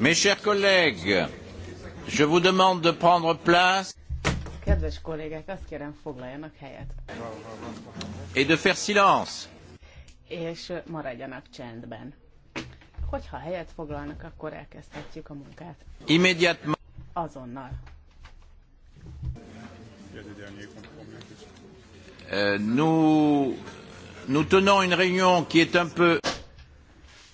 Mes chers collègues, je vous demande de prendre place. Kedves kollégák, azt kérem, foglaljanak helyet. Et de faire silence. És maradjanak csendben. Hogyha helyet foglalnak, akkor elkezdhetjük a munkát. Immédiatement. Azonnal. Euh, nous, nous tenons une réunion qui est un peu...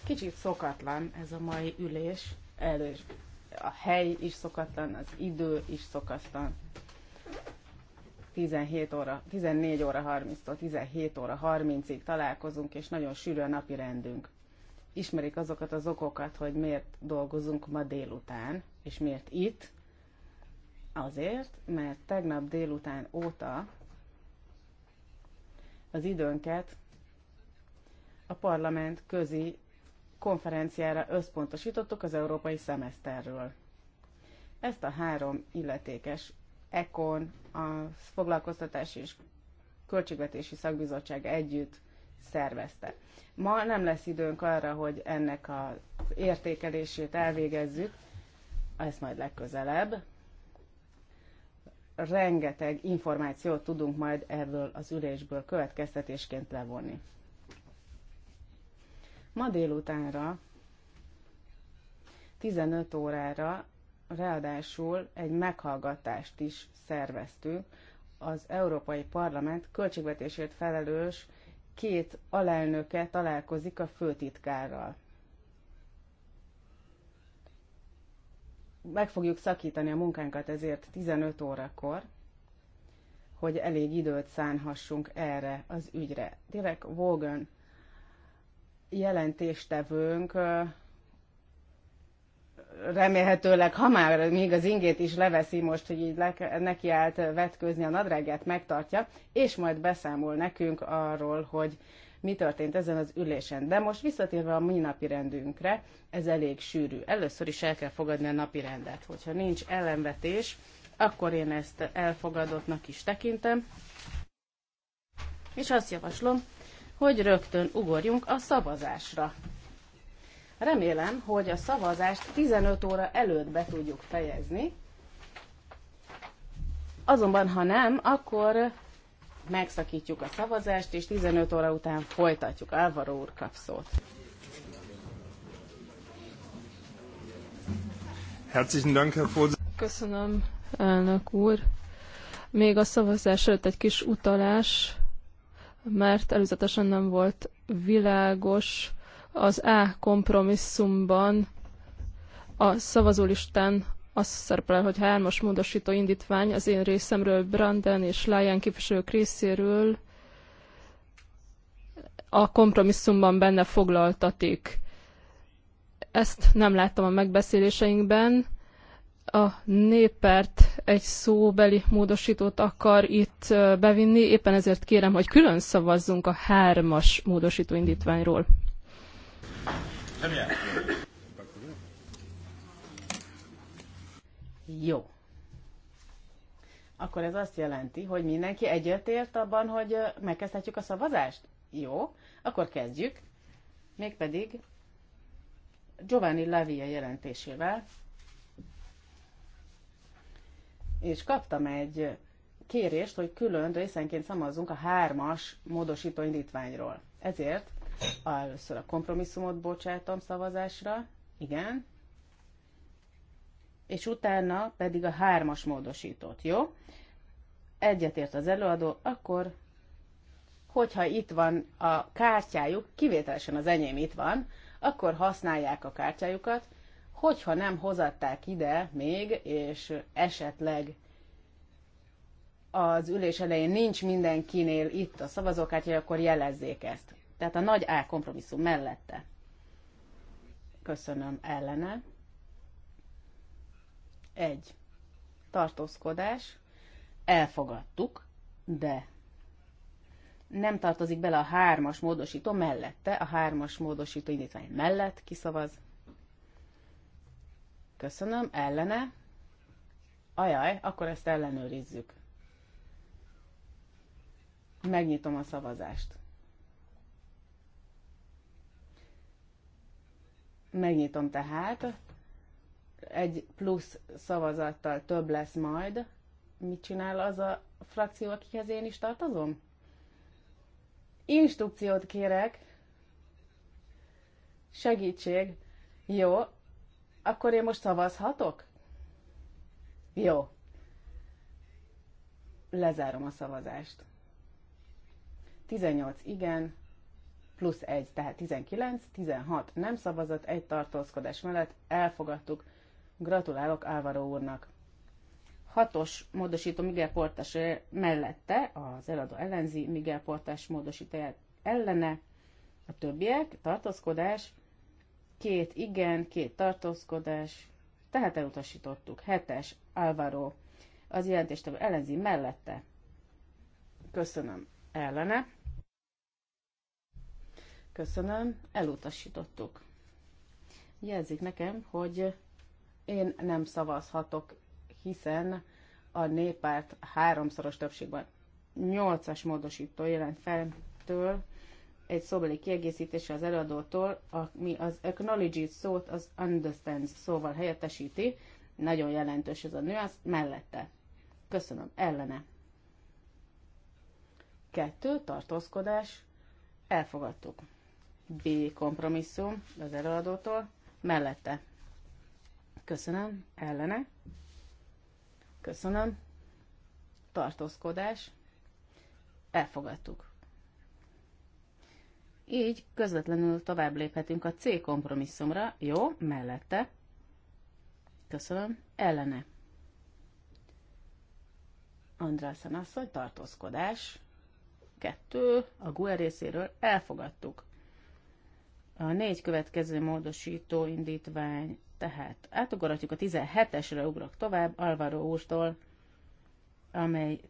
Kicsit szokatlan ez a mai ülés, elő. A hely is szokatlan, az idő is szokatlan. 17 óra, 14 óra 30-tól 17 óra 30-ig találkozunk, és nagyon sűrű a napi rendünk. Ismerik azokat az okokat, hogy miért dolgozunk ma délután, és miért itt. Azért, mert tegnap délután óta az időnket a parlament közi konferenciára összpontosítottuk az európai szemeszterről. Ezt a három illetékes ECON, a foglalkoztatási és költségvetési szakbizottság együtt szervezte. Ma nem lesz időnk arra, hogy ennek az értékelését elvégezzük, ezt majd legközelebb. Rengeteg információt tudunk majd ebből az ülésből következtetésként levonni. Ma délutánra 15 órára ráadásul egy meghallgatást is szerveztünk az Európai Parlament költségvetésért felelős két alelnöke találkozik a főtitkárral. Meg fogjuk szakítani a munkánkat ezért 15 órakor, hogy elég időt szánhassunk erre az ügyre. Direkt Vogan jelentéstevőnk remélhetőleg, ha már még az ingét is leveszi most, hogy így neki állt vetközni a nadrágját, megtartja, és majd beszámol nekünk arról, hogy mi történt ezen az ülésen. De most visszatérve a mi napi rendünkre, ez elég sűrű. Először is el kell fogadni a napi rendet. Hogyha nincs ellenvetés, akkor én ezt elfogadottnak is tekintem. És azt javaslom, hogy rögtön ugorjunk a szavazásra. Remélem, hogy a szavazást 15 óra előtt be tudjuk fejezni. Azonban, ha nem, akkor megszakítjuk a szavazást, és 15 óra után folytatjuk. Álvaro úr kap szót. Köszönöm, elnök úr. Még a szavazás előtt egy kis utalás mert előzetesen nem volt világos az A kompromisszumban a szavazólistán az szerepel, hogy hármas módosító indítvány az én részemről Branden és Lyon képviselők részéről a kompromisszumban benne foglaltatik. Ezt nem láttam a megbeszéléseinkben, a néppárt egy szóbeli módosítót akar itt bevinni, éppen ezért kérem, hogy külön szavazzunk a hármas módosító indítványról. Jó. Akkor ez azt jelenti, hogy mindenki egyetért abban, hogy megkezdhetjük a szavazást? Jó, akkor kezdjük. Mégpedig Giovanni Lavia jelentésével, és kaptam egy kérést, hogy külön részenként szavazzunk a hármas módosító indítványról. Ezért először a kompromisszumot bocsátom szavazásra, igen, és utána pedig a hármas módosítót, jó? Egyetért az előadó, akkor hogyha itt van a kártyájuk, kivételesen az enyém itt van, akkor használják a kártyájukat, hogyha nem hozatták ide még, és esetleg az ülés elején nincs mindenkinél itt a szavazókártya, akkor jelezzék ezt. Tehát a nagy A kompromisszum mellette. Köszönöm ellene. Egy. Tartózkodás. Elfogadtuk, de nem tartozik bele a hármas módosító mellette, a hármas módosító indítvány mellett kiszavaz, Köszönöm. Ellene? Ajaj, akkor ezt ellenőrizzük. Megnyitom a szavazást. Megnyitom tehát. Egy plusz szavazattal több lesz majd. Mit csinál az a frakció, akihez én is tartozom? Instrukciót kérek. Segítség. Jó, akkor én most szavazhatok? Jó. Lezárom a szavazást. 18 igen, plusz 1, tehát 19, 16 nem szavazott egy tartózkodás mellett elfogadtuk. Gratulálok Álvaro úrnak. Hatos módosító Miguel Portás mellette, az eladó ellenzi Miguel Portás módosítóját ellene, a többiek tartózkodás két igen, két tartózkodás, tehát elutasítottuk. Hetes, Álvaro, az jelentést ellenzi mellette. Köszönöm, ellene. Köszönöm, elutasítottuk. Jelzik nekem, hogy én nem szavazhatok, hiszen a néppárt háromszoros többségben nyolcas módosító jelent től egy szóbeli kiegészítése az előadótól, ami az acknowledges szót az understands szóval helyettesíti. Nagyon jelentős ez a nüansz. Mellette. Köszönöm. Ellene. Kettő. Tartózkodás. Elfogadtuk. B. Kompromisszum az előadótól. Mellette. Köszönöm. Ellene. Köszönöm. Tartózkodás. Elfogadtuk. Így közvetlenül tovább léphetünk a C kompromisszumra. Jó, mellette. Köszönöm. Ellene. Andrászen asszony, tartózkodás. Kettő, a GUE részéről elfogadtuk. A négy következő módosító indítvány, tehát átugorhatjuk a 17-esre, ugrok tovább Alvaro úrtól, amely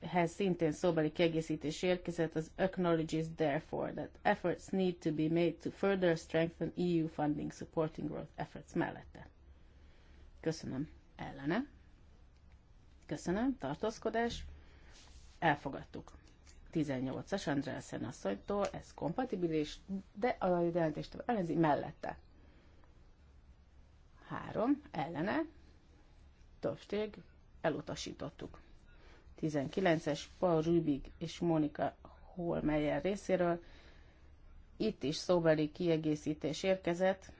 hez szintén szóbeli kiegészítés érkezett az acknowledges therefore that efforts need to be made to further strengthen EU funding supporting growth efforts mellette. Köszönöm. Ellene. Köszönöm. Tartózkodás. Elfogadtuk. 18-as Andrészen asszonytól, ez kompatibilis, de a jelentést ellenzi mellette. 3. Ellene. Többség. Elutasítottuk. 19-es Paul Rübig és Monika Holmeyer részéről. Itt is szóbeli kiegészítés érkezett.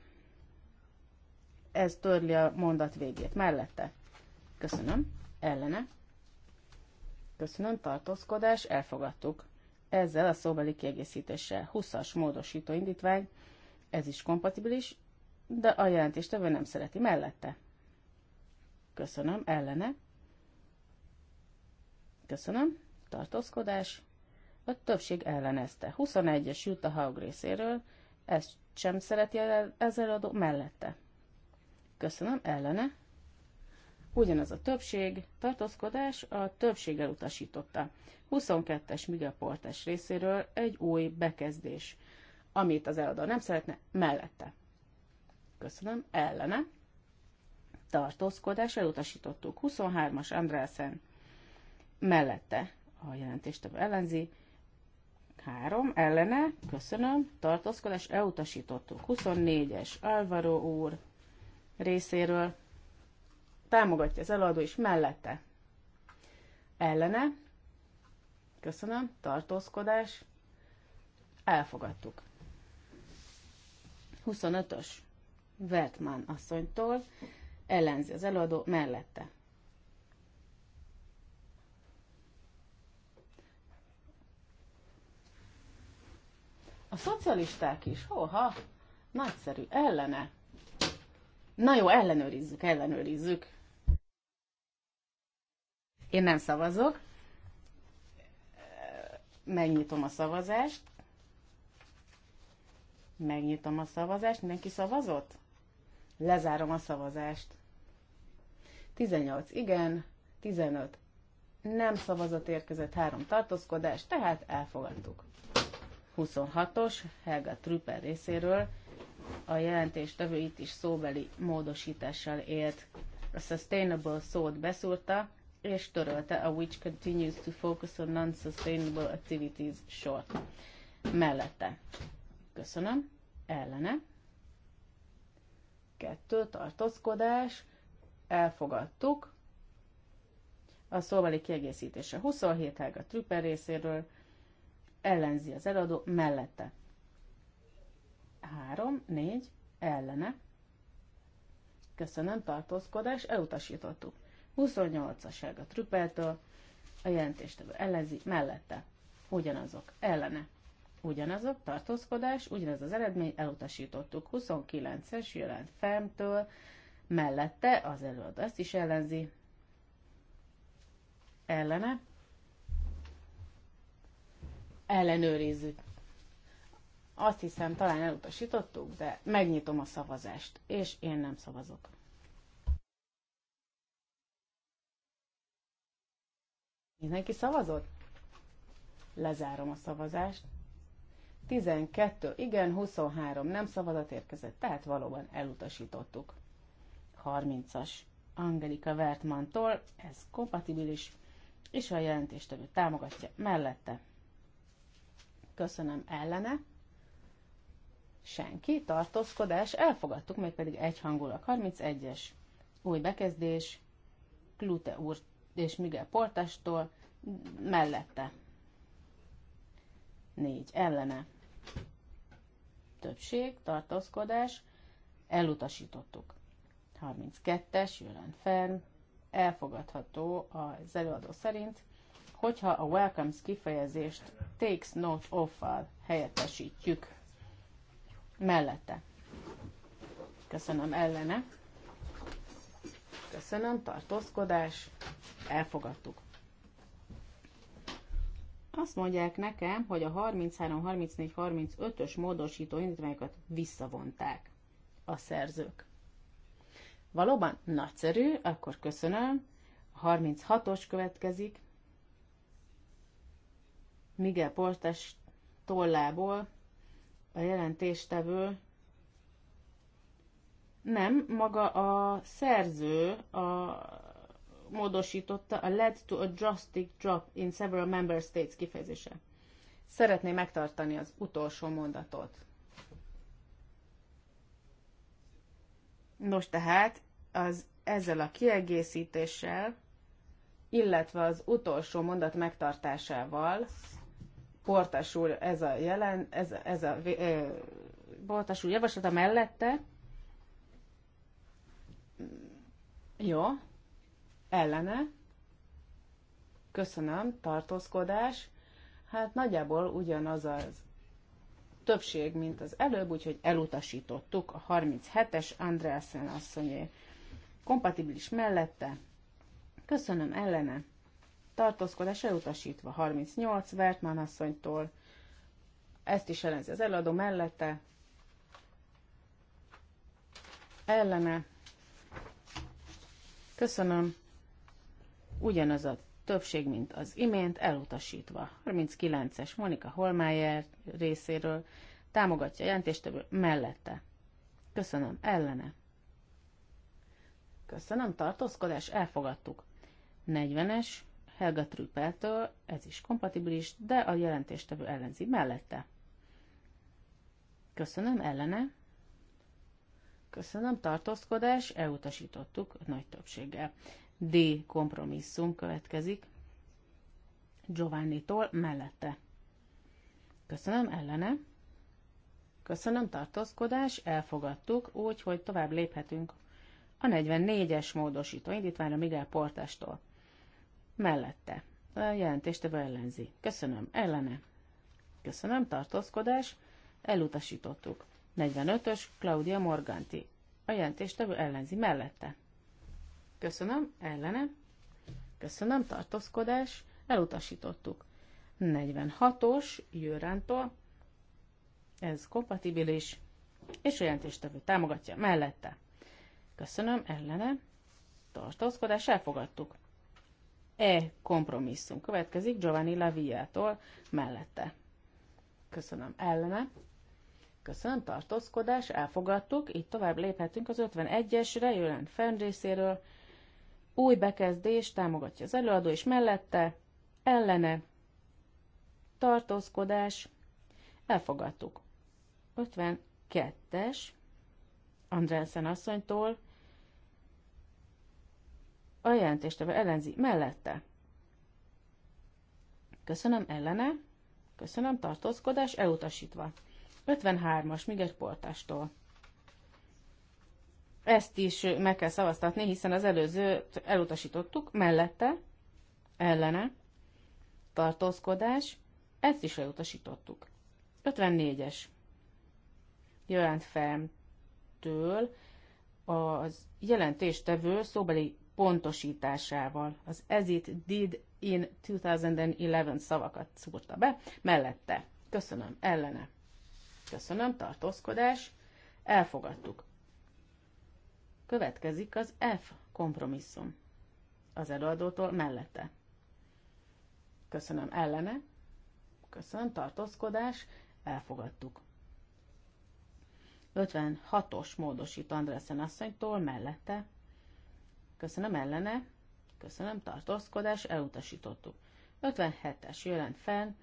Ez törli a mondat végét. Mellette. Köszönöm. Ellene. Köszönöm. Tartózkodás. Elfogadtuk. Ezzel a szóbeli kiegészítéssel 20-as módosító indítvány. Ez is kompatibilis, de a jelentéstevő nem szereti mellette. Köszönöm. Ellene. Köszönöm. Tartózkodás. A többség ellenezte. 21-es jut a Haug részéről, Ez sem szereti az előadó mellette. Köszönöm, ellene. Ugyanaz a többség, tartózkodás a többség elutasította. 22-es Miguel Portes részéről egy új bekezdés, amit az eladó nem szeretne, mellette. Köszönöm, ellene. Tartózkodás elutasítottuk. 23-as Andrásen mellette a jelentést ellenzi, 3 ellene, köszönöm, tartózkodás, elutasítottuk. 24-es Alvaro úr részéről támogatja az eladó is mellette. Ellene, köszönöm, tartózkodás, elfogadtuk. 25-ös Vertman asszonytól ellenzi az eladó mellette. A szocialisták is, hoha, nagyszerű, ellene. Na jó, ellenőrizzük, ellenőrizzük. Én nem szavazok. Megnyitom a szavazást. Megnyitom a szavazást. Mindenki szavazott? Lezárom a szavazást. 18 igen, 15 nem szavazat érkezett, három tartózkodás, tehát elfogadtuk. 26-os Helga Trüpper részéről a jelentés itt is szóbeli módosítással élt. A sustainable szót beszúrta, és törölte a which continues to focus on non-sustainable activities sort mellette. Köszönöm. Ellene. Kettő, tartózkodás. Elfogadtuk. A szóbeli kiegészítése 27 Helga Trüpper részéről, ellenzi az eladó, mellette. 3, 4, ellene. Köszönöm, tartózkodás, elutasítottuk. 28-asság a trüppeltől, a jelentéstevő ellenzi, mellette. Ugyanazok, ellene. Ugyanazok, tartózkodás, ugyanaz az eredmény, elutasítottuk. 29-es jelent femtől, mellette az előadó ezt is ellenzi, ellene, ellenőrizzük. Azt hiszem, talán elutasítottuk, de megnyitom a szavazást, és én nem szavazok. Mindenki szavazott? Lezárom a szavazást. 12 igen, 23 nem szavazat érkezett, tehát valóban elutasítottuk. 30-as Angelika Wertmantól, ez kompatibilis, és a jelentéstevő támogatja mellette Köszönöm ellene. Senki. Tartózkodás. Elfogadtuk, mégpedig egyhangulag. 31-es. Új bekezdés. Klute úr és Miguel Portástól. Mellette. négy Ellene. Többség. Tartózkodás. Elutasítottuk. 32-es. Jelen Fern. Elfogadható az előadó szerint hogyha a welcomes kifejezést takes note off-al helyettesítjük mellette. Köszönöm ellene. Köszönöm, tartózkodás. Elfogadtuk. Azt mondják nekem, hogy a 33, 34, 35-ös módosító indítványokat visszavonták a szerzők. Valóban nagyszerű, akkor köszönöm. A 36-os következik Miguel Portes tollából a jelentéstevő nem, maga a szerző a, módosította a led to a drastic drop in several member states kifejezése. Szeretné megtartani az utolsó mondatot. Nos tehát, az ezzel a kiegészítéssel, illetve az utolsó mondat megtartásával Portas úr ez a, jelen, ez, ez a ö, Portas úr javaslata mellette. Jó. Ellene. Köszönöm. Tartózkodás. Hát nagyjából ugyanaz az többség, mint az előbb, úgyhogy elutasítottuk a 37-es Andreasen asszonyé. Kompatibilis mellette. Köszönöm ellene tartózkodás elutasítva. 38 Vertmán asszonytól. Ezt is ellenzi az eladó mellette. Ellene. Köszönöm. Ugyanaz a többség, mint az imént, elutasítva. 39-es Monika Holmeyer részéről támogatja a jelentéstevő mellette. Köszönöm, ellene. Köszönöm, tartózkodás, elfogadtuk. 40-es Helga Trüppeltől, ez is kompatibilis, de a jelentéstevő ellenzi mellette. Köszönöm, ellene. Köszönöm, tartózkodás, elutasítottuk nagy többséggel. D. Kompromisszum következik. Giovanni-tól mellette. Köszönöm, ellene. Köszönöm, tartózkodás, elfogadtuk, úgyhogy tovább léphetünk a 44-es módosító indítványra Miguel Portástól mellette. A jelentéstevő ellenzi. Köszönöm. Ellene. Köszönöm. Tartózkodás. Elutasítottuk. 45-ös Claudia Morganti. A jelentéstevő ellenzi. Mellette. Köszönöm. Ellene. Köszönöm. Tartózkodás. Elutasítottuk. 46-os Jörántól. Ez kompatibilis. És a jelentéstevő támogatja. Mellette. Köszönöm. Ellene. Tartózkodás. Elfogadtuk. E kompromisszum következik Giovanni Laviától mellette. Köszönöm ellene. Köszönöm, tartózkodás, elfogadtuk, így tovább léphetünk az 51-esre, jelen fenn részéről. Új bekezdés támogatja az előadó, és mellette ellene tartózkodás, elfogadtuk. 52-es Andrészen asszonytól a jelentéstevő ellenzi mellette. Köszönöm ellene, köszönöm tartózkodás elutasítva. 53-as Miger Portástól. Ezt is meg kell szavaztatni, hiszen az előzőt elutasítottuk, mellette, ellene, tartózkodás, ezt is elutasítottuk. 54-es. jelent fel től az jelentéstevő szóbeli pontosításával. Az as it did in 2011 szavakat szúrta be, mellette. Köszönöm, ellene. Köszönöm, tartózkodás. Elfogadtuk. Következik az F kompromisszum. Az előadótól mellette. Köszönöm, ellene. Köszönöm, tartózkodás. Elfogadtuk. 56-os módosít Andrészen asszonytól mellette. Köszönöm ellene. Köszönöm tartózkodás. Elutasítottuk. 57-es jelent fel,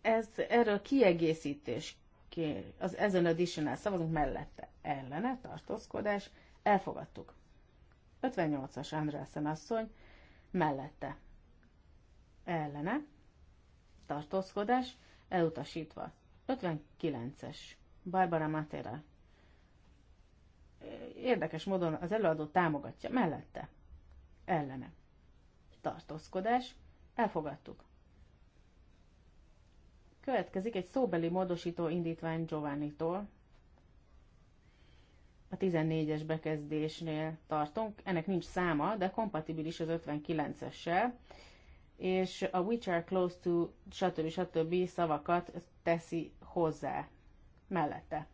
Ez, erről kiegészítés az ezen additional szavazunk mellette ellene, tartózkodás, elfogadtuk. 58-as Andrásen asszony mellette ellene, tartózkodás, elutasítva. 59-es Barbara Matera érdekes módon az előadó támogatja mellette, ellene. Tartózkodás, elfogadtuk. Következik egy szóbeli módosító indítvány Giovanni-tól. A 14-es bekezdésnél tartunk, ennek nincs száma, de kompatibilis az 59-essel, és a which are close to stb. stb. szavakat teszi hozzá mellette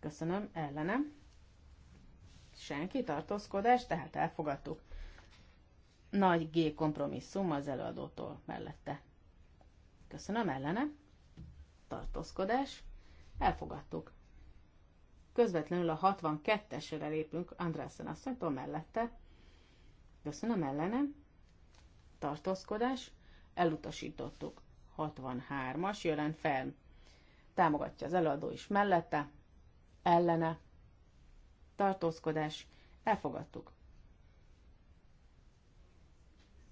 Köszönöm, ellenem. Senki tartózkodás, tehát elfogadtuk. Nagy G kompromisszum az előadótól mellette. Köszönöm, ellenem. Tartózkodás, elfogadtuk. Közvetlenül a 62-esre lépünk Andrásen asszonytól mellette. Köszönöm, ellenem. Tartózkodás, elutasítottuk. 63-as, jelent fel. Támogatja az előadó is mellette ellene tartózkodás elfogadtuk.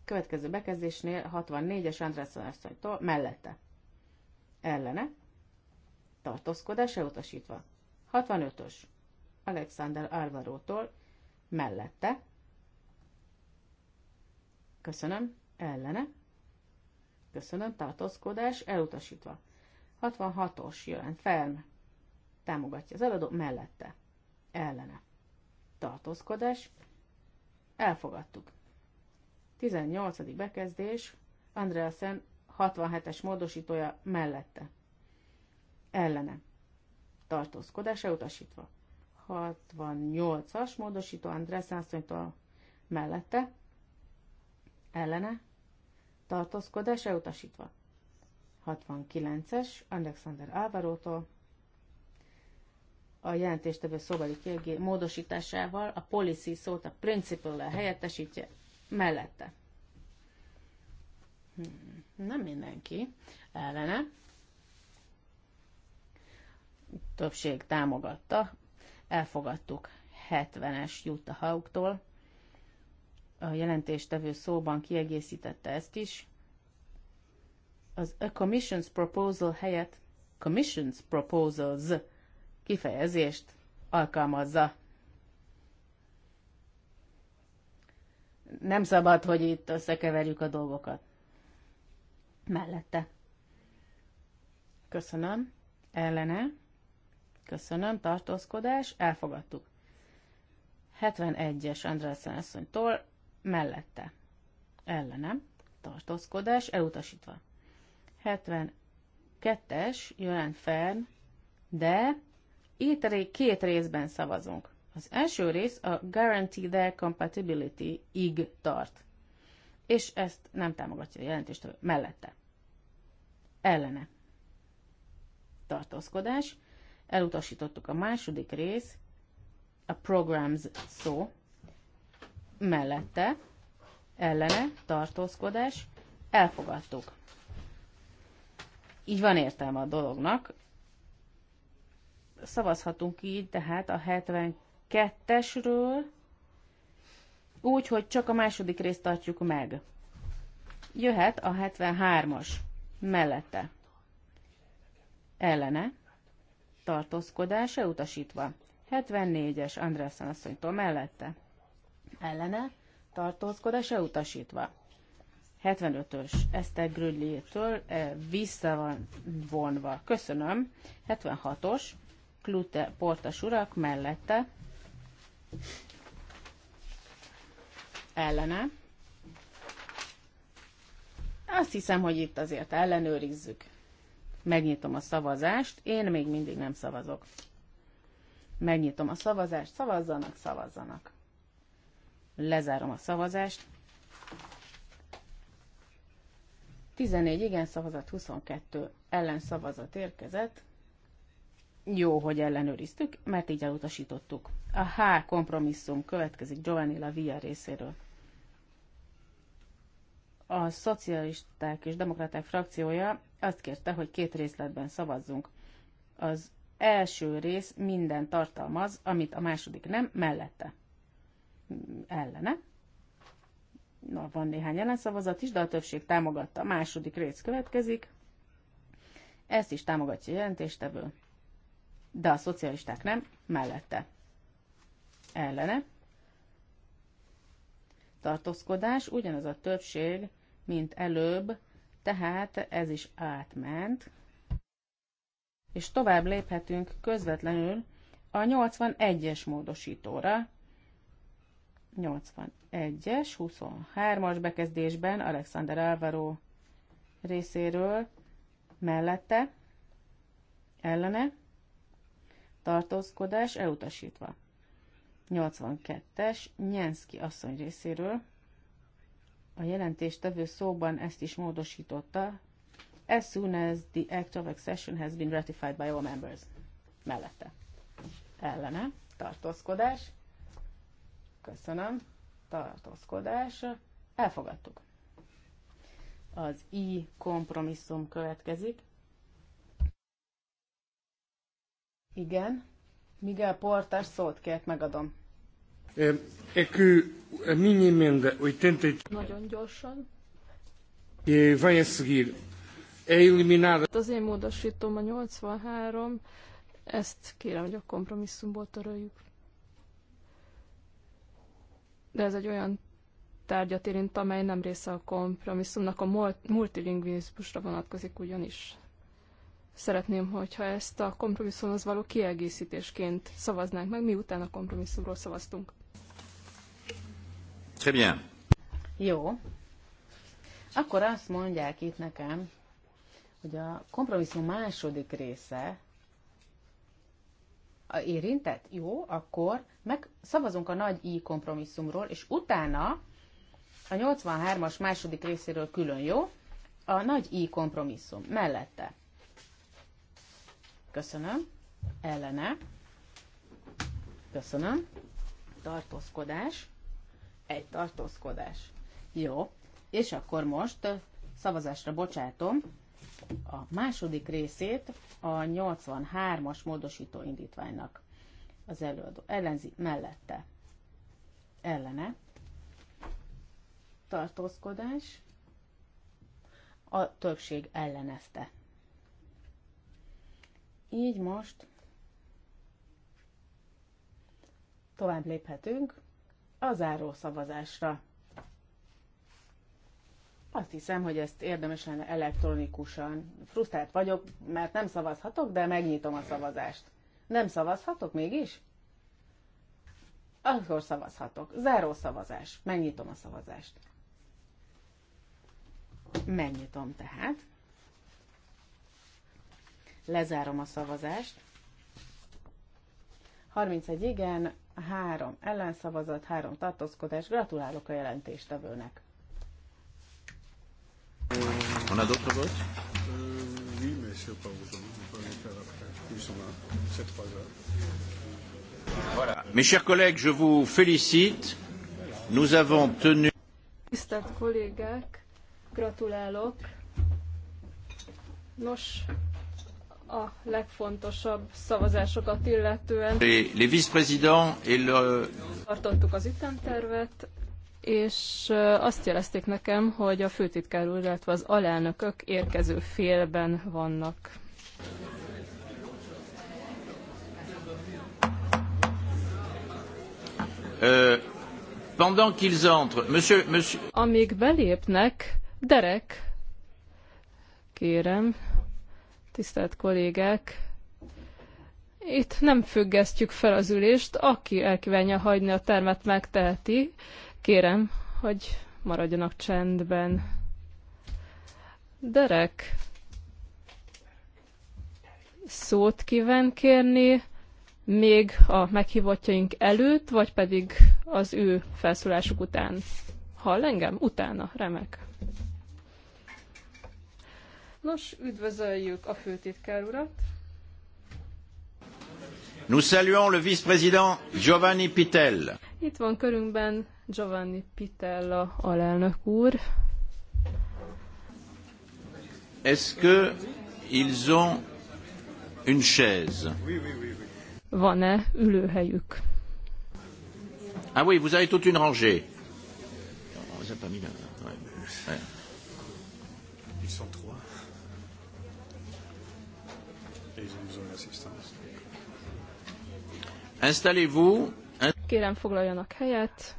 Következő bekezdésnél 64-es András asszonytól mellette ellene tartózkodás elutasítva. 65-ös Alexander Álvarótól mellette köszönöm ellene köszönöm tartózkodás elutasítva. 66-os jön fel támogatja az eladó, mellette, ellene. Tartózkodás, elfogadtuk. 18. bekezdés, Andreasen 67-es módosítója mellette, ellene. Tartózkodás elutasítva. 68-as módosító Andreasen asszonytól mellette, ellene. Tartózkodás elutasítva. 69-es Alexander Álvarótól a jelentéstevő szóbeli kiegé módosításával a policy szót a principle helyettesítje mellette. Hmm, nem mindenki ellene. Többség támogatta. Elfogadtuk 70-es Jutta Haugtól. A jelentéstevő szóban kiegészítette ezt is. Az A Commission's Proposal helyett Commission's Proposals kifejezést alkalmazza. Nem szabad, hogy itt összekeverjük a dolgokat. Mellette. Köszönöm. Ellene. Köszönöm. Tartózkodás. Elfogadtuk. 71-es Andrásen asszonytól mellette. Ellenem. Tartózkodás. Elutasítva. 72-es Jön Fern, de itt két részben szavazunk. Az első rész a Guarantee Their Compatibility-ig tart, és ezt nem támogatja a jelentést mellette. Ellene. Tartózkodás. Elutasítottuk a második rész, a programs szó, mellette, ellene, tartózkodás, elfogadtuk. Így van értelme a dolognak, szavazhatunk így, tehát a 72-esről, úgy, hogy csak a második részt tartjuk meg. Jöhet a 73-as mellette. Ellene. Tartózkodás elutasítva. 74-es Andrásson asszonytól mellette. Ellene. Tartózkodás elutasítva. 75-ös Eszter Grüllétől eh, vissza van vonva. Köszönöm. 76-os Klute portas urak mellette ellene. Azt hiszem, hogy itt azért ellenőrizzük. Megnyitom a szavazást, én még mindig nem szavazok. Megnyitom a szavazást, szavazzanak, szavazzanak. Lezárom a szavazást. 14 igen szavazat, 22 ellen szavazat érkezett jó, hogy ellenőriztük, mert így elutasítottuk. A H kompromisszum következik Giovanni La Via részéről. A szocialisták és demokraták frakciója azt kérte, hogy két részletben szavazzunk. Az első rész minden tartalmaz, amit a második nem, mellette. Ellene. Na, van néhány ellenszavazat is, de a többség támogatta. A második rész következik. Ezt is támogatja jelentéstevő de a szocialisták nem, mellette. Ellene. Tartózkodás, ugyanaz a többség, mint előbb, tehát ez is átment. És tovább léphetünk közvetlenül a 81-es módosítóra. 81-es, 23-as bekezdésben Alexander Álvaro részéről mellette, ellene, tartózkodás elutasítva. 82-es Nyenszki asszony részéről. A jelentéstevő szóban ezt is módosította. As soon as the act of accession has been ratified by all members. Mellette. Ellene. Tartózkodás. Köszönöm. Tartózkodás. Elfogadtuk. Az I kompromisszum következik Igen. Miguel Portas szót kért, megadom. É que a minha emenda 80... E Nagyon gyorsan. E vai a seguir. É eliminada... Hát az én módosítom a 83. Ezt kérem, hogy a kompromisszumból töröljük. De ez egy olyan tárgyat érint, amely nem része a kompromisszumnak, a multilingvizmusra vonatkozik ugyanis. Szeretném, hogyha ezt a kompromisszumhoz való kiegészítésként szavaznánk meg, miután a kompromisszumról szavaztunk. Très bien. Jó. Akkor azt mondják itt nekem, hogy a kompromisszum második része a érintett? Jó, akkor meg szavazunk a nagy i kompromisszumról, és utána a 83-as második részéről külön, jó? A nagy i kompromisszum mellette Köszönöm. Ellene. Köszönöm. Tartózkodás. Egy tartózkodás. Jó. És akkor most szavazásra bocsátom a második részét a 83-as módosító indítványnak. Az előadó ellenzi mellette. Ellene. Tartózkodás. A többség ellenezte. Így most tovább léphetünk a záró szavazásra. Azt hiszem, hogy ezt érdemes lenne elektronikusan. Frusztrált vagyok, mert nem szavazhatok, de megnyitom a szavazást. Nem szavazhatok mégis? Akkor szavazhatok. Záró szavazás. Megnyitom a szavazást. Megnyitom tehát. Lezárom a szavazást. 31 igen, 3 ellenszavazat, 3 tartózkodás. Gratulálok a jelentéstevőnek. Van egy d'autres votes Oui, mais je Mes chers collègues, je vous félicite. Nous avons tenu. Tisztelt kollégák, gratulálok. Nos, a legfontosabb szavazásokat illetően. Les, vice-présidents et le... Tartottuk az ütemtervet, és azt jelezték nekem, hogy a főtitkár úr, illetve az alelnökök érkező félben vannak. Euh, pendant qu'ils entrent, monsieur, monsieur... Amíg belépnek, Derek, kérem, tisztelt kollégák! Itt nem függesztjük fel az ülést, aki elkívánja hagyni a termet, megteheti. Kérem, hogy maradjanak csendben. Derek szót kíván kérni még a meghívottjaink előtt, vagy pedig az ő felszólásuk után. Hall engem? Utána. Remek. Nos, üdvözöljük a főtitkár urat. Nous saluons le vice-président Giovanni Pitel. Itt van körünkben Giovanni Pitella alelnök úr. Est-ce que ils ont une chaise? Van-e ülőhelyük? Ah oui, vous avez toute une rangée. On vous a pas mis la... Installez-vous. Kérem foglaljanak helyet.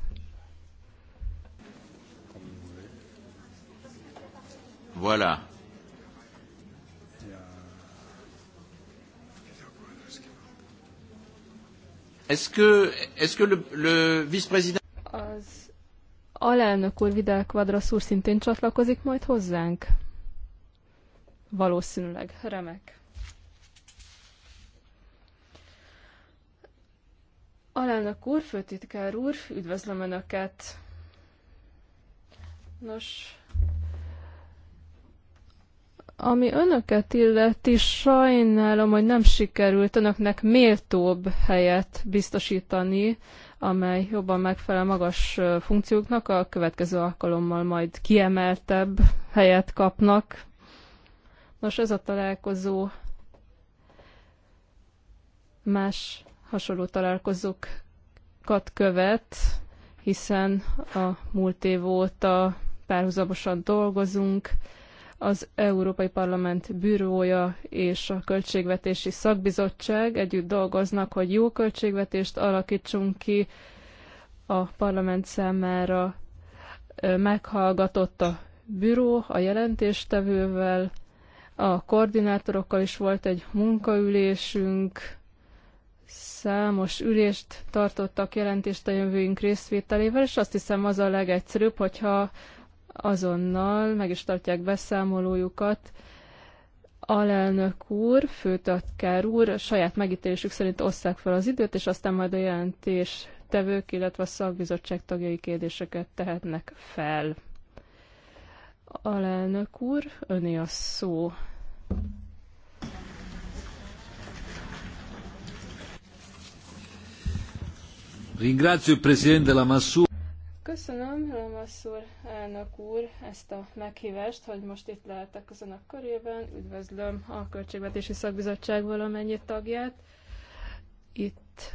Voilà. Est-ce que, est que le, le vice-président... Az alelnök úr Vidal Quadras úr szintén csatlakozik majd hozzánk? Valószínűleg. Remek. Alának úr, főtitkár úr, üdvözlöm Önöket! Nos, ami önöket illeti, sajnálom, hogy nem sikerült önöknek méltóbb helyet biztosítani, amely jobban megfelel magas funkcióknak, a következő alkalommal majd kiemeltebb helyet kapnak. Nos, ez a találkozó más hasonló találkozókat követ, hiszen a múlt év óta párhuzamosan dolgozunk, az Európai Parlament bűrója és a Költségvetési Szakbizottság együtt dolgoznak, hogy jó költségvetést alakítsunk ki a parlament számára. Meghallgatott a büró a jelentéstevővel, a koordinátorokkal is volt egy munkaülésünk, Számos ülést tartottak jelentést a jövőink részvételével, és azt hiszem az a legegyszerűbb, hogyha azonnal meg is tartják beszámolójukat, alelnök úr, főtatkár úr, saját megítélésük szerint osszák fel az időt, és aztán majd a jelentés tevők, illetve a szakbizottság tagjai kérdéseket tehetnek fel. Alelnök úr, öné a szó. Ringrazio il Presidente Köszönöm, Lamassur elnök úr, ezt a meghívást, hogy most itt lehetek az önök körében. Üdvözlöm a Költségvetési Szakbizottság valamennyi tagját. Itt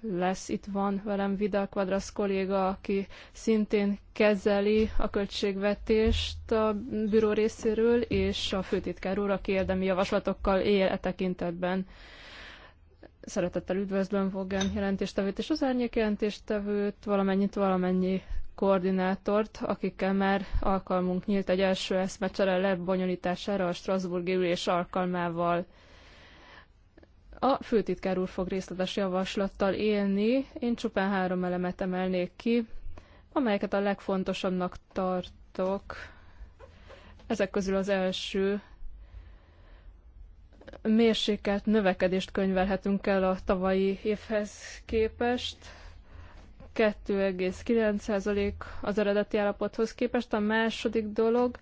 lesz, itt van velem Vida Quadras kolléga, aki szintén kezeli a költségvetést a büró részéről, és a főtitkár úr, aki érdemi javaslatokkal él e tekintetben. Szeretettel üdvözlöm Vogán jelentéstevőt és az árnyék jelentéstevőt, valamennyit valamennyi koordinátort, akikkel már alkalmunk nyílt egy első eszmecsere lebonyolítására a Strasbourg ülés alkalmával. A főtitkár úr fog részletes javaslattal élni, én csupán három elemet emelnék ki, amelyeket a legfontosabbnak tartok. Ezek közül az első mérsékelt növekedést könyvelhetünk el a tavalyi évhez képest. 2,9% az eredeti állapothoz képest. A második dolog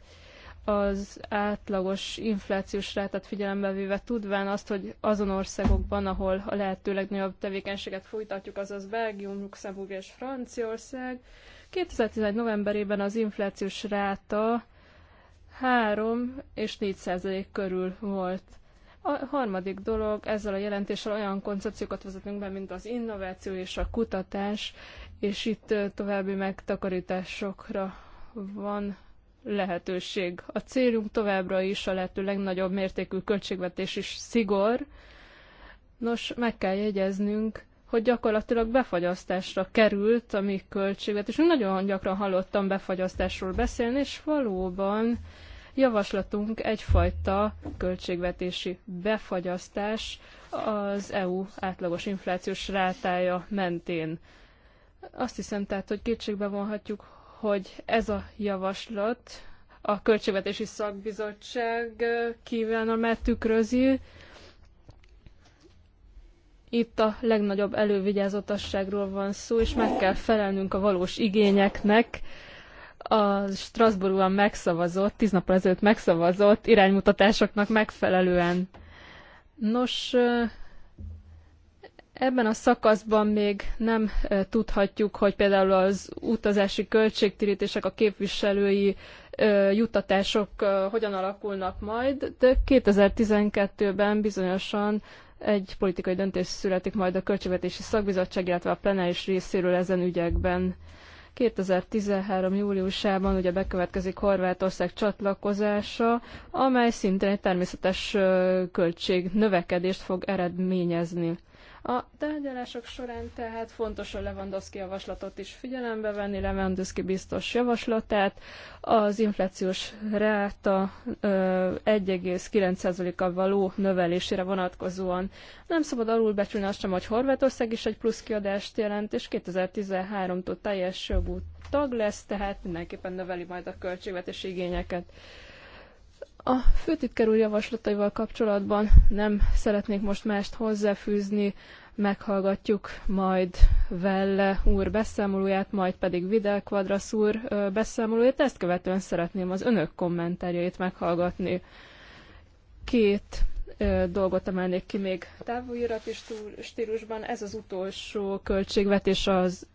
az átlagos inflációs rátát figyelembe véve tudván azt, hogy azon országokban, ahol a lehető legnagyobb tevékenységet folytatjuk, azaz Belgium, Luxemburg és Franciaország, 2011 novemberében az inflációs ráta 3 és 4 százalék körül volt. A harmadik dolog, ezzel a jelentéssel olyan koncepciókat vezetünk be, mint az innováció és a kutatás, és itt további megtakarításokra van lehetőség. A célunk továbbra is a lehető legnagyobb mértékű költségvetés is szigor. Nos, meg kell jegyeznünk, hogy gyakorlatilag befagyasztásra került a mi költségvetésünk. Nagyon gyakran hallottam befagyasztásról beszélni, és valóban Javaslatunk egyfajta költségvetési befagyasztás az EU átlagos inflációs rátája mentén. Azt hiszem tehát, hogy kétségbe vonhatjuk, hogy ez a javaslat a Költségvetési Szakbizottság kívánalmát tükrözi. Itt a legnagyobb elővigyázatosságról van szó, és meg kell felelnünk a valós igényeknek, a Strasbourgban megszavazott, tíz nappal ezelőtt megszavazott iránymutatásoknak megfelelően. Nos, ebben a szakaszban még nem tudhatjuk, hogy például az utazási költségtérítések, a képviselői jutatások hogyan alakulnak majd, de 2012-ben bizonyosan egy politikai döntés születik majd a Költségvetési Szakbizottság, illetve a plenáris részéről ezen ügyekben. 2013. júliusában ugye bekövetkezik Horvátország csatlakozása, amely szintén egy természetes költség növekedést fog eredményezni. A tárgyalások során tehát fontos a Lewandowski javaslatot is figyelembe venni, Lewandowski biztos javaslatát. Az inflációs ráta 1,9%-a való növelésére vonatkozóan nem szabad alulbecsülni azt sem, hogy Horvátország is egy plusz kiadást jelent, és 2013-tól teljes jogú tag lesz, tehát mindenképpen növeli majd a költségvetési igényeket. A főtitkár úr javaslataival kapcsolatban nem szeretnék most mást hozzáfűzni, meghallgatjuk majd Velle úr beszámolóját, majd pedig Vidal Quadrasz úr beszámolóját, ezt követően szeretném az önök kommentárjait meghallgatni. Két dolgot emelnék ki még távolirati stílusban. Ez az utolsó költségvetés az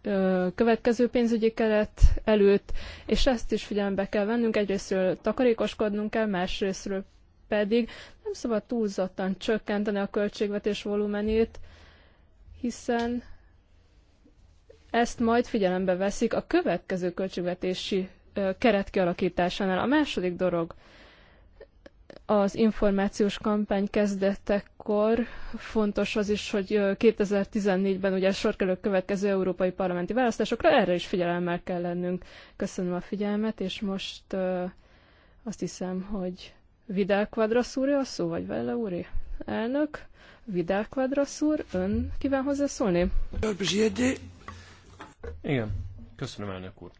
következő pénzügyi keret előtt, és ezt is figyelembe kell vennünk. Egyrésztről takarékoskodnunk kell, másrésztről pedig nem szabad túlzottan csökkenteni a költségvetés volumenét, hiszen ezt majd figyelembe veszik a következő költségvetési keret kialakításánál. A második dolog, az információs kampány kezdetekor fontos az is, hogy 2014-ben ugye sor kerül a következő európai parlamenti választásokra, erre is figyelemmel kell lennünk. Köszönöm a figyelmet, és most azt hiszem, hogy Vidal Quadrasz úr a szó, vagy vele úri? Elnök, Vidal Quadrasz úr, ön kíván hozzászólni? Igen, köszönöm elnök úr.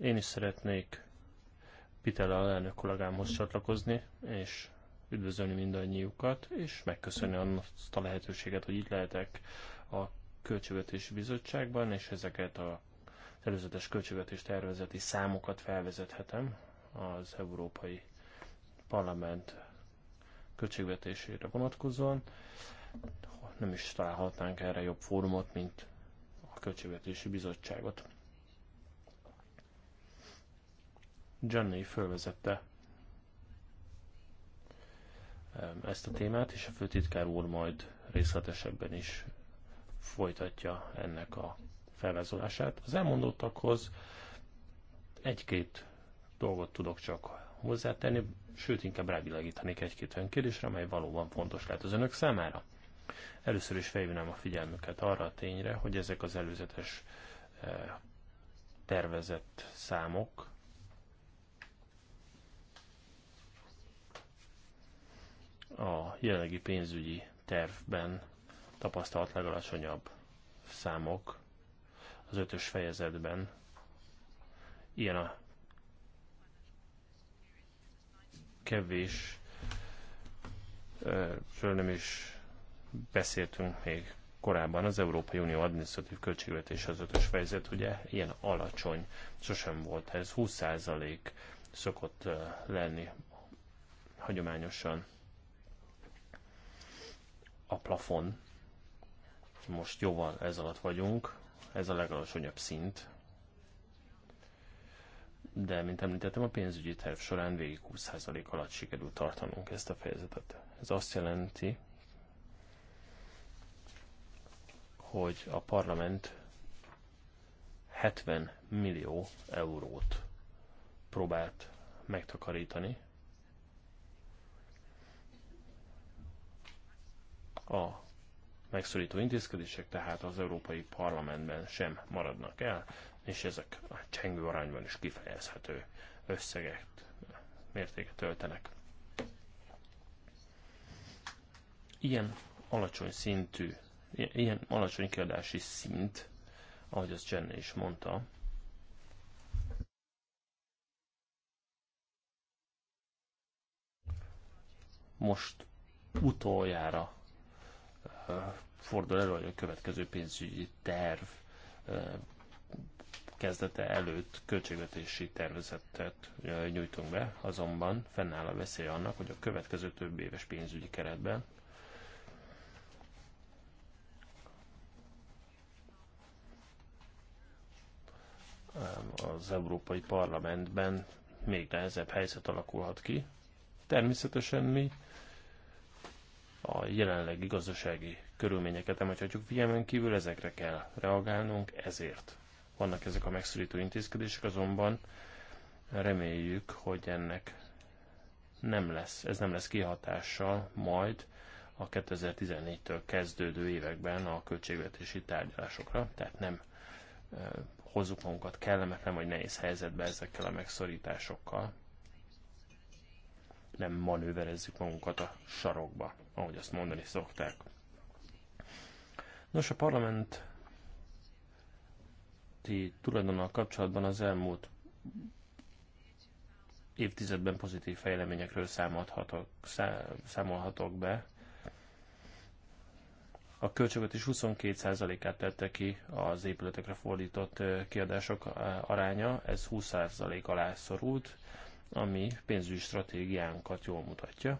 Én is szeretnék Pitele alelnök kollégámhoz csatlakozni, és üdvözölni mindannyiukat, és megköszönni azt a lehetőséget, hogy itt lehetek a Költségvetési Bizottságban, és ezeket a előzetes költségvetés tervezeti számokat felvezethetem az Európai Parlament költségvetésére vonatkozóan. Nem is találhatnánk erre jobb fórumot, mint a Költségvetési Bizottságot. Gianni fölvezette ezt a témát, és a főtitkár úr majd részletesebben is folytatja ennek a felvázolását. Az elmondottakhoz egy-két dolgot tudok csak hozzátenni, sőt inkább rávilágítanék egy-két olyan kérdésre, amely valóban fontos lehet az önök számára. Először is felhívnám a figyelmüket arra a tényre, hogy ezek az előzetes eh, tervezett számok a jelenlegi pénzügyi tervben tapasztalt legalacsonyabb számok az ötös fejezetben. Ilyen a kevés, ről nem is beszéltünk még korábban, az Európai Unió adminisztratív költségvetés az ötös fejezet, ugye ilyen alacsony, sosem volt ez, 20% szokott lenni hagyományosan a plafon. Most jóval ez alatt vagyunk, ez a legalacsonyabb szint. De, mint említettem, a pénzügyi terv során végig 20% alatt sikerült tartanunk ezt a fejezetet. Ez azt jelenti, hogy a parlament 70 millió eurót próbált megtakarítani a megszorító intézkedések tehát az Európai Parlamentben sem maradnak el, és ezek a csengő arányban is kifejezhető összeget, mértéket töltenek. Ilyen alacsony szintű, ilyen alacsony kiadási szint, ahogy az Jenny is mondta, most utoljára fordul elő, hogy a következő pénzügyi terv kezdete előtt költségvetési tervezetet nyújtunk be, azonban fennáll a veszély annak, hogy a következő több éves pénzügyi keretben az Európai Parlamentben még nehezebb helyzet alakulhat ki. Természetesen mi a jelenlegi gazdasági körülményeket nem figyelmen kívül, ezekre kell reagálnunk, ezért vannak ezek a megszorító intézkedések, azonban reméljük, hogy ennek nem lesz, ez nem lesz kihatással majd a 2014-től kezdődő években a költségvetési tárgyalásokra, tehát nem hozzuk magunkat kellemetlen vagy nehéz helyzetbe ezekkel a megszorításokkal nem manőverezzük magunkat a sarokba, ahogy azt mondani szokták. Nos, a parlament tulajdonnal kapcsolatban az elmúlt évtizedben pozitív fejleményekről számolhatok, számolhatok be. A költséget is 22%-át tette ki az épületekre fordított kiadások aránya, ez 20% alá szorult ami pénzügyi stratégiánkat jól mutatja,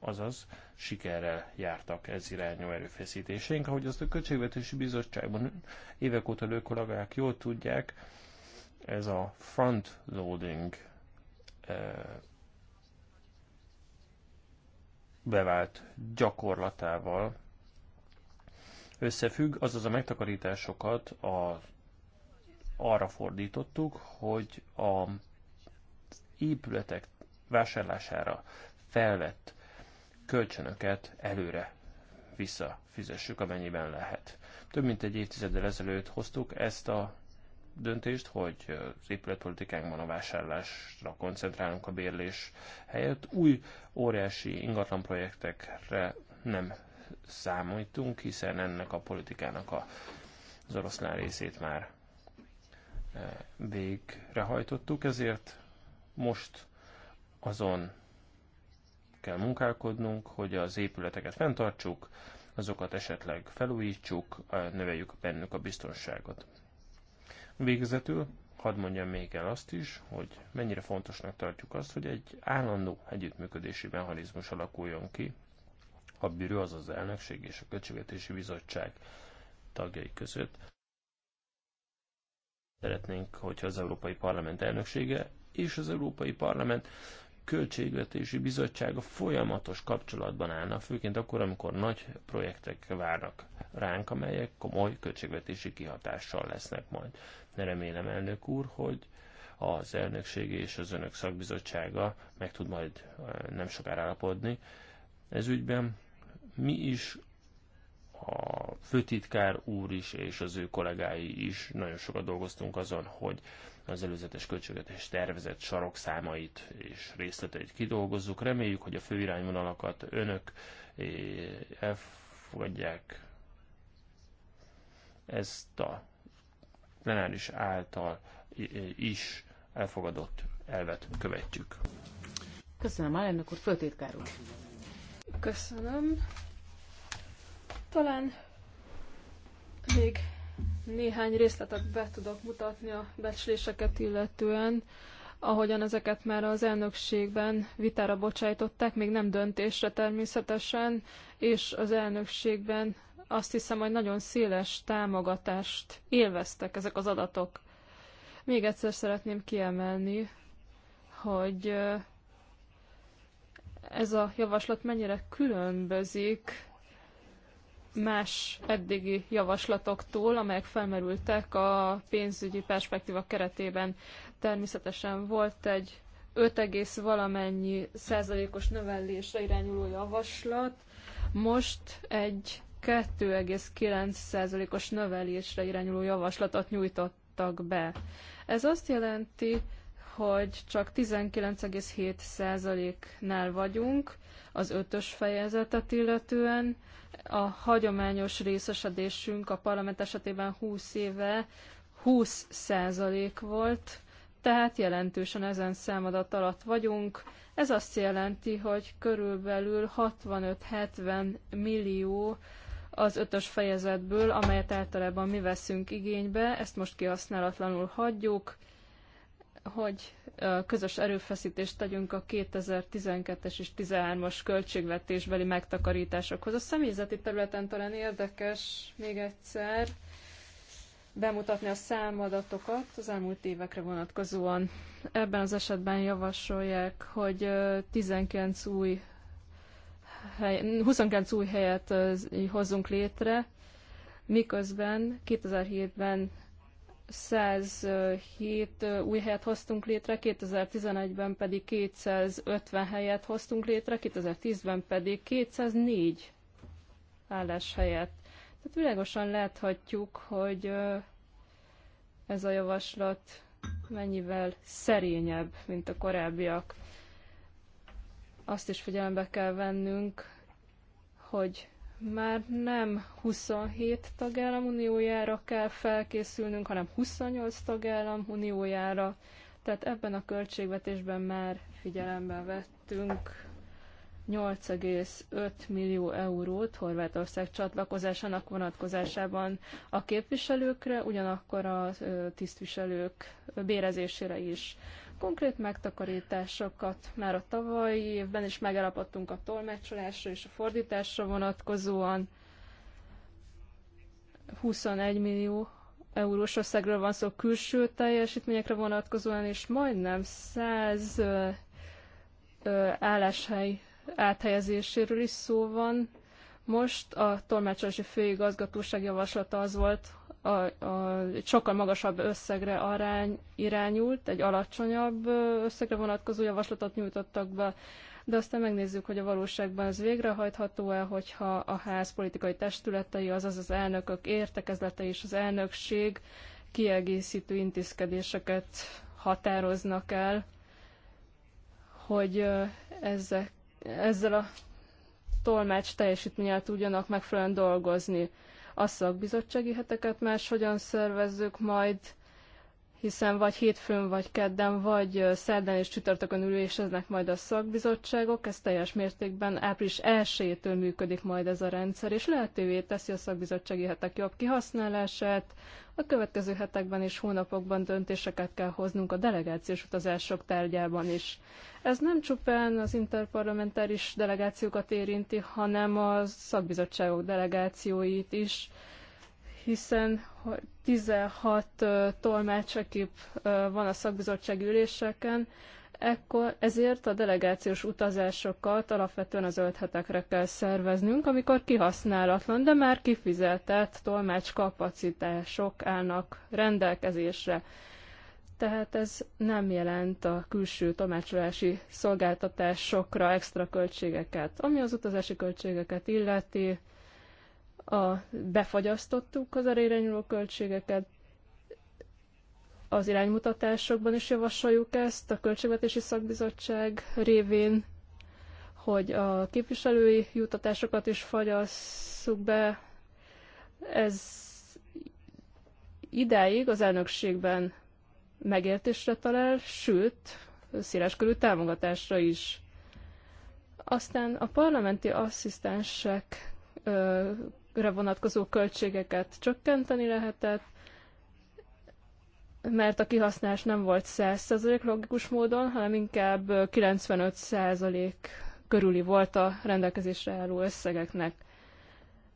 azaz sikerrel jártak ez irányú erőfeszítéseink. Ahogy azt a Költségvetési Bizottságban évek óta lő kollégák jól tudják, ez a front loading eh, bevált gyakorlatával összefügg, azaz a megtakarításokat a, arra fordítottuk, hogy a épületek vásárlására felvett kölcsönöket előre visszafizessük, amennyiben lehet. Több mint egy évtizeddel ezelőtt hoztuk ezt a döntést, hogy az épületpolitikánkban a vásárlásra koncentrálunk a bérlés helyett. Új óriási ingatlan projektekre nem számítunk, hiszen ennek a politikának a, az oroszlán részét már eh, végrehajtottuk, ezért most azon kell munkálkodnunk, hogy az épületeket fenntartsuk, azokat esetleg felújítsuk, növeljük bennük a biztonságot. Végezetül hadd mondjam még el azt is, hogy mennyire fontosnak tartjuk azt, hogy egy állandó együttműködési mechanizmus alakuljon ki a bűrő, az az elnökség és a Költségvetési Bizottság tagjai között. Szeretnénk, hogyha az Európai Parlament elnöksége és az Európai Parlament Költségvetési Bizottsága folyamatos kapcsolatban állna, főként akkor, amikor nagy projektek várnak ránk, amelyek komoly költségvetési kihatással lesznek majd. De remélem, elnök úr, hogy az elnökség és az önök szakbizottsága meg tud majd nem sokára állapodni ez ügyben. Mi is a főtitkár úr is és az ő kollégái is nagyon sokat dolgoztunk azon, hogy az előzetes költségvetés tervezett sarokszámait és részleteit kidolgozzuk. Reméljük, hogy a főirányvonalakat önök elfogadják ezt a plenáris által is elfogadott elvet követjük. Köszönöm, alelnök úr, főtitkár úr. Köszönöm. Talán még néhány részletet be tudok mutatni a becsléseket illetően, ahogyan ezeket már az elnökségben vitára bocsájtották, még nem döntésre természetesen, és az elnökségben azt hiszem, hogy nagyon széles támogatást élveztek ezek az adatok. Még egyszer szeretném kiemelni, hogy ez a javaslat mennyire különbözik más eddigi javaslatoktól, amelyek felmerültek a pénzügyi perspektíva keretében. Természetesen volt egy 5, valamennyi százalékos növelésre irányuló javaslat, most egy 2,9 százalékos növelésre irányuló javaslatot nyújtottak be. Ez azt jelenti, hogy csak 19,7%-nál vagyunk az ötös fejezetet illetően. A hagyományos részesedésünk a parlament esetében 20 éve 20% volt, tehát jelentősen ezen számadat alatt vagyunk. Ez azt jelenti, hogy körülbelül 65-70 millió az ötös fejezetből, amelyet általában mi veszünk igénybe, ezt most kihasználatlanul hagyjuk, hogy közös erőfeszítést tegyünk a 2012-es és 2013-as költségvetésbeli megtakarításokhoz. A személyzeti területen talán érdekes még egyszer bemutatni a számadatokat az elmúlt évekre vonatkozóan. Ebben az esetben javasolják, hogy 19 új hely, 29 új helyet hozzunk létre, miközben 2007-ben 107 új helyet hoztunk létre, 2011-ben pedig 250 helyet hoztunk létre, 2010-ben pedig 204 álláshelyet. Tehát világosan láthatjuk, hogy ez a javaslat mennyivel szerényebb, mint a korábbiak. Azt is figyelembe kell vennünk, hogy már nem 27 tagállam uniójára kell felkészülnünk, hanem 28 tagállam uniójára. Tehát ebben a költségvetésben már figyelembe vettünk 8,5 millió eurót Horvátország csatlakozásának vonatkozásában a képviselőkre, ugyanakkor a tisztviselők bérezésére is. Konkrét megtakarításokat már a tavalyi évben is megállapodtunk a tolmácsolásra és a fordításra vonatkozóan. 21 millió eurós összegről van szó külső teljesítményekre vonatkozóan, és majdnem 100 ö, ö, álláshely áthelyezéséről is szó van. Most a tolmácsolási főigazgatóság javaslata az volt, a, a, egy sokkal magasabb összegre arány irányult, egy alacsonyabb összegre vonatkozó javaslatot nyújtottak be, de aztán megnézzük, hogy a valóságban ez végrehajtható-e, hogyha a ház politikai testületei, azaz az elnökök értekezlete és az elnökség kiegészítő intézkedéseket határoznak el, hogy ezek, ezzel a tolmács teljesítményel tudjanak megfelelően dolgozni a szakbizottsági heteket máshogyan szervezzük majd, hiszen vagy hétfőn, vagy kedden, vagy szerdán és csütörtökön üléseznek majd a szakbizottságok, ez teljes mértékben április 1-től működik majd ez a rendszer, és lehetővé teszi a szakbizottsági hetek jobb kihasználását. A következő hetekben és hónapokban döntéseket kell hoznunk a delegációs utazások tárgyában is. Ez nem csupán az interparlamentáris delegációkat érinti, hanem a szakbizottságok delegációit is, hiszen 16 tolmács, van a szakbizottsági üléseken, ekkor ezért a delegációs utazásokat alapvetően az zöld hetekre kell szerveznünk, amikor kihasználatlan, de már kifizetett tolmácskapacitások állnak rendelkezésre. Tehát ez nem jelent a külső tolmácsolási szolgáltatásokra extra költségeket. Ami az utazási költségeket illeti, a, befagyasztottuk az erre irányuló költségeket, az iránymutatásokban is javasoljuk ezt a Költségvetési Szakbizottság révén, hogy a képviselői jutatásokat is fagyasszuk be. Ez idáig az elnökségben megértésre talál, sőt, széleskörű támogatásra is. Aztán a parlamenti asszisztensek vonatkozó költségeket csökkenteni lehetett, mert a kihasználás nem volt 100% logikus módon, hanem inkább 95% körüli volt a rendelkezésre álló összegeknek.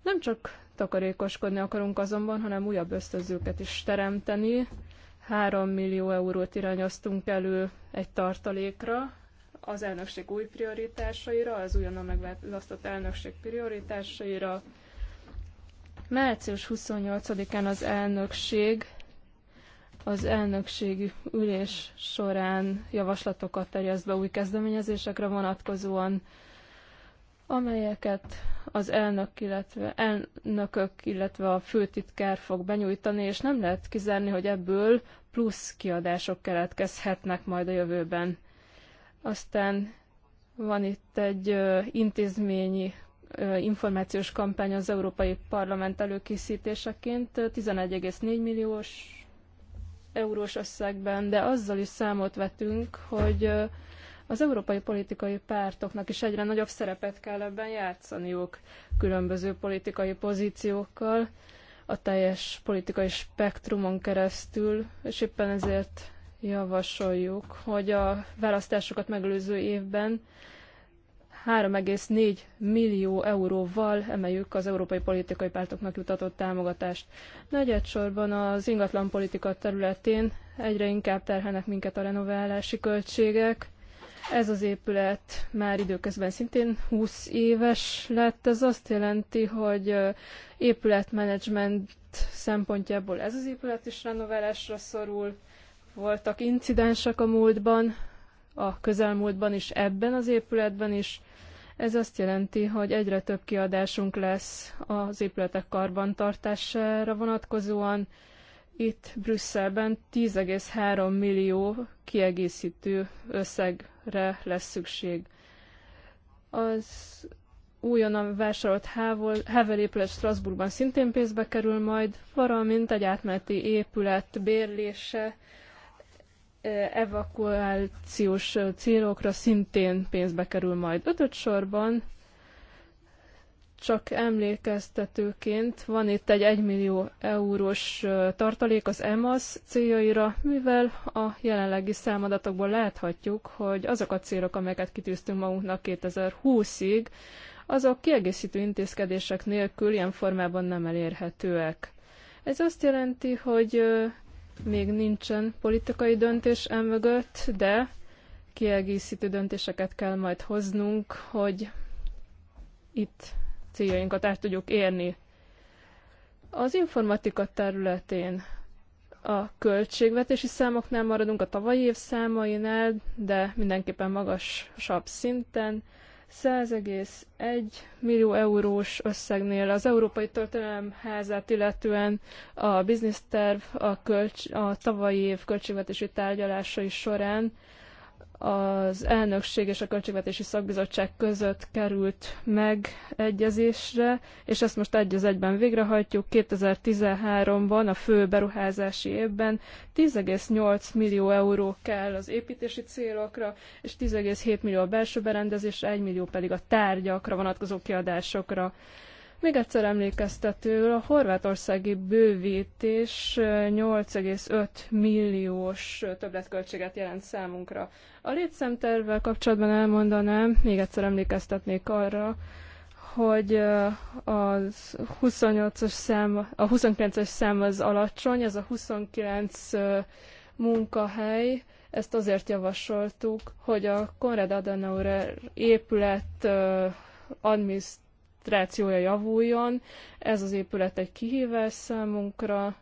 Nem csak takarékoskodni akarunk azonban, hanem újabb ösztözőket is teremteni. 3 millió eurót irányoztunk elő egy tartalékra, az elnökség új prioritásaira, az újonnan megválasztott elnökség prioritásaira, Március 28-án az elnökség az elnökség ülés során javaslatokat terjeszt be új kezdeményezésekre vonatkozóan, amelyeket az elnök, illetve elnökök, illetve a főtitkár fog benyújtani, és nem lehet kizárni, hogy ebből plusz kiadások keletkezhetnek majd a jövőben. Aztán van itt egy intézményi információs kampány az Európai Parlament előkészítéseként 11,4 milliós eurós összegben, de azzal is számot vetünk, hogy az európai politikai pártoknak is egyre nagyobb szerepet kell ebben játszaniuk különböző politikai pozíciókkal, a teljes politikai spektrumon keresztül, és éppen ezért javasoljuk, hogy a választásokat megelőző évben 3,4 millió euróval emeljük az európai politikai pártoknak jutatott támogatást. Negyedsorban az ingatlan politika területén egyre inkább terhelnek minket a renoválási költségek. Ez az épület már időközben szintén 20 éves lett. Ez azt jelenti, hogy épületmenedzsment szempontjából ez az épület is renoválásra szorul. Voltak incidensek a múltban, a közelmúltban is, ebben az épületben is. Ez azt jelenti, hogy egyre több kiadásunk lesz az épületek karbantartására vonatkozóan. Itt Brüsszelben 10,3 millió kiegészítő összegre lesz szükség. Az újonnan vásárolt Havel épület Strasbourgban szintén pénzbe kerül majd, valamint egy átmeneti épület bérlése evakuációs célokra szintén pénzbe kerül majd. Ötöt sorban csak emlékeztetőként van itt egy 1 millió eurós tartalék az EMAS céljaira, mivel a jelenlegi számadatokból láthatjuk, hogy azok a célok, amelyeket kitűztünk magunknak 2020-ig, azok kiegészítő intézkedések nélkül ilyen formában nem elérhetőek. Ez azt jelenti, hogy még nincsen politikai döntés emögött, de kiegészítő döntéseket kell majd hoznunk, hogy itt céljainkat el tudjuk érni. Az informatika területén a költségvetési számoknál maradunk a tavalyi év számainál, de mindenképpen magasabb szinten. 100,1 millió eurós összegnél az Európai Történelem házát, illetően a bizniszterv a, kölcs, a tavalyi év költségvetési tárgyalásai során az elnökség és a költségvetési szakbizottság között került megegyezésre, és ezt most egy az egyben végrehajtjuk. 2013-ban, a fő beruházási évben 10,8 millió euró kell az építési célokra, és 10,7 millió a belső berendezésre, 1 millió pedig a tárgyakra vonatkozó kiadásokra. Még egyszer emlékeztető, a horvátországi bővítés 8,5 milliós többletköltséget jelent számunkra. A létszámtervvel kapcsolatban elmondanám, még egyszer emlékeztetnék arra, hogy az 28-as szám, a 29-es szám az alacsony, ez a 29 munkahely, ezt azért javasoltuk, hogy a Konrad Adenauer épület adminiszt adminisztrációja javuljon. Ez az épület egy kihívás számunkra,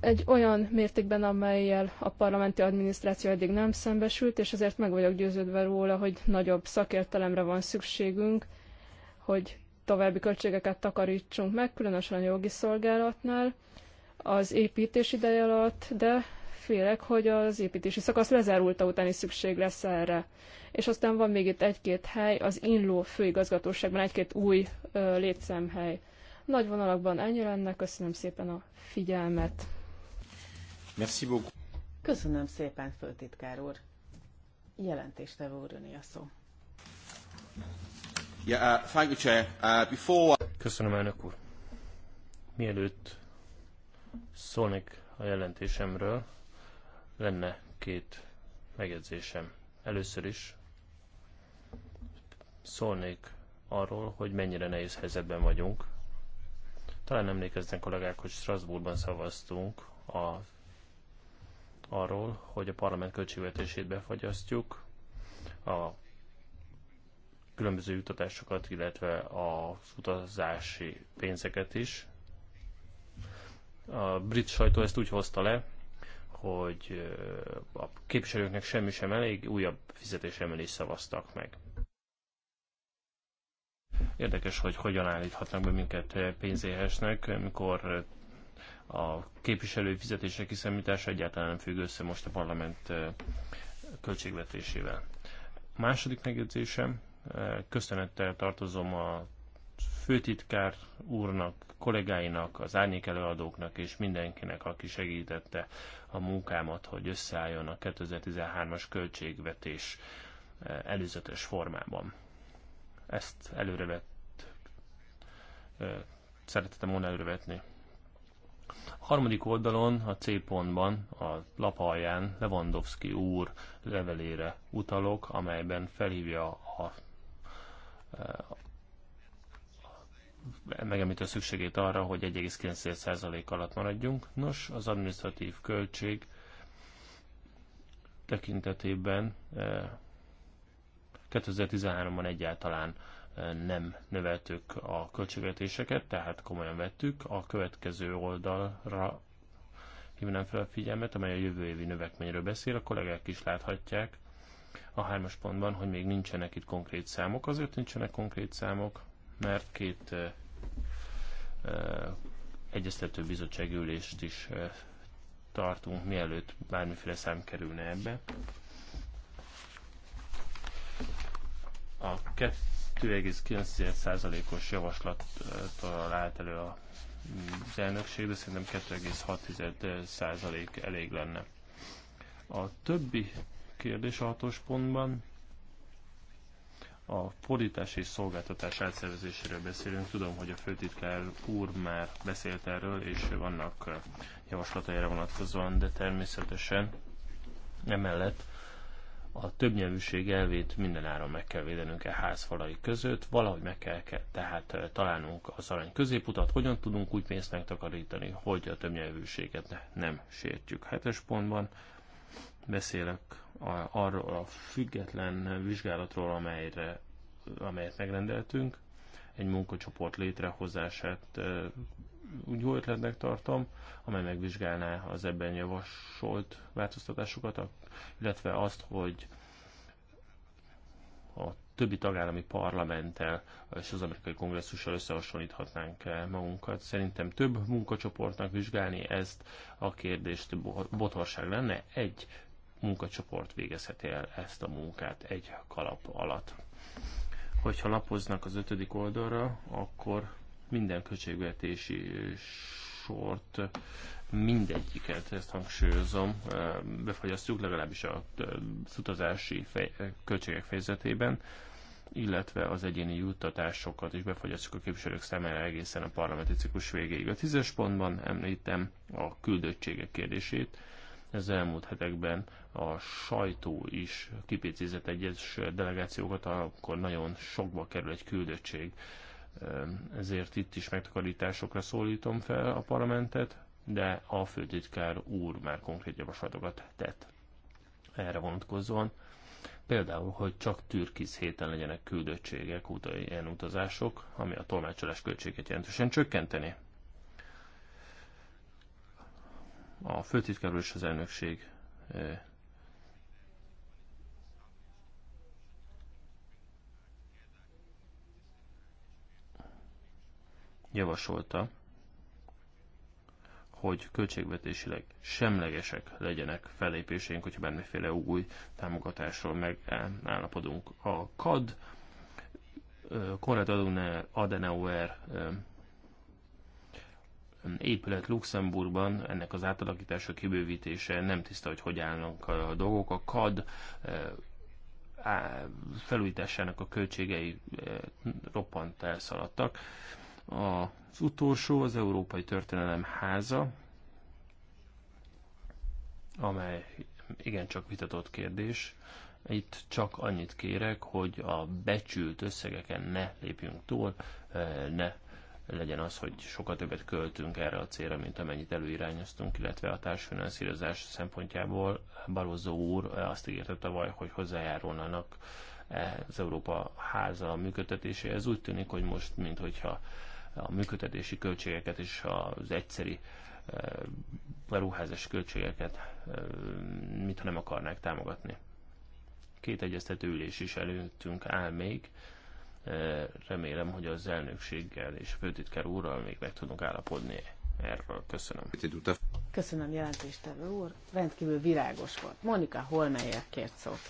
egy olyan mértékben, amelyel a parlamenti adminisztráció eddig nem szembesült, és ezért meg vagyok győződve róla, hogy nagyobb szakértelemre van szükségünk, hogy további költségeket takarítsunk meg, különösen a jogi szolgálatnál az építés ideje alatt, de félek, hogy az építési szakasz lezárulta után is szükség lesz erre. És aztán van még itt egy-két hely, az Inló főigazgatóságban egy-két új ö, létszámhely. Nagy vonalakban ennyi lenne, köszönöm szépen a figyelmet. Merci beaucoup. Köszönöm szépen, főtitkár úr. Jelentéstevő úr, a szó. Yeah, uh, thank you, Chair. Uh, before... Köszönöm, elnök úr. Mielőtt szólnék a jelentésemről, lenne két megjegyzésem. Először is szólnék arról, hogy mennyire nehéz helyzetben vagyunk. Talán emlékeznek kollégák, hogy Strasbourgban szavaztunk a, arról, hogy a parlament költségvetését befagyasztjuk, a különböző jutatásokat, illetve az utazási pénzeket is. A brit sajtó ezt úgy hozta le, hogy a képviselőknek semmi sem elég, újabb fizetésemelést szavaztak meg. Érdekes, hogy hogyan állíthatnak be minket pénzéhesnek, mikor a képviselői fizetések kiszámítása egyáltalán nem függ össze most a parlament költségvetésével. második megjegyzésem, köszönettel tartozom a főtitkár úrnak, kollégáinak, az árnyék előadóknak és mindenkinek, aki segítette a munkámat, hogy összeálljon a 2013-as költségvetés eh, előzetes formában. Ezt előrevett, eh, szeretettem volna előrevetni. A harmadik oldalon, a C pontban, a lap alján Lewandowski úr levelére utalok, amelyben felhívja a eh, megemlítő szükségét arra, hogy 1,9% alatt maradjunk. Nos, az administratív költség tekintetében 2013-ban eh, egyáltalán eh, nem növeltük a költségvetéseket, tehát komolyan vettük. A következő oldalra hívnám fel a figyelmet, amely a jövő évi növekményről beszél. A kollégák is láthatják a hármas pontban, hogy még nincsenek itt konkrét számok. Azért nincsenek konkrét számok, mert két egyeztető bizottságülést is tartunk, mielőtt bármiféle szám kerülne ebbe. A 2,9%-os javaslat állt elő az elnökség, de szerintem 2,6% elég lenne. A többi kérdés a hatos pontban a fordítási szolgáltatás átszervezéséről beszélünk. Tudom, hogy a főtitkár úr már beszélt erről, és vannak eh, javaslataira vonatkozóan, de természetesen emellett a többnyelvűség elvét mindenáron meg kell védenünk a e házfalai között, valahogy meg kell, kell tehát eh, találnunk az arany középutat, hogyan tudunk úgy pénzt megtakarítani, hogy a többnyelvűséget nem sértjük. Hetes pontban Beszélek arról a független vizsgálatról, amelyre, amelyet megrendeltünk, egy munkacsoport létrehozását úgy jó ötletnek tartom, amely megvizsgálná az ebben javasolt változtatásokat, illetve azt, hogy a többi tagállami parlamenttel és az amerikai kongresszussal összehasonlíthatnánk -e magunkat. Szerintem több munkacsoportnak vizsgálni ezt a kérdést botorság lenne. Egy munkacsoport végezheti el ezt a munkát egy kalap alatt. Hogyha lapoznak az ötödik oldalra, akkor minden költségvetési sort, mindegyiket, ezt hangsúlyozom, befagyasztjuk legalábbis a utazási fej, költségek fejezetében, illetve az egyéni juttatásokat is befagyasztjuk a képviselők szemére egészen a parlamenti ciklus végéig. A tízes pontban említem a küldöttségek kérdését az elmúlt hetekben a sajtó is kipécézett egyes delegációkat, akkor nagyon sokba kerül egy küldöttség. Ezért itt is megtakarításokra szólítom fel a parlamentet, de a főtitkár úr már konkrét javaslatokat tett erre vonatkozóan. Például, hogy csak türkisz héten legyenek küldöttségek, utai ilyen utazások, ami a tolmácsolás költséget jelentősen csökkenteni. a főtitkáról és az elnökség javasolta, hogy költségvetésileg semlegesek legyenek fellépéseink, hogyha bármiféle új támogatásról megállapodunk. A CAD, Konrad Adenauer épület Luxemburgban, ennek az átalakítása, kibővítése, nem tiszta, hogy hogy állnak a dolgok. A CAD eh, felújításának a költségei eh, roppant elszaladtak. Az utolsó az Európai Történelem Háza, amely igencsak vitatott kérdés. Itt csak annyit kérek, hogy a becsült összegeken ne lépjünk túl, eh, ne legyen az, hogy sokkal többet költünk erre a célra, mint amennyit előirányoztunk, illetve a társfinanszírozás szempontjából Balozó úr azt ígérte tavaly, hogy hozzájárulnának az Európa háza működtetéséhez. Úgy tűnik, hogy most, hogyha a működtetési költségeket és az egyszeri eh, beruházás költségeket eh, mit nem akarnák támogatni. Két egyeztető ülés is előttünk áll még, Eh, remélem, hogy az elnökséggel és a főtitkár úrral még meg tudunk állapodni erről. Köszönöm. Köszönöm, jelentéstevő úr. Rendkívül virágos volt. Monika Holmeyer kért szót.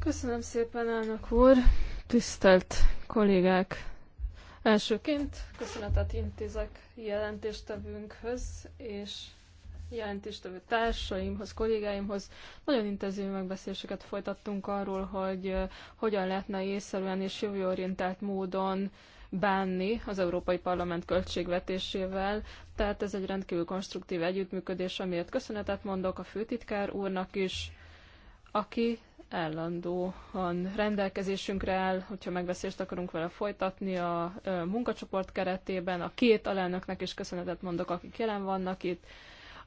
Köszönöm szépen, elnök úr. Tisztelt kollégák! Elsőként köszönetet intézek jelentéstevünkhöz, és jelentéstevő társaimhoz, kollégáimhoz nagyon intenzív megbeszéléseket folytattunk arról, hogy hogyan lehetne észszerűen és jövőorientált módon bánni az Európai Parlament költségvetésével, tehát ez egy rendkívül konstruktív együttműködés, amiért köszönetet mondok a főtitkár úrnak is, aki állandóan rendelkezésünkre áll, hogyha megbeszélést akarunk vele folytatni a munkacsoport keretében. A két alelnöknek is köszönetet mondok, akik jelen vannak itt,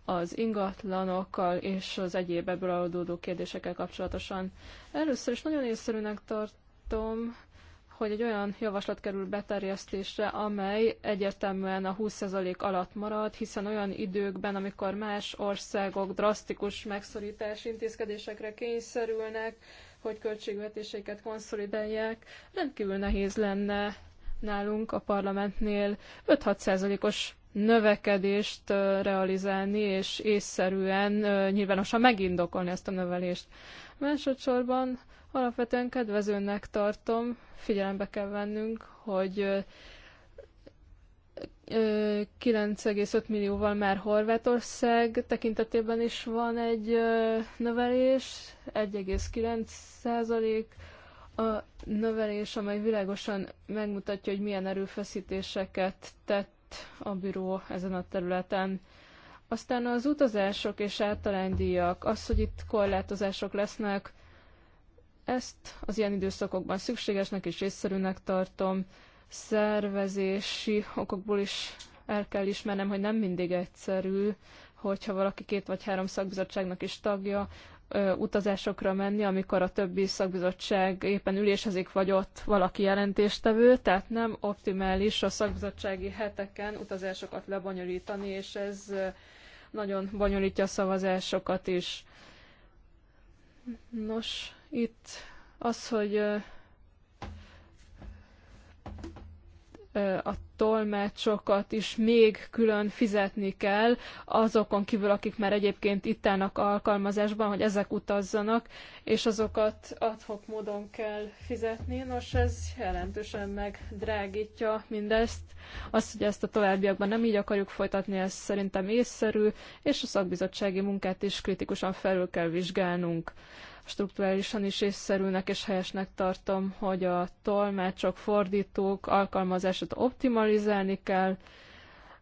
az ingatlanokkal és az egyéb ebből adódó kérdésekkel kapcsolatosan. Először is nagyon észszerűnek tartom, hogy egy olyan javaslat kerül beterjesztésre, amely egyértelműen a 20% alatt marad, hiszen olyan időkben, amikor más országok drasztikus megszorítás intézkedésekre kényszerülnek, hogy költségvetéseiket konszolidálják, rendkívül nehéz lenne nálunk a parlamentnél 5-6%-os növekedést realizálni, és észszerűen nyilvánosan megindokolni ezt a növelést. Másodszorban alapvetően kedvezőnek tartom, figyelembe kell vennünk, hogy 9,5 millióval már Horvátország tekintetében is van egy növelés, 1,9 a növelés, amely világosan megmutatja, hogy milyen erőfeszítéseket tett a büró ezen a területen. Aztán az utazások és általánydíjak, az, hogy itt korlátozások lesznek, ezt az ilyen időszakokban szükségesnek és észszerűnek tartom. Szervezési okokból is el kell ismernem, hogy nem mindig egyszerű, hogyha valaki két vagy három szakbizottságnak is tagja, utazásokra menni, amikor a többi szakbizottság éppen ülésezik, vagy ott valaki jelentéstevő, tehát nem optimális a szakbizottsági heteken utazásokat lebonyolítani, és ez nagyon bonyolítja a szavazásokat is. Nos, itt az, hogy a tolmácsokat is még külön fizetni kell azokon kívül, akik már egyébként itt állnak alkalmazásban, hogy ezek utazzanak, és azokat adhok módon kell fizetni. Nos, ez jelentősen megdrágítja mindezt. Azt, hogy ezt a továbbiakban nem így akarjuk folytatni, ez szerintem észszerű, és a szakbizottsági munkát is kritikusan felül kell vizsgálnunk strukturálisan is észszerűnek és helyesnek tartom, hogy a tolmácsok, fordítók alkalmazását optimalizálni kell,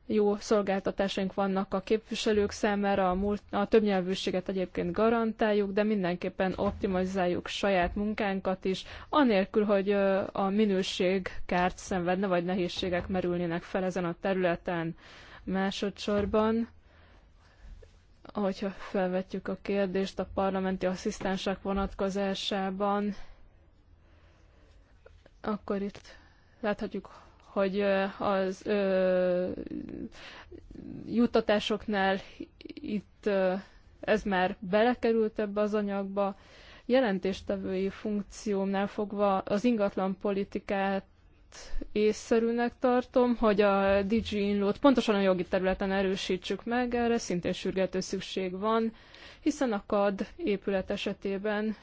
jó szolgáltatásaink vannak a képviselők számára, a, múlt, a többnyelvűséget egyébként garantáljuk, de mindenképpen optimalizáljuk saját munkánkat is, anélkül, hogy a minőség kárt szenvedne, vagy nehézségek merülnének fel ezen a területen másodszorban hogyha felvetjük a kérdést a parlamenti asszisztensek vonatkozásában, akkor itt láthatjuk, hogy az ö, juttatásoknál itt ö, ez már belekerült ebbe az anyagba. Jelentéstevői funkciómnál fogva az ingatlan politikát észszerűnek tartom, hogy a DG Inlót pontosan a jogi területen erősítsük meg, erre szintén sürgető szükség van, hiszen a CAD épület esetében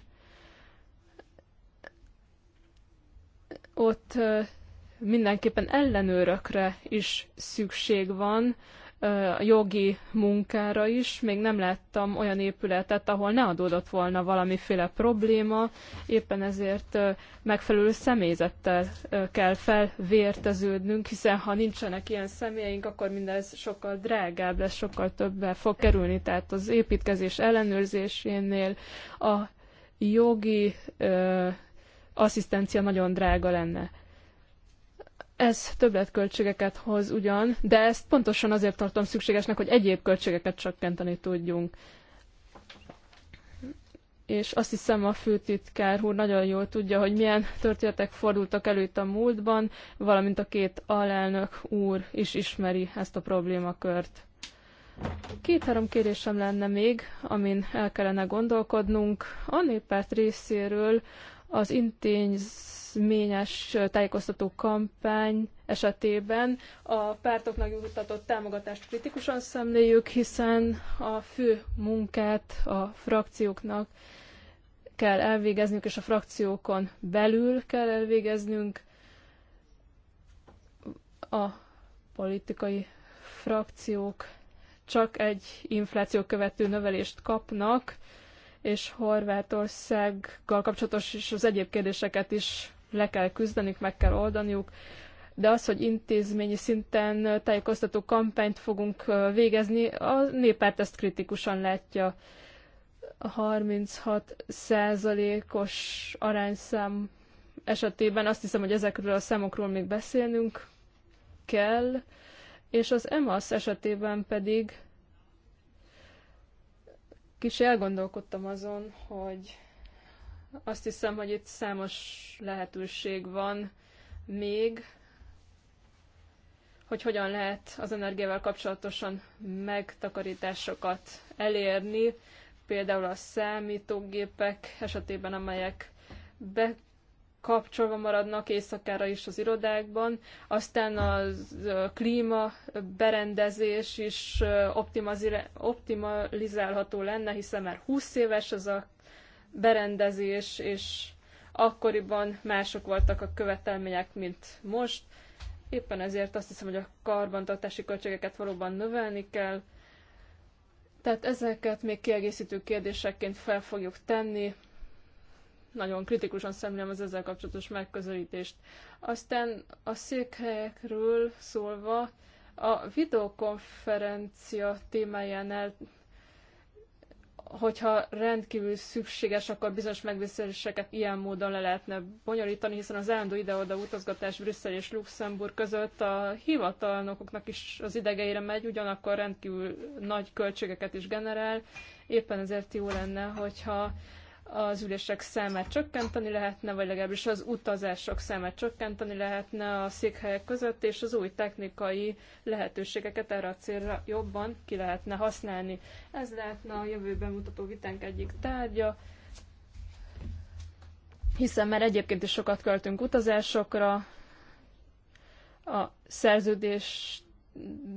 ott mindenképpen ellenőrökre is szükség van, jogi munkára is. Még nem láttam olyan épületet, ahol ne adódott volna valamiféle probléma, éppen ezért megfelelő személyzettel kell felvérteződnünk, hiszen ha nincsenek ilyen személyeink, akkor mindez sokkal drágább lesz, sokkal többbe fog kerülni. Tehát az építkezés ellenőrzésénél a jogi ö, asszisztencia nagyon drága lenne. Ez többletköltségeket hoz ugyan, de ezt pontosan azért tartom szükségesnek, hogy egyéb költségeket csökkenteni tudjunk. És azt hiszem a főtitkár úr nagyon jól tudja, hogy milyen történetek fordultak elő itt a múltban, valamint a két alelnök úr is ismeri ezt a problémakört. Két-három kérésem lenne még, amin el kellene gondolkodnunk. A néppárt részéről az intézményes tájékoztató kampány esetében a pártoknak juttatott támogatást kritikusan szemléljük, hiszen a fő munkát a frakcióknak kell elvégeznünk, és a frakciókon belül kell elvégeznünk a politikai frakciók csak egy infláció követő növelést kapnak, és Horvátországgal kapcsolatos és az egyéb kérdéseket is le kell küzdeniük, meg kell oldaniuk de az, hogy intézményi szinten tájékoztató kampányt fogunk végezni, a néppárt ezt kritikusan látja. 36 százalékos arányszám esetében azt hiszem, hogy ezekről a számokról még beszélnünk kell, és az EMASZ esetében pedig Kis elgondolkodtam azon, hogy azt hiszem, hogy itt számos lehetőség van még, hogy hogyan lehet az energiával kapcsolatosan megtakarításokat elérni, például a számítógépek esetében, amelyek be kapcsolva maradnak éjszakára is az irodákban, aztán a klíma berendezés is optimalizálható lenne, hiszen már 20 éves ez a berendezés, és akkoriban mások voltak a követelmények, mint most. Éppen ezért azt hiszem, hogy a karbantartási költségeket valóban növelni kell. Tehát ezeket még kiegészítő kérdésekként fel fogjuk tenni, nagyon kritikusan szemlélem az ezzel kapcsolatos megközelítést. Aztán a székhelyekről szólva, a videokonferencia témájánál, hogyha rendkívül szükséges, akkor bizonyos megbeszéléseket ilyen módon le lehetne bonyolítani, hiszen az állandó ide-oda utazgatás Brüsszel és Luxemburg között a hivatalnokoknak is az idegeire megy, ugyanakkor rendkívül nagy költségeket is generál. Éppen ezért jó lenne, hogyha az ülések számát csökkenteni lehetne, vagy legalábbis az utazások számát csökkenteni lehetne a székhelyek között, és az új technikai lehetőségeket erre a célra jobban ki lehetne használni. Ez lehetne a jövőben mutató vitánk egyik tárgya, hiszen már egyébként is sokat költünk utazásokra, a szerződést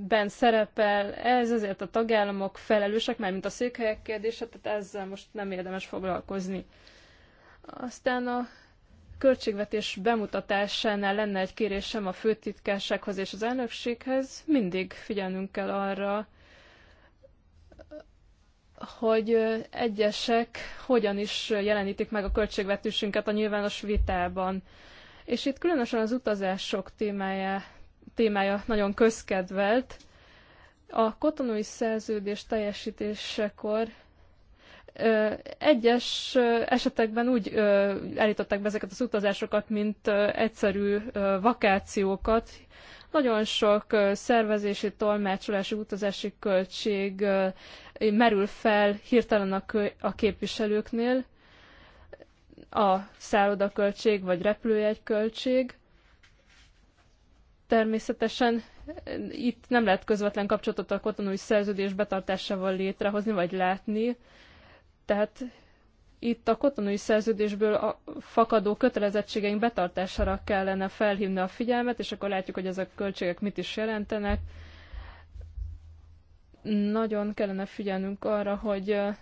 ben szerepel ez, ezért a tagállamok felelősek, már mint a székhelyek kérdése, tehát ezzel most nem érdemes foglalkozni. Aztán a költségvetés bemutatásánál lenne egy kérésem a főtitkársághoz és az elnökséghez. Mindig figyelnünk kell arra, hogy egyesek hogyan is jelenítik meg a költségvetésünket a nyilvános vitában. És itt különösen az utazások témája témája nagyon közkedvelt. A kotonói szerződés teljesítésekor egyes esetekben úgy állították be ezeket az utazásokat, mint egyszerű vakációkat. Nagyon sok szervezési, tolmácsolási, utazási költség merül fel hirtelen a képviselőknél, a szállodaköltség vagy repülőjegyköltség. költség Természetesen eh, itt nem lehet közvetlen kapcsolatot a kotonói szerződés betartásával létrehozni vagy látni, tehát itt a kotonói szerződésből a fakadó kötelezettségeink betartására kellene felhívni a figyelmet, és akkor látjuk, hogy ezek a költségek mit is jelentenek. Nagyon kellene figyelnünk arra, hogy eh,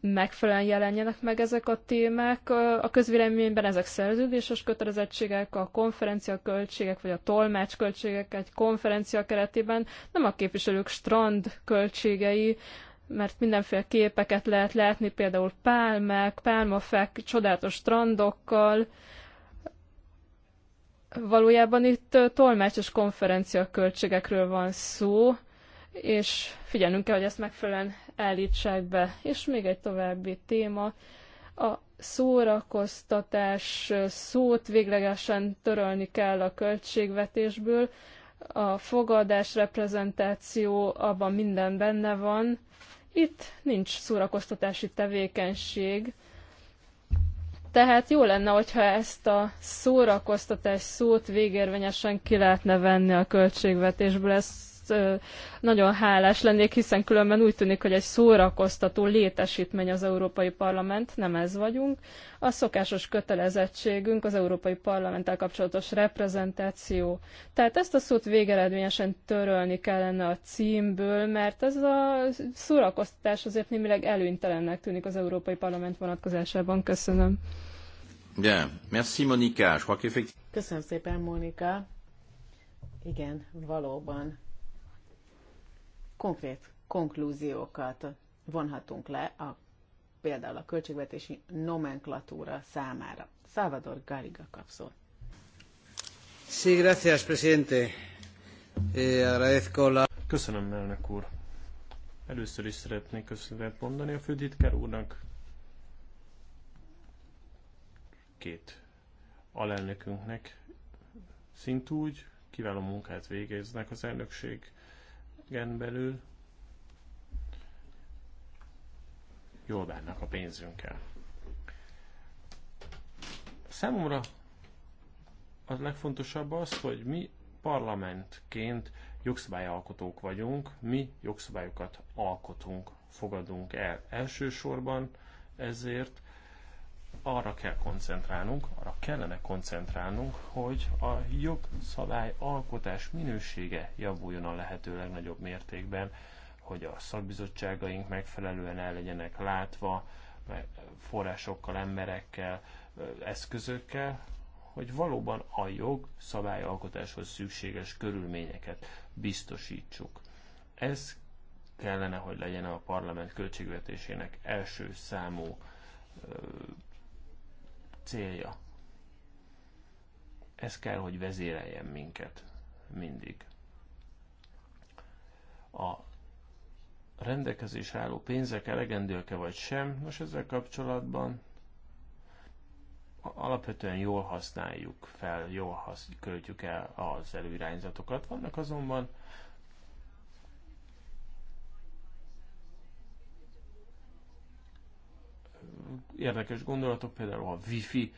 megfelelően jelenjenek meg ezek a témák. A közvéleményben ezek szerződéses kötelezettségek, a konferencia költségek, vagy a tolmács költségek egy konferencia keretében, nem a képviselők strand költségei, mert mindenféle képeket lehet látni, például pálmák, pálmafek, csodálatos strandokkal. Valójában itt és konferencia költségekről van szó, és figyelnünk kell, hogy ezt megfelelően állítsák be. És még egy további téma, a szórakoztatás szót véglegesen törölni kell a költségvetésből, a fogadás, reprezentáció, abban minden benne van. Itt nincs szórakoztatási tevékenység, tehát jó lenne, hogyha ezt a szórakoztatás szót végérvényesen ki lehetne venni a költségvetésből. Ez nagyon hálás lennék, hiszen különben úgy tűnik, hogy egy szórakoztató létesítmény az Európai Parlament, nem ez vagyunk. A szokásos kötelezettségünk az Európai Parlamenttel kapcsolatos reprezentáció. Tehát ezt a szót végeredményesen törölni kellene a címből, mert ez a szórakoztatás azért némileg előnytelennek tűnik az Európai Parlament vonatkozásában. Köszönöm. Bien. Merci Monika. Köszönöm szépen, Monika. Igen, valóban konkrét konklúziókat vonhatunk le a, például a költségvetési nomenklatúra számára. Salvador Garriga kapszol. Sí, gracias, presidente. Eh, agradezco la... Köszönöm, elnök úr. Először is szeretnék köszönetet mondani a főtitkár úrnak. Két alelnökünknek szintúgy kiváló munkát végeznek az elnökség gen belül jól bánnak a pénzünkkel. Számomra a legfontosabb az, hogy mi parlamentként jogszabályalkotók vagyunk, mi jogszabályokat alkotunk, fogadunk el. Elsősorban ezért arra kell koncentrálnunk, arra kellene koncentrálnunk, hogy a jogszabály alkotás minősége javuljon a lehető legnagyobb mértékben, hogy a szakbizottságaink megfelelően el legyenek látva, forrásokkal, emberekkel, eszközökkel, hogy valóban a jog szabályalkotáshoz szükséges körülményeket biztosítsuk. Ez kellene, hogy legyen a parlament költségvetésének első számú célja. Ez kell, hogy vezéreljen minket mindig. A rendelkezés álló pénzek elegendőek-e vagy sem, most ezzel kapcsolatban alapvetően jól használjuk fel, jól hasz, költjük el az előirányzatokat. Vannak azonban érdekes gondolatok, például a wifi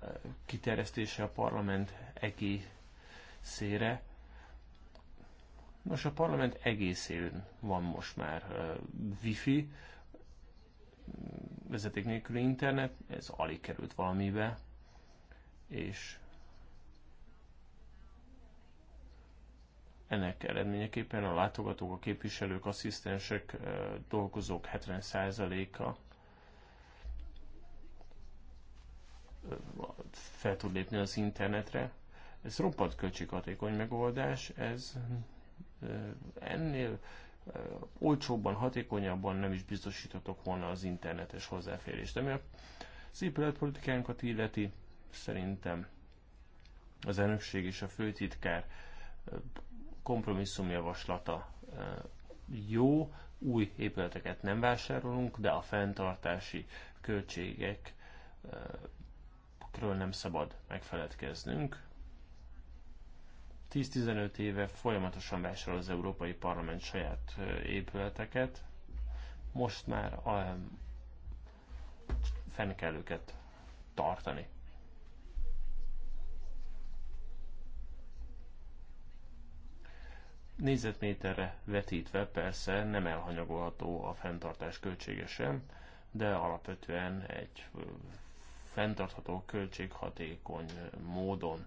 eh, kiterjesztése a parlament egészére. Nos, a parlament egészén van most már eh, wifi, vezeték nélküli internet, ez alig került valamibe, és ennek eredményeképpen a látogatók, a képviselők, asszisztensek, eh, dolgozók 70%-a fel tud lépni az internetre. Ez roppant költséghatékony megoldás, ez ennél olcsóbban, hatékonyabban nem is biztosítotok volna az internetes hozzáférést. Ami az épületpolitikánkat illeti, szerintem az elnökség és a főtitkár kompromisszumjavaslata jó, új épületeket nem vásárolunk, de a fenntartási költségek ről nem szabad megfeledkeznünk. 10-15 éve folyamatosan vásárol az Európai Parlament saját épületeket, most már a, fenn kell őket tartani. Nézetméterre vetítve persze nem elhanyagolható a fenntartás költségesen, de alapvetően egy fenntartható, költséghatékony módon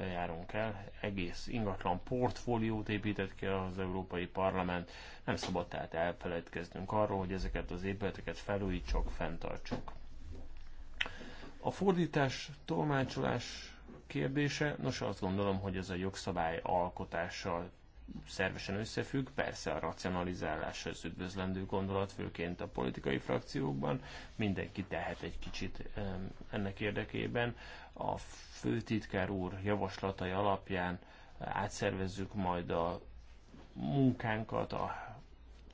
járunk el. Egész ingatlan portfóliót épített ki az Európai Parlament. Nem szabad tehát elfeledkeznünk arról, hogy ezeket az épületeket felújítsuk, fenntartsuk. A fordítás, tolmácsolás kérdése, nos azt gondolom, hogy ez a jogszabály alkotással szervesen összefügg. Persze a racionalizálás az üdvözlendő gondolat, főként a politikai frakciókban. Mindenki tehet egy kicsit ennek érdekében. A főtitkár úr javaslatai alapján eh, átszervezzük majd a munkánkat, a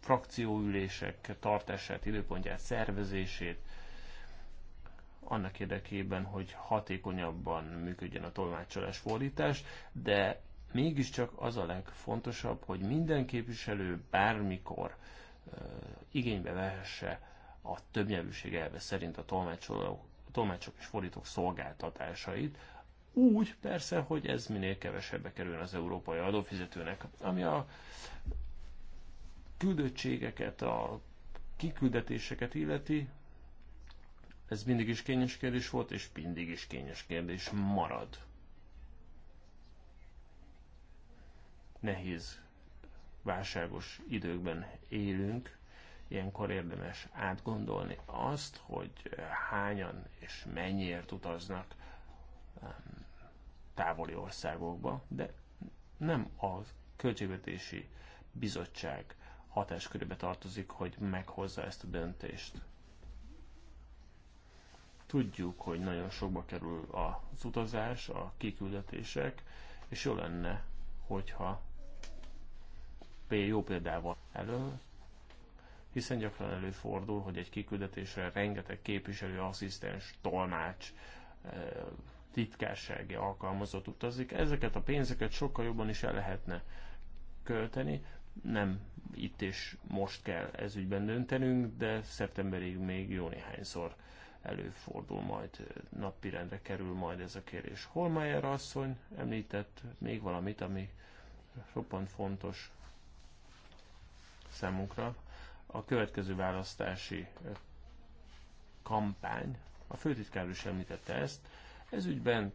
frakcióülések tartását, időpontját, szervezését, annak érdekében, hogy hatékonyabban működjön a tolmácsolás fordítás, de mégiscsak az a legfontosabb, hogy minden képviselő bármikor igénybe vehesse a többnyelvűség elve szerint a tolmácsolók, tolmácsok és fordítók szolgáltatásait, úgy persze, hogy ez minél kevesebbe kerül az európai adófizetőnek. Ami a küldöttségeket, a kiküldetéseket illeti, ez mindig is kényes kérdés volt, és mindig is kényes kérdés marad. nehéz válságos időkben élünk, ilyenkor érdemes átgondolni azt, hogy hányan és mennyiért utaznak távoli országokba, de nem a költségvetési bizottság hatáskörébe tartozik, hogy meghozza ezt a döntést. Tudjuk, hogy nagyon sokba kerül az utazás, a kiküldetések, és jó lenne, hogyha jó példával elő, hiszen gyakran előfordul, hogy egy kiküldetésre rengeteg képviselő, asszisztens, tolmács, eh, titkársági alkalmazott utazik. Ezeket a pénzeket sokkal jobban is el lehetne költeni. Nem itt és most kell ez ügyben döntenünk, de szeptemberig még jó néhányszor előfordul majd, eh, napirendre kerül majd ez a kérés. Holmeyer asszony említett még valamit, ami roppant fontos számunkra a következő választási kampány. A főtitkár is említette ezt. Ez ügyben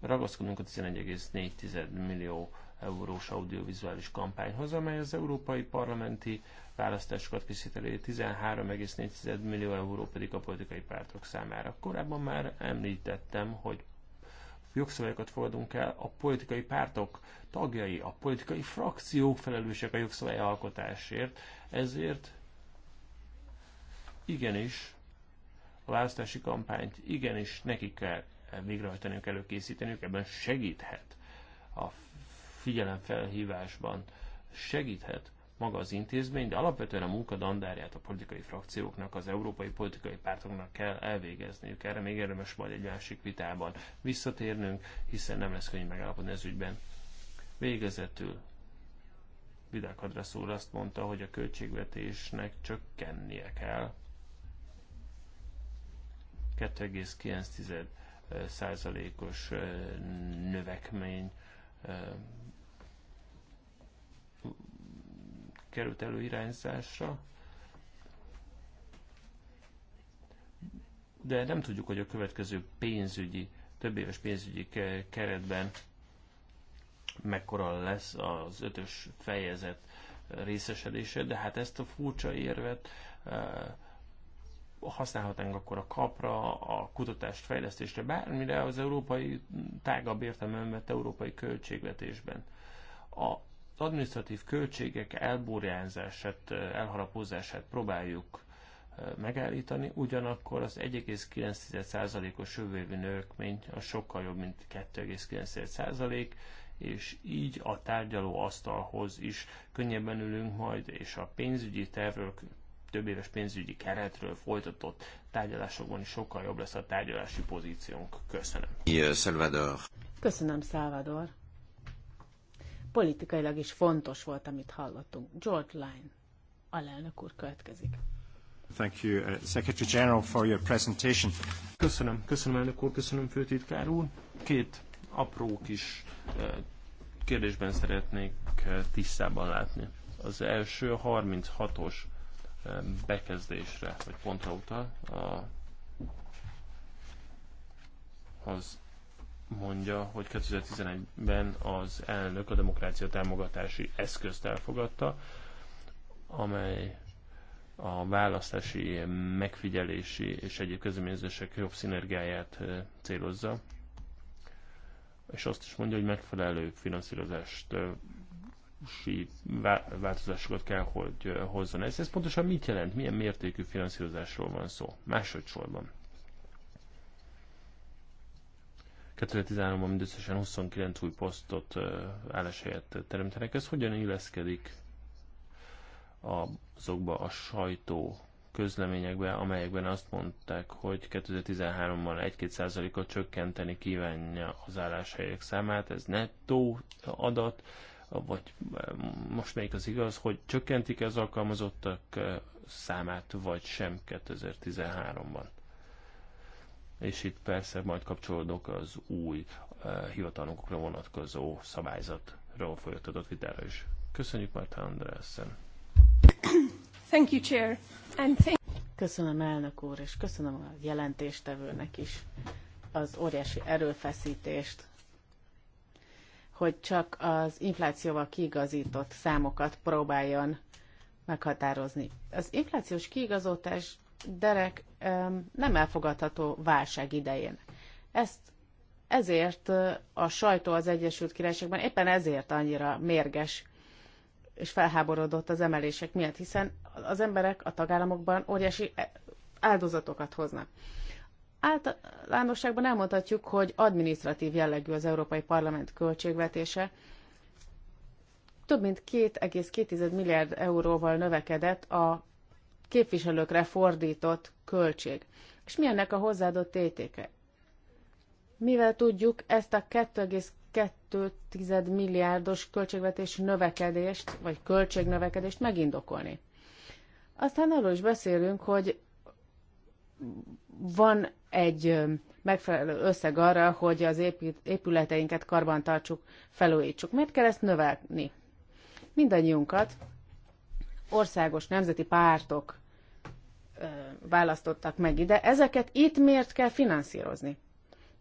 ragaszkodunk a 11,4 millió eurós audiovizuális kampányhoz, amely az európai parlamenti választásokat készíteli, 13,4 millió euró pedig a politikai pártok számára. Korábban már említettem, hogy jogszabályokat fogadunk el, a politikai pártok tagjai, a politikai frakciók felelősek a jogszabály alkotásért, ezért igenis a választási kampányt igenis nekik kell kell előkészíteni, ebben segíthet a figyelemfelhívásban segíthet maga az intézmény, de alapvetően a munka dandárját a politikai frakcióknak, az európai politikai pártoknak kell elvégezniük. Erre még érdemes majd egy másik vitában visszatérnünk, hiszen nem lesz könnyű megállapodni ez ügyben. Végezetül Vidák Adrasz úr azt mondta, hogy a költségvetésnek csökkennie kell. 2,9 százalékos növekmény került irányzásra. de nem tudjuk, hogy a következő pénzügyi, több éves pénzügyi keretben mekkora lesz az ötös fejezet részesedése, de hát ezt a furcsa érvet eh, használhatnánk akkor a kapra, a kutatást, fejlesztésre, bármire az európai tágabb értelmemben, európai költségvetésben. A administratív költségek elburjánzását, elharapózását próbáljuk megállítani, ugyanakkor az 1,9%-os jövővű növekmény a sokkal jobb, mint 2,9%, és így a tárgyaló asztalhoz is könnyebben ülünk majd, és a pénzügyi tervről, több éves pénzügyi keretről folytatott tárgyalásokban is sokkal jobb lesz a tárgyalási pozíciónk. Köszönöm. Salvador. Köszönöm, Salvador politikailag is fontos volt, amit hallottunk. George Line, alelnök úr következik. Thank you, uh, Secretary General, for your presentation. Köszönöm, köszönöm elnök úr, köszönöm főtitkár úr. Két apró kis uh, kérdésben szeretnék uh, tisztában látni. Az első 36-os uh, bekezdésre, vagy pontra utal, a, az mondja, hogy 2011-ben az elnök a demokrácia támogatási eszközt elfogadta, amely a választási, megfigyelési és egyéb közeményezések jobb szinergiáját célozza, és azt is mondja, hogy megfelelő finanszírozást változásokat kell, hogy hozzon. Ez, ez pontosan mit jelent? Milyen mértékű finanszírozásról van szó? Másodszorban. 2013-ban mindösszesen 29 új posztot, álláshelyet teremtenek. Ez hogyan illeszkedik azokba a sajtó közleményekbe, amelyekben azt mondták, hogy 2013-ban 1-2 százalékot csökkenteni kívánja az álláshelyek számát. Ez nettó adat, vagy most melyik az igaz, hogy csökkentik az alkalmazottak számát, vagy sem 2013-ban? és itt persze majd kapcsolódok az új eh, hivatalnokokra vonatkozó szabályzatról folytatott vitára is. Köszönjük Marta Andrássen. Thank you, Chair. And thank köszönöm elnök úr, és köszönöm a jelentéstevőnek is az óriási erőfeszítést, hogy csak az inflációval kiigazított számokat próbáljon meghatározni. Az inflációs kiigazítás derek nem elfogadható válság idején. Ezt ezért a sajtó az Egyesült Királyságban éppen ezért annyira mérges és felháborodott az emelések miatt, hiszen az emberek a tagállamokban óriási e, áldozatokat hoznak. Általánosságban elmondhatjuk, hogy administratív jellegű az Európai Parlament költségvetése. Több mint 2,2 milliárd euróval növekedett a képviselőkre fordított költség. És mi ennek a hozzáadott értéke? Mivel tudjuk ezt a 2,2 milliárdos költségvetés növekedést, vagy költségnövekedést megindokolni? Aztán arról is beszélünk, hogy van egy megfelelő összeg arra, hogy az épületeinket karbantartsuk, felújítsuk. Miért kell ezt növelni? Mindannyiunkat országos nemzeti pártok választottak meg ide, ezeket itt miért kell finanszírozni?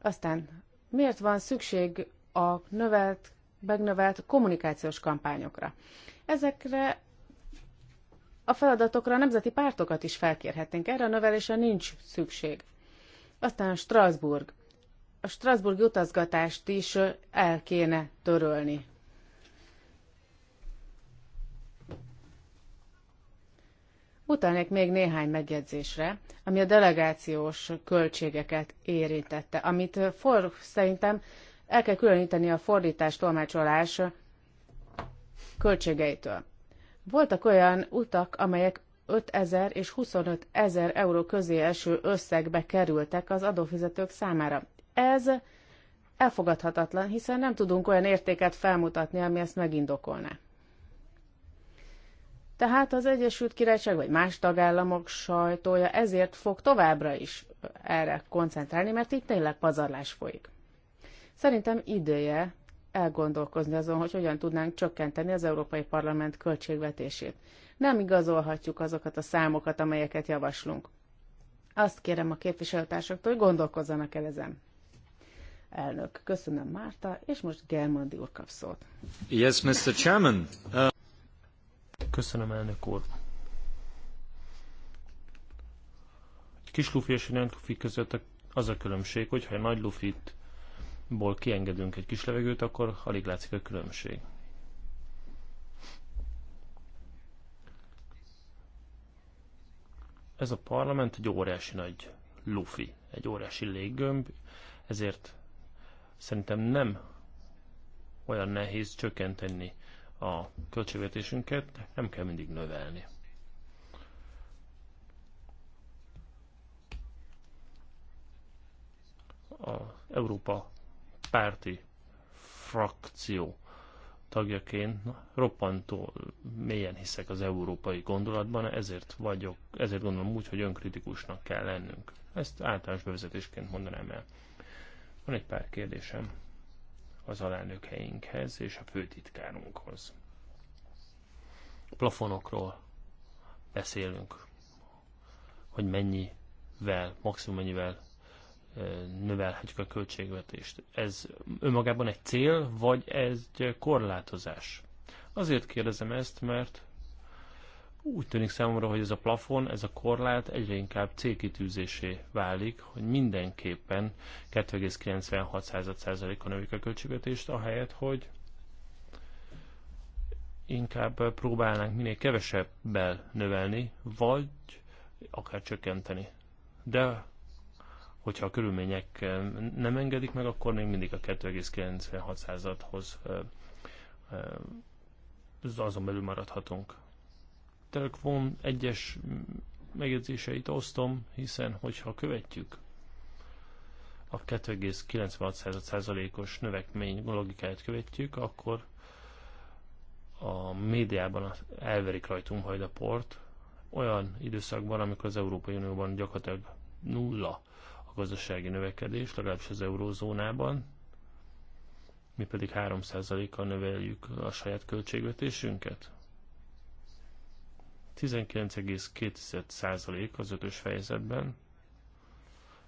Aztán miért van szükség a növelt, megnövelt kommunikációs kampányokra? Ezekre a feladatokra a nemzeti pártokat is felkérhetnénk. Erre a növelésre nincs szükség. Aztán Strasbourg. A Strasbourg utazgatást is el kéne törölni. Utalnék még néhány megjegyzésre, ami a delegációs költségeket érintette, amit for, szerintem el kell különíteni a fordítás tolmácsolás költségeitől. Voltak olyan utak, amelyek 5000 és 25 ezer euró közé eső összegbe kerültek az adófizetők számára. Ez elfogadhatatlan, hiszen nem tudunk olyan értéket felmutatni, ami ezt megindokolná. Tehát az Egyesült Királyság vagy más tagállamok sajtója ezért fog továbbra is erre koncentrálni, mert itt tényleg pazarlás folyik. Szerintem ideje elgondolkozni azon, hogy hogyan tudnánk csökkenteni az Európai Parlament költségvetését. Nem igazolhatjuk azokat a számokat, amelyeket javaslunk. Azt kérem a képviselőtársaktól, hogy gondolkozzanak el ezen. Elnök, köszönöm Márta, és most Germandi úr kap szót. Yes, Mr. Chairman. Uh... Köszönöm, elnök úr. Egy kis lufi és egy nagy lufi között az a különbség, hogy ha egy nagy lufitból kiengedünk egy kis levegőt, akkor alig látszik a különbség. Ez a parlament egy óriási nagy lufi, egy óriási léggömb, ezért szerintem nem olyan nehéz csökkenteni a költségvetésünket nem kell mindig növelni. A Európa párti frakció tagjaként roppantó mélyen hiszek az európai gondolatban, ezért vagyok, ezért gondolom úgy, hogy önkritikusnak kell lennünk. Ezt általános bevezetésként mondanám el. Van egy pár kérdésem az alelnökeinkhez és a főtitkárunkhoz. Plafonokról beszélünk, hogy mennyivel, maximum mennyivel növelhetjük a költségvetést. Ez önmagában egy cél, vagy ez egy korlátozás? Azért kérdezem ezt, mert úgy tűnik számomra, hogy ez a plafon, ez a korlát egyre inkább célkitűzésé válik, hogy mindenképpen 2,96%-a növik a költségvetést, ahelyett, hogy inkább próbálnánk minél kevesebbel növelni, vagy akár csökkenteni. De hogyha a körülmények nem engedik meg, akkor még mindig a 2,96%-hoz azon belül maradhatunk. Telekom egyes megjegyzéseit osztom, hiszen hogyha követjük a 2,96%-os növekmény logikáját követjük, akkor a médiában elverik rajtunk majd a port, olyan időszakban, amikor az Európai Unióban gyakorlatilag nulla a gazdasági növekedés, legalábbis az eurózónában, mi pedig 3%-kal növeljük a saját költségvetésünket. 19,2% az ötös fejezetben.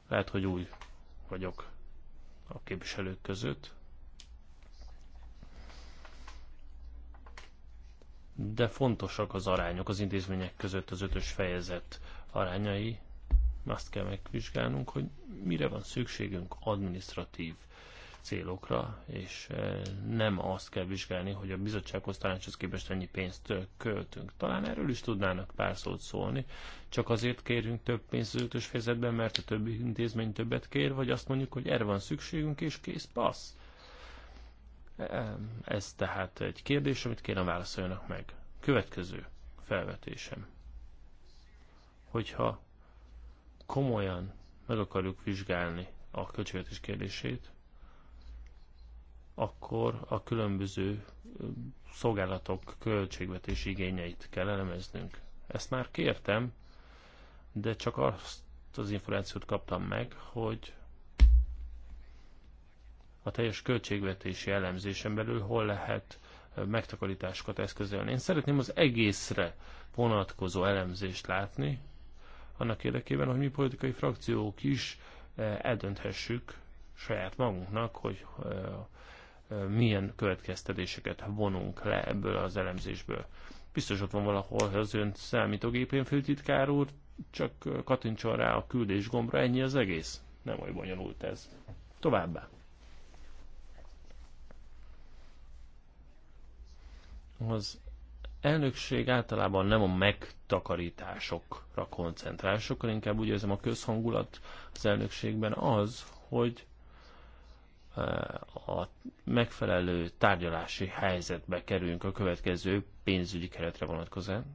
Lehet, hogy új vagyok a képviselők között. De fontosak az arányok az intézmények között az ötös fejezet arányai. Azt kell megvizsgálnunk, hogy mire van szükségünk administratív célokra, és eh, nem azt kell vizsgálni, hogy a bizottsághoz tanácshoz képest ennyi pénzt eh, költünk. Talán erről is tudnának pár szót szólni, csak azért kérünk több pénzt az ötös fejezetben, mert a többi intézmény többet kér, vagy azt mondjuk, hogy erre van szükségünk, és kész, passz. E, e, ez tehát egy kérdés, amit kérem válaszoljanak meg. Következő felvetésem. Hogyha komolyan meg akarjuk vizsgálni a költségvetés kérdését, akkor a különböző szolgálatok költségvetési igényeit kell elemeznünk. Ezt már kértem, de csak azt az információt kaptam meg, hogy a teljes költségvetési elemzésen belül hol lehet megtakarításokat eszközölni. Én szeretném az egészre vonatkozó elemzést látni, annak érdekében, hogy mi politikai frakciók is eldönthessük saját magunknak, hogy milyen következtetéseket vonunk le ebből az elemzésből. Biztos ott van valahol az ön számítógépén főtitkár úr, csak kattintson rá a küldés gombra, ennyi az egész. Nem olyan bonyolult ez. Továbbá. Az elnökség általában nem a megtakarításokra koncentrál, sokkal inkább úgy érzem a közhangulat az elnökségben az, hogy Eh, a megfelelő tárgyalási helyzetbe kerülünk a következő pénzügyi keretre vonatkozóan.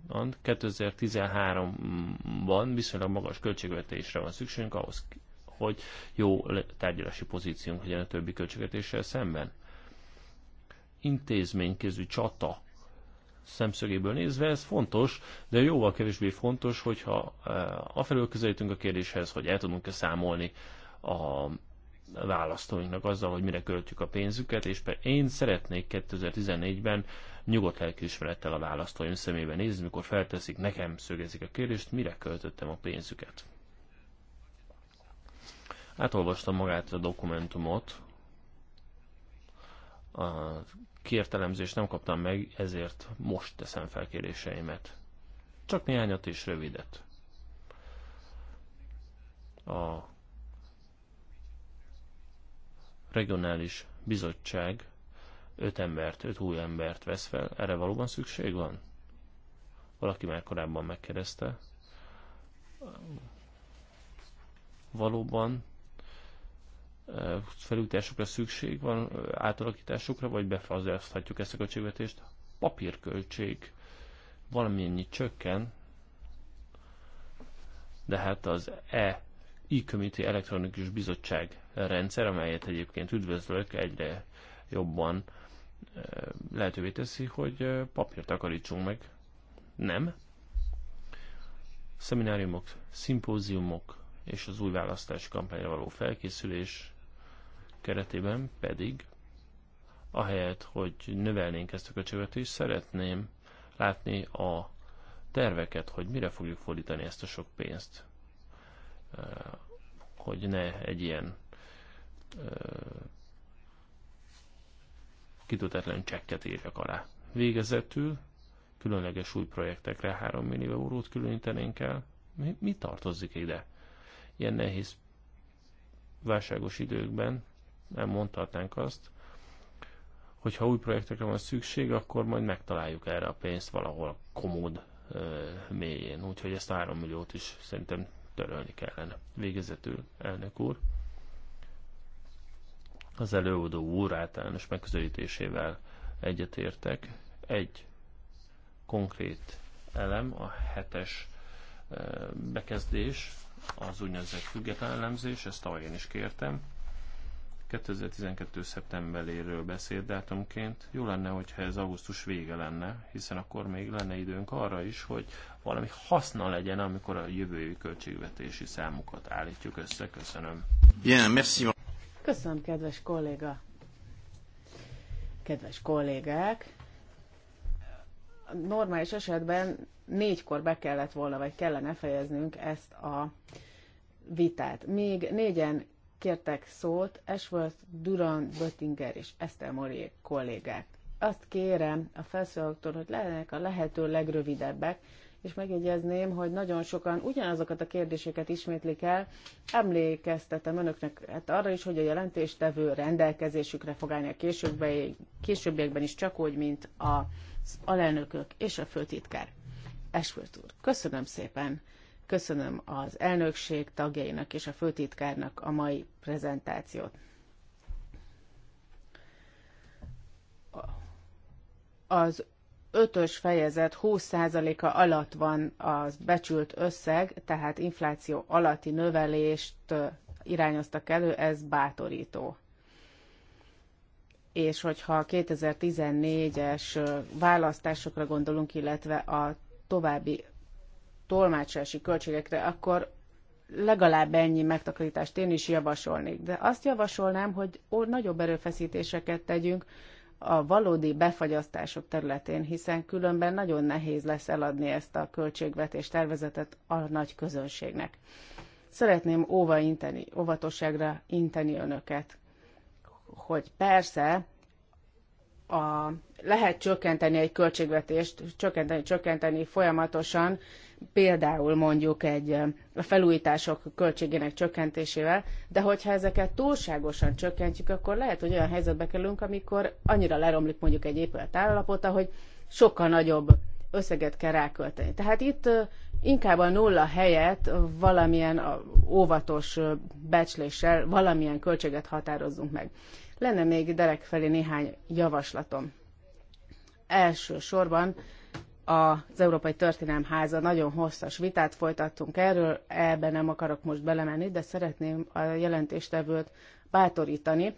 2013-ban viszonylag magas költségvetésre van szükségünk ahhoz, hogy jó tárgyalási pozíciónk legyen a többi költségvetéssel szemben. Intézménykézű csata szemszögéből nézve ez fontos, de jóval kevésbé fontos, hogyha eh, afelől közelítünk a kérdéshez, hogy el tudunk-e számolni a választóinknak azzal, hogy mire költjük a pénzüket, és én szeretnék 2014-ben nyugodt lelkiismerettel a választóim szemébe nézni, mikor felteszik, nekem szögezik a kérdést, mire költöttem a pénzüket. Átolvastam magát a dokumentumot, a kértelemzést nem kaptam meg, ezért most teszem fel kérdéseimet. Csak néhányat és rövidet. A regionális bizottság öt embert, öt új embert vesz fel, erre valóban szükség van? Valaki már korábban megkérdezte. Valóban e, felújításokra szükség van, e, átalakításokra, vagy befazdázhatjuk ezt a költségvetést? Papírköltség valamennyi csökken, de hát az E e-committee elektronikus bizottság rendszer, amelyet egyébként üdvözlök, egyre jobban lehetővé teszi, hogy papírt takarítsunk meg. Nem. Szemináriumok, szimpóziumok és az új választási kampányra való felkészülés keretében pedig, ahelyett, hogy növelnénk ezt a és szeretném látni a terveket, hogy mire fogjuk fordítani ezt a sok pénzt hogy ne egy ilyen kitudatlan csekket írjak alá. Végezetül különleges új projektekre 3 millió eurót különítenénk el. Mi, mi tartozik ide? Ilyen nehéz válságos időkben nem mondhatnánk azt, hogy ha új projektekre van szükség, akkor majd megtaláljuk erre a pénzt valahol komód mélyén. Úgyhogy ezt 3 milliót is szerintem törölni kellene. Végezetül, elnök úr, az előadó úr általános megközelítésével egyetértek. Egy konkrét elem, a hetes eh, bekezdés, az úgynevezett független elemzés, ezt tavaly én is kértem. 2012. szeptemberéről beszélt dátumként. Jó lenne, hogyha ez augusztus vége lenne, hiszen akkor még lenne időnk arra is, hogy valami haszna legyen, amikor a jövő évi költségvetési számukat állítjuk össze. Köszönöm. Yeah, merci. Köszönöm, kedves kolléga. Kedves kollégák, normális esetben négykor be kellett volna, vagy kellene fejeznünk ezt a vitát. Még négyen kértek szót Ashworth, Duran, Böttinger és Esther Mori kollégák. Azt kérem a felszólalóktól, hogy legyenek a lehető legrövidebbek, és megjegyezném, hogy nagyon sokan ugyanazokat a kérdéseket ismétlik el. Emlékeztetem önöknek hát arra is, hogy a jelentéstevő rendelkezésükre fog állni a későbbiekben is, csak úgy, mint az alelnökök és a főtitkár. Esfőrt úr, köszönöm szépen! Köszönöm az elnökség tagjainak és a főtitkárnak a mai prezentációt. Az ötös fejezet 20%-a alatt van az becsült összeg, tehát infláció alatti növelést irányoztak elő, ez bátorító. És hogyha a 2014-es választásokra gondolunk, illetve a további tolmácsási költségekre, akkor legalább ennyi megtakarítást én is javasolnék. De azt javasolnám, hogy nagyobb erőfeszítéseket tegyünk a valódi befagyasztások területén, hiszen különben nagyon nehéz lesz eladni ezt a költségvetés tervezetet a nagy közönségnek. Szeretném óva inteni, óvatosságra inteni önöket, hogy persze a, lehet csökkenteni egy költségvetést, csökkenteni, csökkenteni folyamatosan, például mondjuk egy a felújítások költségének csökkentésével, de hogyha ezeket túlságosan csökkentjük, akkor lehet, hogy olyan helyzetbe kerülünk, amikor annyira leromlik mondjuk egy épület állapota, hogy sokkal nagyobb összeget kell rákölteni. Tehát itt inkább a nulla helyett valamilyen óvatos becsléssel valamilyen költséget határozzunk meg. Lenne még Derek felé néhány javaslatom. Elsősorban az Európai Történelem Háza nagyon hosszas vitát folytattunk erről, ebben nem akarok most belemenni, de szeretném a jelentéstevőt bátorítani,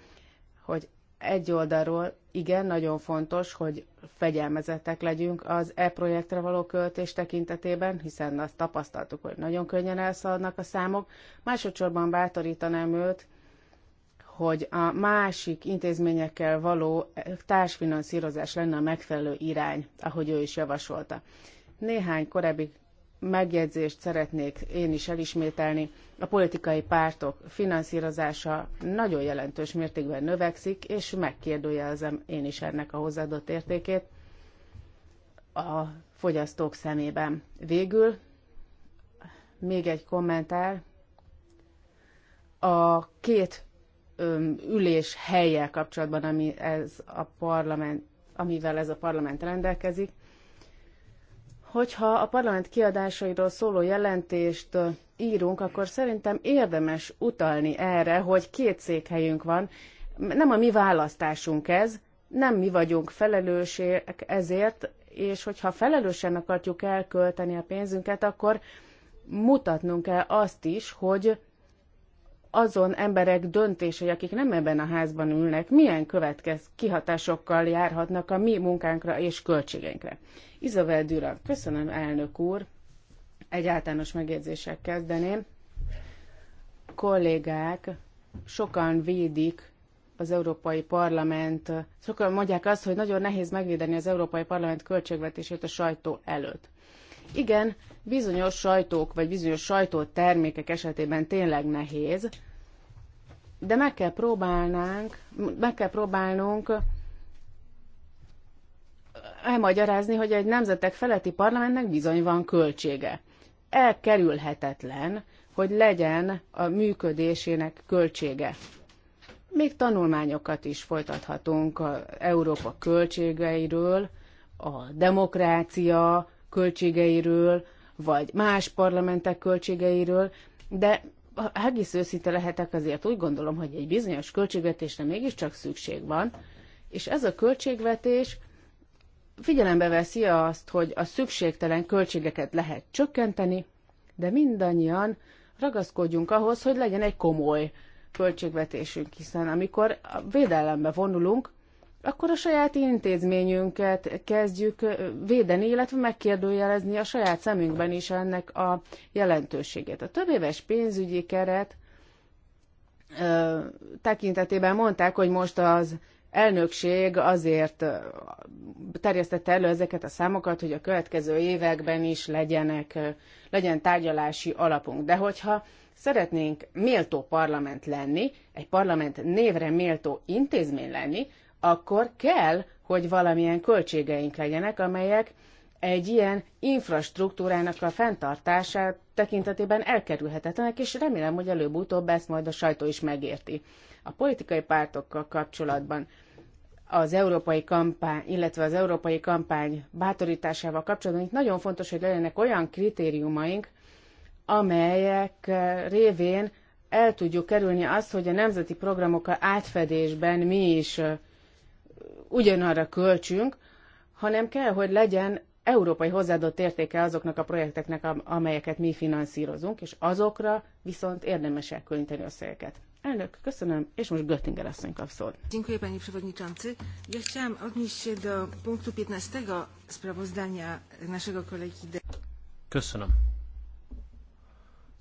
hogy egy oldalról igen, nagyon fontos, hogy fegyelmezettek legyünk az e-projektre való költés tekintetében, hiszen azt tapasztaltuk, hogy nagyon könnyen elszaladnak a számok. Másodszorban bátorítanám őt, hogy a másik intézményekkel való társfinanszírozás lenne a megfelelő irány, ahogy ő is javasolta. Néhány korábbi megjegyzést szeretnék én is elismételni. A politikai pártok finanszírozása nagyon jelentős mértékben növekszik, és megkérdőjelezem én is ennek a hozzáadott értékét a fogyasztók szemében. Végül még egy kommentár. A két üléshelyjel kapcsolatban, ami ez a parlament, amivel ez a parlament rendelkezik. Hogyha a parlament kiadásairól szóló jelentést írunk, akkor szerintem érdemes utalni erre, hogy két székhelyünk van. Nem a mi választásunk ez, nem mi vagyunk felelősek ezért, és hogyha felelősen akarjuk elkölteni a pénzünket, akkor mutatnunk kell azt is, hogy azon emberek döntései, akik nem ebben a házban ülnek, milyen következ kihatásokkal járhatnak a mi munkánkra és költségeinkre. Izabel Düra, köszönöm elnök úr, egy általános megjegyzéssel kezdeném. Kollégák sokan védik az Európai Parlament, sokan mondják azt, hogy nagyon nehéz megvédeni az Európai Parlament költségvetését a sajtó előtt. Igen, bizonyos sajtók vagy bizonyos sajtótermékek esetében tényleg nehéz, de meg kell próbálnánk, meg kell próbálnunk elmagyarázni, hogy egy nemzetek feletti parlamentnek bizony van költsége. Elkerülhetetlen, hogy legyen a működésének költsége. Még tanulmányokat is folytathatunk a Európa költségeiről, a demokrácia költségeiről, vagy más parlamentek költségeiről, de ha egész őszinte lehetek, azért úgy gondolom, hogy egy bizonyos költségvetésre mégiscsak szükség van, és ez a költségvetés figyelembe veszi azt, hogy a szükségtelen költségeket lehet csökkenteni, de mindannyian ragaszkodjunk ahhoz, hogy legyen egy komoly költségvetésünk, hiszen amikor a védelembe vonulunk, akkor a saját intézményünket kezdjük védeni, illetve megkérdőjelezni a saját szemünkben is ennek a jelentőségét. A többéves pénzügyi keret ö, tekintetében mondták, hogy most az elnökség azért terjesztette elő ezeket a számokat, hogy a következő években is legyenek, legyen tárgyalási alapunk. De hogyha szeretnénk méltó parlament lenni, egy parlament névre méltó intézmény lenni, akkor kell, hogy valamilyen költségeink legyenek, amelyek egy ilyen infrastruktúrának a fenntartása tekintetében elkerülhetetlenek, és remélem, hogy előbb-utóbb ezt majd a sajtó is megérti. A politikai pártokkal kapcsolatban az európai kampány, illetve az európai kampány bátorításával kapcsolatban itt nagyon fontos, hogy legyenek olyan kritériumaink, amelyek révén el tudjuk kerülni azt, hogy a nemzeti programokkal átfedésben mi is ugyanarra költsünk, hanem kell, hogy legyen európai hozzáadott értéke azoknak a projekteknek, amelyeket mi finanszírozunk, és azokra viszont érdemes elkülöníteni a összegeket. Elnök, köszönöm, és most Göttinger asszony kap szót. Dziękuję, panie przewodniczący. Ja chciałam odnieść się do punktu 15 sprawozdania naszego kolegi. Köszönöm.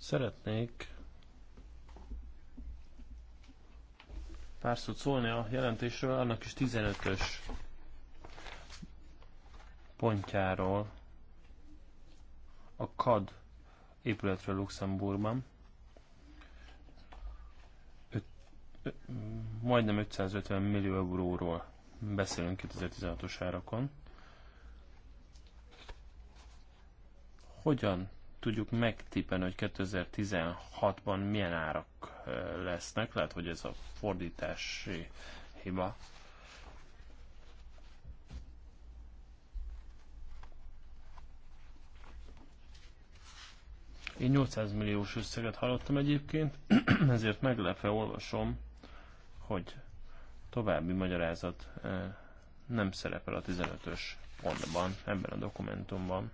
Szeretnék pár szót szólni a jelentésről, annak is 15-ös pontjáról a CAD épületről Luxemburgban. Öt, ö, majdnem 550 millió euróról beszélünk 2016-os árakon. Hogyan tudjuk megtippen, hogy 2016-ban milyen árak lesznek. Lehet, hogy ez a fordítási hiba. Én 800 milliós összeget hallottam egyébként, ezért meglepve olvasom, hogy további magyarázat eh, nem szerepel a 15-ös pontban, ebben a dokumentumban.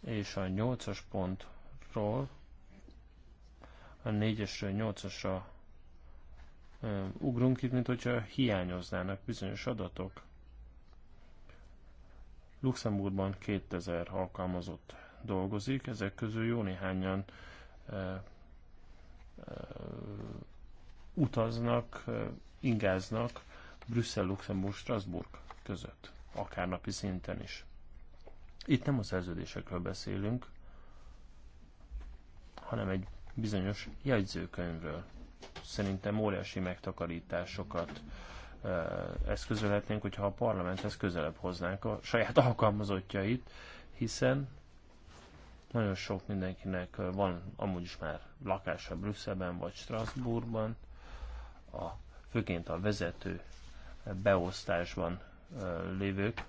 És a 8-as pontról a 4-esről 8-asra ugrunk itt, mint hogyha hiányoznának bizonyos adatok. Luxemburgban 2000 alkalmazott dolgozik, ezek közül jó néhányan e, e, utaznak, e, ingáznak Brüsszel, Luxemburg, Strasbourg között, akár napi szinten is. Itt nem a szerződésekről beszélünk, hanem egy bizonyos jegyzőkönyvről. Szerintem óriási megtakarításokat eszközölhetnénk, hogyha a parlamenthez közelebb hoznánk a saját alkalmazottjait, hiszen nagyon sok mindenkinek van amúgy is már lakása Brüsszelben vagy Strasbourgban, a, főként a vezető beosztásban lévők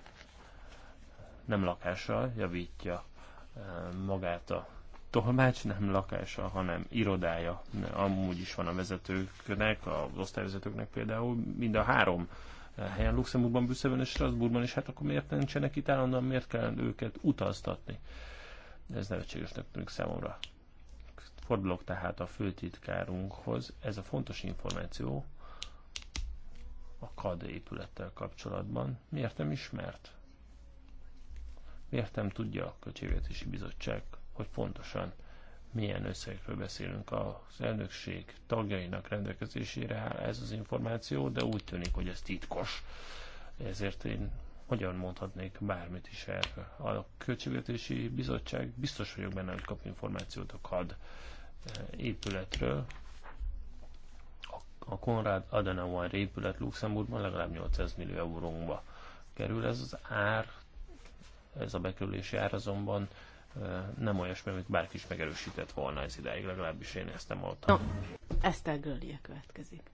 nem lakással javítja magát a tolmács nem lakása, hanem irodája. Amúgy is van a vezetőknek, az osztályvezetőknek például mind a három helyen Luxemburgban, Brüsszelben és Strasbourgban, és hát akkor miért nincsenek itt állandóan, miért kell őket utaztatni? Ez nevetségesnek tűnik számomra. Fordulok tehát a főtitkárunkhoz. Ez a fontos információ a KAD épülettel kapcsolatban. Miért nem ismert? Miért nem tudja a Költségvetési Bizottság hogy pontosan milyen összegről beszélünk az elnökség tagjainak rendelkezésére áll ez az információ, de úgy tűnik, hogy ez titkos. Ezért én hogyan mondhatnék bármit is erről. A Költségvetési Bizottság biztos vagyok benne, hogy kap információt a CAD eh, épületről. A Konrad Adenauer épület Luxemburgban legalább 800 millió eurónkba kerül. Ez az ár, ez a bekerülési ár azonban nem olyasmi, amit bárki is megerősített volna ez ideig, legalábbis én ezt nem voltam. No, Eszter Grölie következik.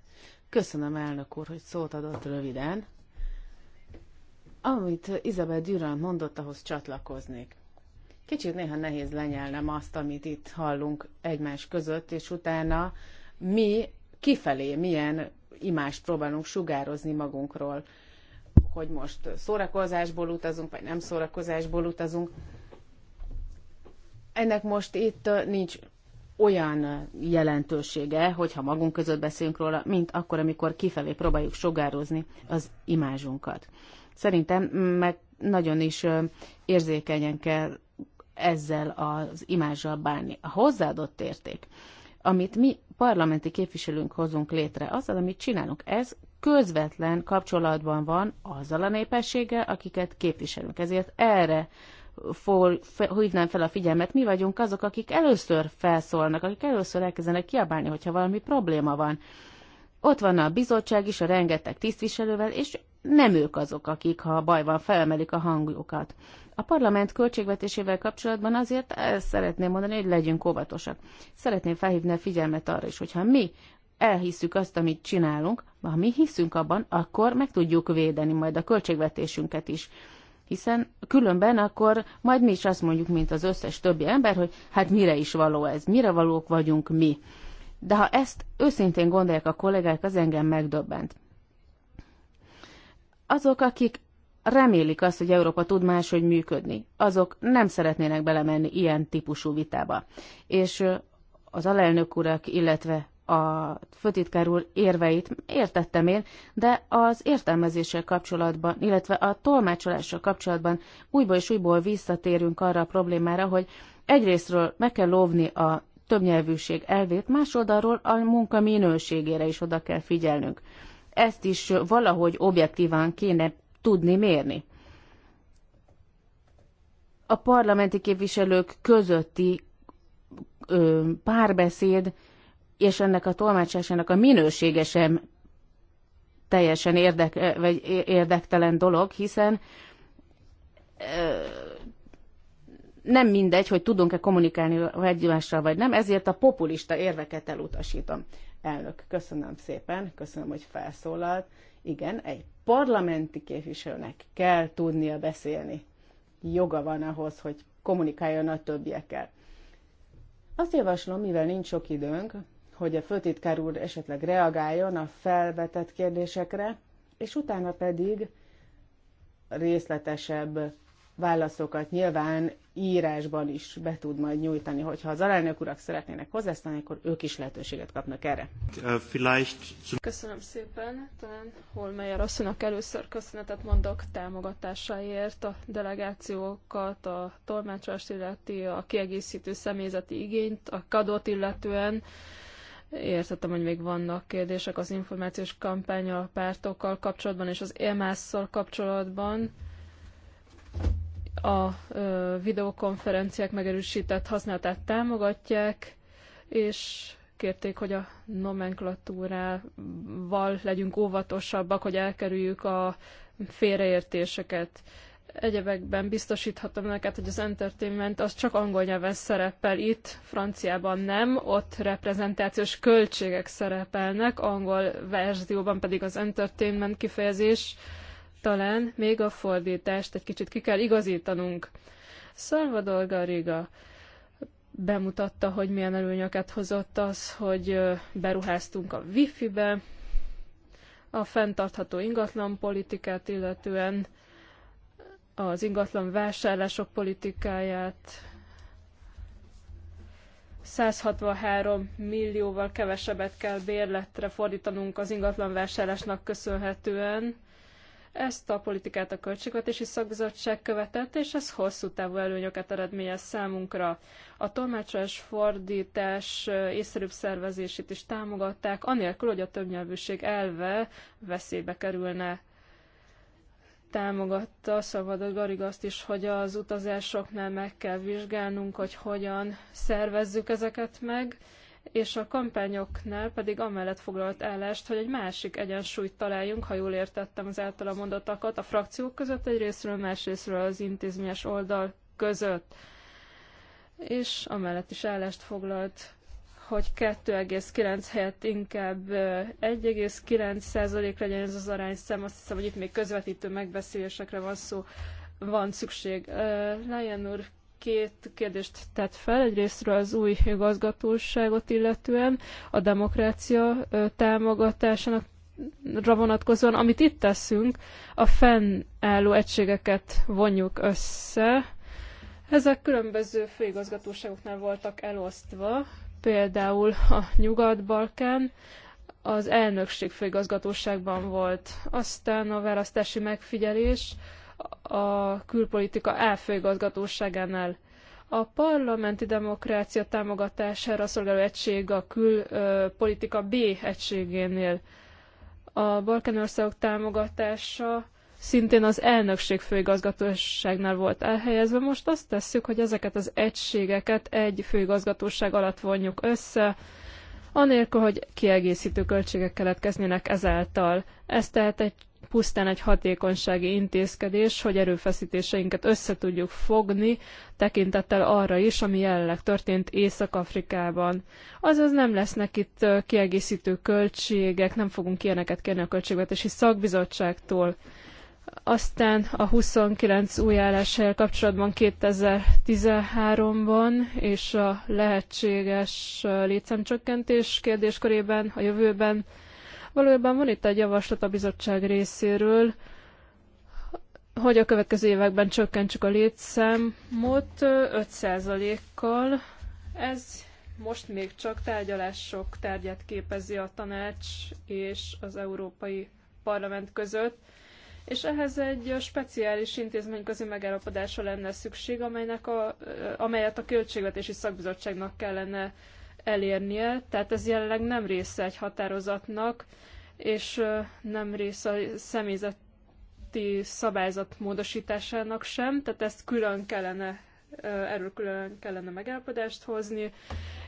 Köszönöm elnök úr, hogy szót adott röviden. Amit Izabel Dürán mondott, ahhoz csatlakoznék. Kicsit néha nehéz lenyelnem azt, amit itt hallunk egymás között, és utána mi kifelé milyen imást próbálunk sugározni magunkról, hogy most szórakozásból utazunk, vagy nem szórakozásból utazunk ennek most itt nincs olyan jelentősége, hogyha magunk között beszélünk róla, mint akkor, amikor kifelé próbáljuk sugározni az imázsunkat. Szerintem meg nagyon is érzékenyen kell ezzel az imázsal bánni. A hozzáadott érték, amit mi parlamenti képviselőnk hozunk létre, azzal, amit csinálunk, ez közvetlen kapcsolatban van azzal a népességgel, akiket képviselünk. Ezért erre fol, fe, hívnám fel a figyelmet, mi vagyunk azok, akik először felszólnak, akik először elkezdenek kiabálni, hogyha valami probléma van. Ott van a bizottság is, a rengeteg tisztviselővel, és nem ők azok, akik, ha baj van, felemelik a hangjukat. A parlament költségvetésével kapcsolatban azért ezt szeretném mondani, hogy legyünk óvatosak. Szeretném felhívni a figyelmet arra is, hogyha mi elhisszük azt, amit csinálunk, ha mi hiszünk abban, akkor meg tudjuk védeni majd a költségvetésünket is hiszen különben akkor majd mi is azt mondjuk, mint az összes többi ember, hogy hát mire is való ez, mire valók vagyunk mi. De ha ezt őszintén gondolják a kollégák, az engem megdöbbent. Azok, akik remélik azt, hogy Európa tud máshogy működni, azok nem szeretnének belemenni ilyen típusú vitába. És az alelnök urak, illetve a főtitkár úr érveit értettem én, de az értelmezéssel kapcsolatban, illetve a tolmácsolással kapcsolatban újból és újból visszatérünk arra a problémára, hogy egyrésztről meg kell lovni a többnyelvűség elvét, más oldalról a munka minőségére is oda kell figyelnünk. Ezt is valahogy objektívan kéne tudni mérni. A parlamenti képviselők közötti párbeszéd és ennek a tolmácsásának a minősége sem teljesen érdek, eh, vagy érdektelen dolog, hiszen eh, nem mindegy, hogy tudunk-e kommunikálni egymással, vagy nem, ezért a populista érveket elutasítom. Elnök, köszönöm szépen, köszönöm, hogy felszólalt. Igen, egy parlamenti képviselőnek kell tudnia beszélni. Joga van ahhoz, hogy kommunikáljon a többiekkel. Azt javaslom, mivel nincs sok időnk, hogy a főtitkár úr esetleg reagáljon a felvetett kérdésekre, és utána pedig részletesebb válaszokat nyilván írásban is be tud majd nyújtani, hogyha az alelnök urak szeretnének hozzászólni, akkor ők is lehetőséget kapnak erre. Köszönöm szépen, talán Holmeyer asszonynak először köszönetet mondok támogatásáért a delegációkat, a tolmácsást illeti, a kiegészítő személyzeti igényt, a kadot illetően Értettem, hogy még vannak kérdések az információs kampány a pártokkal kapcsolatban és az EMAS-szal kapcsolatban. A ö, videokonferenciák megerősített használatát támogatják, és kérték, hogy a nomenklatúrával legyünk óvatosabbak, hogy elkerüljük a félreértéseket egyebekben biztosíthatom neked, hogy az entertainment az csak angol nyelven szerepel itt, franciában nem, ott reprezentációs költségek szerepelnek, angol verzióban pedig az entertainment kifejezés, talán még a fordítást egy kicsit ki kell igazítanunk. Salvador Garriga bemutatta, hogy milyen előnyöket hozott az, hogy beruháztunk a wifi-be, a fenntartható ingatlan politikát illetően, az ingatlan vásárlások politikáját 163 millióval kevesebbet kell bérletre fordítanunk az ingatlan vásárlásnak köszönhetően. Ezt a politikát a Költségvetési Szakbizottság követett, és ez hosszú távú előnyöket eredményez számunkra. A tolmácsolás fordítás észszerűbb szervezését is támogatták, anélkül, hogy a többnyelvűség elve veszélybe kerülne támogatta Szabad a azt is, hogy az utazásoknál meg kell vizsgálnunk, hogy hogyan szervezzük ezeket meg, és a kampányoknál pedig amellett foglalt állást, hogy egy másik egyensúlyt találjunk, ha jól értettem az általa mondatakat, a frakciók között egy egyrésztről, másrésztről az intézményes oldal között. És amellett is állást foglalt hogy 2,9 helyett inkább 1,9% legyen ez az arányszám. Azt hiszem, hogy itt még közvetítő megbeszélésekre van szó, van szükség. Lyon úr két kérdést tett fel, egyrésztről az új igazgatóságot illetően, a demokrácia támogatásának vonatkozóan, amit itt teszünk, a fennálló egységeket vonjuk össze. Ezek különböző főigazgatóságoknál voltak elosztva, például a Nyugat-Balkán, az elnökség főigazgatóságban volt. Aztán a választási megfigyelés a külpolitika elfőigazgatóságánál. A parlamenti demokrácia támogatására szolgáló egység a külpolitika B egységénél. A országok támogatása szintén az elnökség főigazgatóságnál volt elhelyezve. Most azt tesszük, hogy ezeket az egységeket egy főigazgatóság alatt vonjuk össze, anélkül, hogy kiegészítő költségek keletkeznének ezáltal. Ez tehát egy pusztán egy hatékonysági intézkedés, hogy erőfeszítéseinket össze tudjuk fogni, tekintettel arra is, ami jelenleg történt Észak-Afrikában. Azaz nem lesznek itt kiegészítő költségek, nem fogunk ilyeneket kérni a költségvetési szakbizottságtól aztán a 29 új álláshelyel kapcsolatban 2013-ban és a lehetséges létszámcsökkentés kérdéskörében a jövőben. Valójában van itt egy javaslat a bizottság részéről, hogy a következő években csökkentsük a létszámot 5%-kal. Ez most még csak tárgyalások tárgyát képezi a tanács és az Európai Parlament között és ehhez egy speciális intézményközi megállapodásra lenne szükség, amelynek a, amelyet a Költségvetési Szakbizottságnak kellene elérnie, tehát ez jelenleg nem része egy határozatnak, és nem része a személyzeti szabályzat módosításának sem, tehát ezt külön kellene erről külön kellene megállapodást hozni,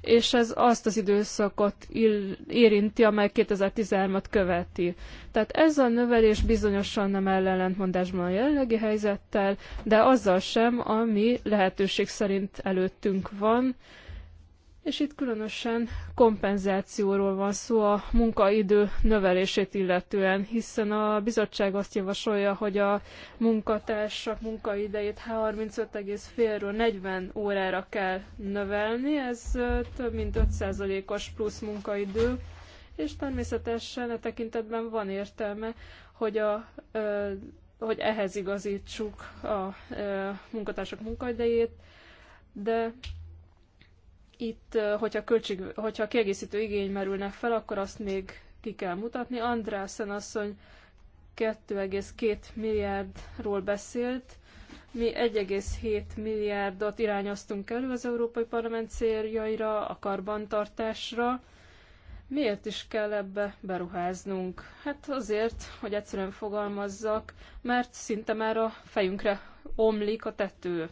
és ez azt az időszakot ill, érinti, amely 2013-at követi. Tehát ez a növelés bizonyosan nem ellentmondásban a jelenlegi helyzettel, de azzal sem, ami lehetőség szerint előttünk van, és itt különösen kompenzációról van szó a munkaidő növelését illetően, hiszen a bizottság azt javasolja, hogy a munkatársak munkaidejét 35,5-ről 40 órára kell növelni, ez több mint 5%-os plusz munkaidő, és természetesen e tekintetben van értelme, hogy a hogy ehhez igazítsuk a munkatársak munkaidejét, de itt, hogyha, költség, hogyha kiegészítő igény merülnek fel, akkor azt még ki kell mutatni. Andrásen asszony 2,2 milliárdról beszélt, mi 1,7 milliárdot irányoztunk elő az Európai Parlament céljaira, a karbantartásra. Miért is kell ebbe beruháznunk? Hát azért, hogy egyszerűen fogalmazzak, mert szinte már a fejünkre omlik a tető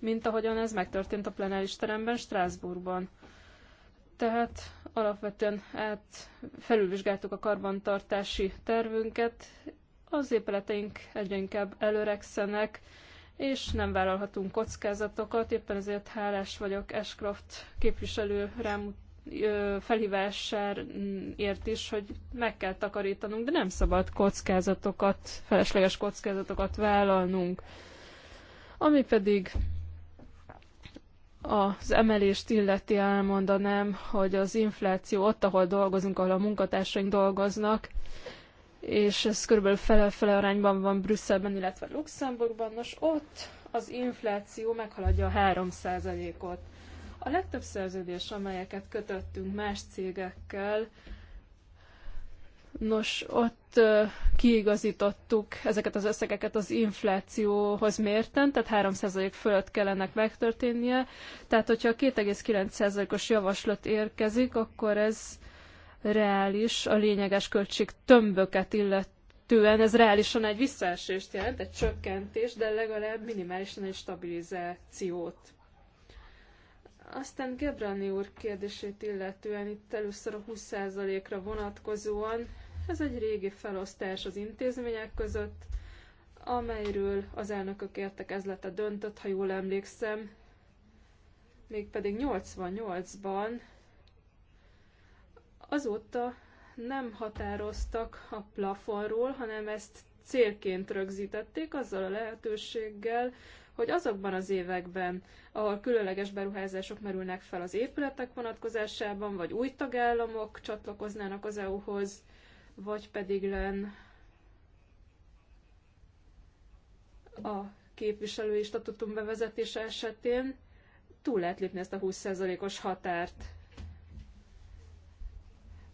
mint ahogyan ez megtörtént a plenáris teremben Strasbourgban. Tehát alapvetően át felülvizsgáltuk a karbantartási tervünket, az épületeink egyre inkább előregszenek, és nem vállalhatunk kockázatokat, éppen ezért hálás vagyok Ashcroft képviselő rám felhívásáért is, hogy meg kell takarítanunk, de nem szabad kockázatokat, felesleges kockázatokat vállalnunk. Ami pedig az emelést illeti elmondanám, hogy az infláció ott, ahol dolgozunk, ahol a munkatársaink dolgoznak, és ez körülbelül fele-fele arányban van Brüsszelben, illetve Luxemburgban. Nos, ott az infláció meghaladja a 3%-ot. A legtöbb szerződés, amelyeket kötöttünk más cégekkel, Nos, ott kiigazítottuk ezeket az összegeket az inflációhoz mérten, tehát 3% fölött kellene megtörténnie. Tehát, hogyha a 2,9%-os javaslat érkezik, akkor ez reális, a lényeges költség tömböket illetően, ez reálisan egy visszaesést jelent, egy csökkentést, de legalább minimálisan egy stabilizációt. Aztán Gebrani úr kérdését illetően itt először a 20%-ra vonatkozóan ez egy régi felosztás az intézmények között, amelyről az elnökök értekezlete döntött, ha jól emlékszem, mégpedig 88-ban. Azóta nem határoztak a plafonról, hanem ezt célként rögzítették azzal a lehetőséggel, hogy azokban az években, ahol különleges beruházások merülnek fel az épületek vonatkozásában, vagy új tagállamok csatlakoznának az EU-hoz, vagy pedig len a képviselői statutum bevezetése esetén túl lehet lépni ezt a 20%-os határt.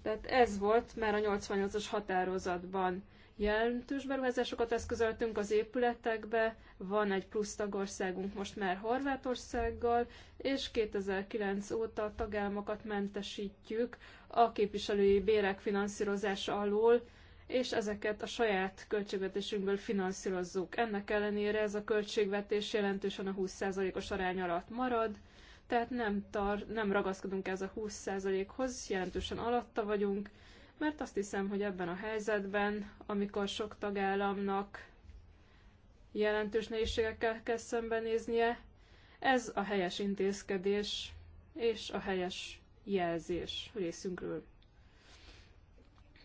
Tehát ez volt már a 88-as határozatban jelentős beruházásokat eszközöltünk az épületekbe, van egy plusz tagországunk most már Horvátországgal, és 2009 óta a tagállamokat mentesítjük a képviselői bérek finanszírozása alól, és ezeket a saját költségvetésünkből finanszírozzuk. Ennek ellenére ez a költségvetés jelentősen a 20%-os arány alatt marad, tehát nem, tar- nem ragaszkodunk ez a 20%-hoz, jelentősen alatta vagyunk, mert azt hiszem, hogy ebben a helyzetben, amikor sok tagállamnak jelentős nehézségekkel kell szembenéznie, ez a helyes intézkedés és a helyes jelzés részünkről.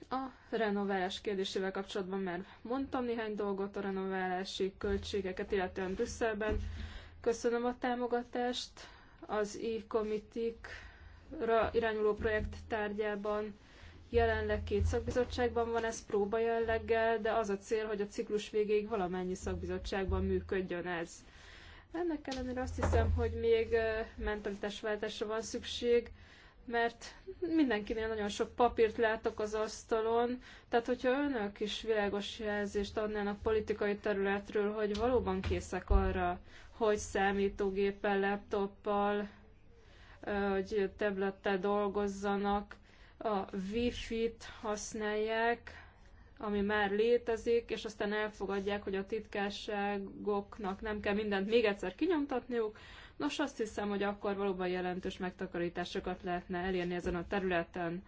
A renoválás kérdésével kapcsolatban már mondtam néhány dolgot a renoválási költségeket, illetően Brüsszelben. Köszönöm a támogatást az e-komitik irányuló projekt tárgyában Jelenleg két szakbizottságban van ez próba jelleggel, de az a cél, hogy a ciklus végéig valamennyi szakbizottságban működjön ez. Ennek ellenére azt hiszem, hogy még mentalitásváltásra van szükség, mert mindenkinél nagyon sok papírt látok az asztalon, tehát hogyha önök is világos jelzést adnának politikai területről, hogy valóban készek arra, hogy számítógéppel, laptoppal, hogy tablettel dolgozzanak, a Wi-Fi-t használják, ami már létezik, és aztán elfogadják, hogy a titkárságoknak nem kell mindent még egyszer kinyomtatniuk. Nos, azt hiszem, hogy akkor valóban jelentős megtakarításokat lehetne elérni ezen a területen.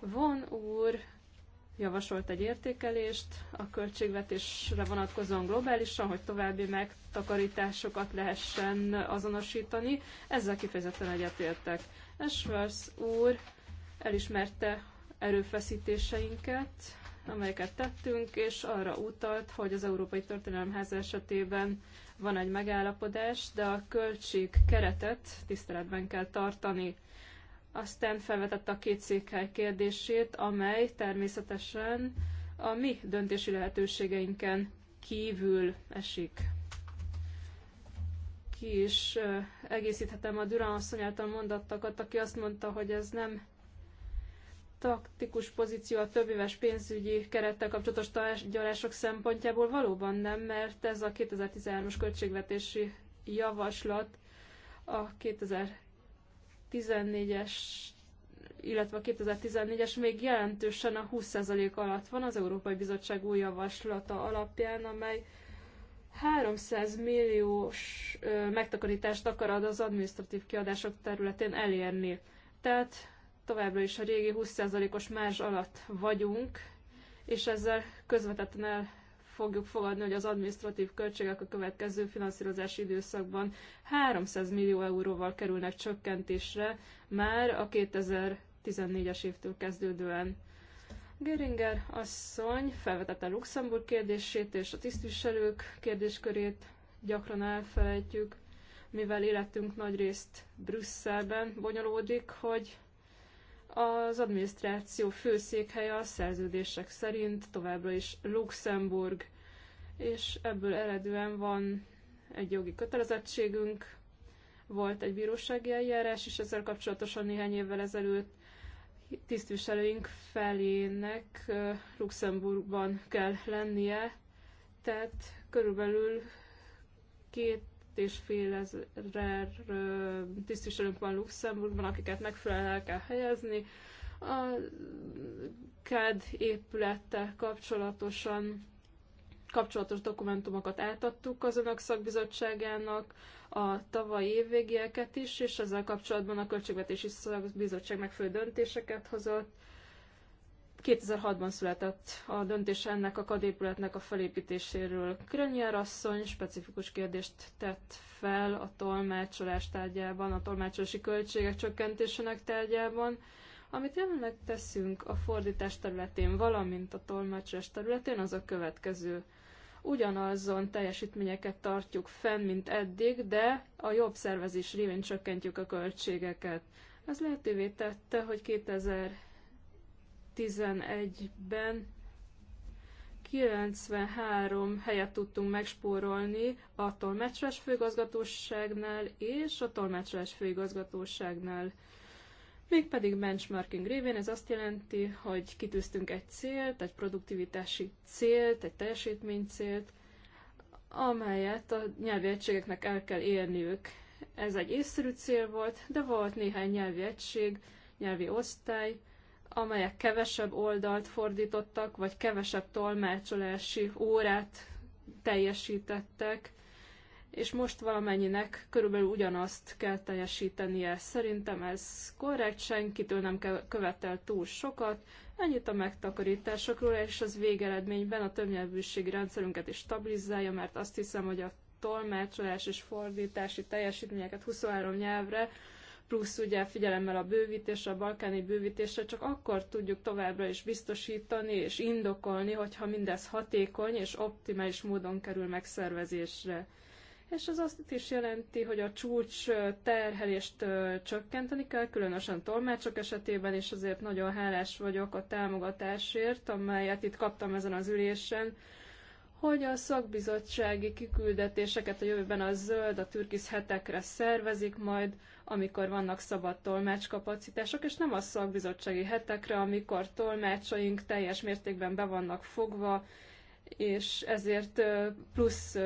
Von úr javasolt egy értékelést a költségvetésre vonatkozóan globálisan, hogy további megtakarításokat lehessen azonosítani. Ezzel kifejezetten egyetértek. Esvers úr elismerte erőfeszítéseinket, amelyeket tettünk, és arra utalt, hogy az Európai Történelemház esetében van egy megállapodás, de a költség keretet tiszteletben kell tartani. Aztán felvetette a két székhely kérdését, amely természetesen a mi döntési lehetőségeinken kívül esik. Ki is eh, egészíthetem a Durán asszony által mondattakat, aki azt mondta, hogy ez nem taktikus pozíció a éves pénzügyi kerettel kapcsolatos tárgyalások szempontjából valóban nem, mert ez a 2013-as költségvetési javaslat a 2014-es illetve a 2014-es még jelentősen a 20% alatt van az Európai Bizottság új javaslata alapján, amely 300 milliós megtakarítást akar az administratív kiadások területén elérni. Tehát továbbra is a régi 20%-os mázs alatt vagyunk, és ezzel közvetetten el fogjuk fogadni, hogy az administratív költségek a következő finanszírozási időszakban 300 millió euróval kerülnek csökkentésre, már a 2014-es évtől kezdődően. Geringer asszony felvetette Luxemburg kérdését és a tisztviselők kérdéskörét gyakran elfelejtjük, mivel életünk nagyrészt Brüsszelben bonyolódik, hogy az adminisztráció főszékhelye a szerződések szerint továbbra is Luxemburg, és ebből eredően van egy jogi kötelezettségünk, volt egy bírósági eljárás is ezzel kapcsolatosan néhány évvel ezelőtt, tisztviselőink felének Luxemburgban kell lennie, tehát körülbelül két és fél ezer tisztviselőnk van Luxemburgban, akiket megfelelően el kell helyezni. A KED épülettel kapcsolatosan kapcsolatos dokumentumokat átadtuk az önök szakbizottságának, a tavalyi évvégieket is, és ezzel kapcsolatban a Költségvetési Szakbizottság megfő döntéseket hozott. 2006-ban született a döntés ennek a kadépületnek a felépítéséről. Krönyer asszony specifikus kérdést tett fel a tolmácsolás tárgyában, a tolmácsolási költségek csökkentésének tárgyában, amit jelenleg teszünk a fordítás területén, valamint a tolmácsolás területén, az a következő. Ugyanazon teljesítményeket tartjuk fenn, mint eddig, de a jobb szervezés révén csökkentjük a költségeket. Ez lehetővé tette, hogy 2000 2011-ben 93 helyet tudtunk megspórolni a tolmácsolás főigazgatóságnál és a tolmácsolás főigazgatóságnál. Mégpedig benchmarking révén ez azt jelenti, hogy kitűztünk egy célt, egy produktivitási célt, egy célt, amelyet a nyelvi egységeknek el kell élniük. Ez egy észszerű cél volt, de volt néhány nyelvi egység, nyelvi osztály, amelyek kevesebb oldalt fordítottak, vagy kevesebb tolmácsolási órát teljesítettek, és most valamennyinek körülbelül ugyanazt kell teljesítenie. Szerintem ez korrekt, senkitől nem követel túl sokat. Ennyit a megtakarításokról, és az végeredményben a többnyelvűségi rendszerünket is stabilizálja, mert azt hiszem, hogy a tolmácsolás és fordítási teljesítményeket 23 nyelvre plusz ugye figyelemmel a bővítésre, a balkáni bővítésre, csak akkor tudjuk továbbra is biztosítani és indokolni, hogyha mindez hatékony és optimális módon kerül megszervezésre. És az azt is jelenti, hogy a csúcs terhelést csökkenteni kell, különösen tolmácsok esetében, és azért nagyon hálás vagyok a támogatásért, amelyet itt kaptam ezen az ülésen, hogy a szakbizottsági kiküldetéseket a jövőben a zöld, a türkisz hetekre szervezik majd, amikor vannak szabad tolmácskapacitások, és nem a szakbizottsági hetekre, amikor tolmácsaink teljes mértékben be vannak fogva, és ezért plusz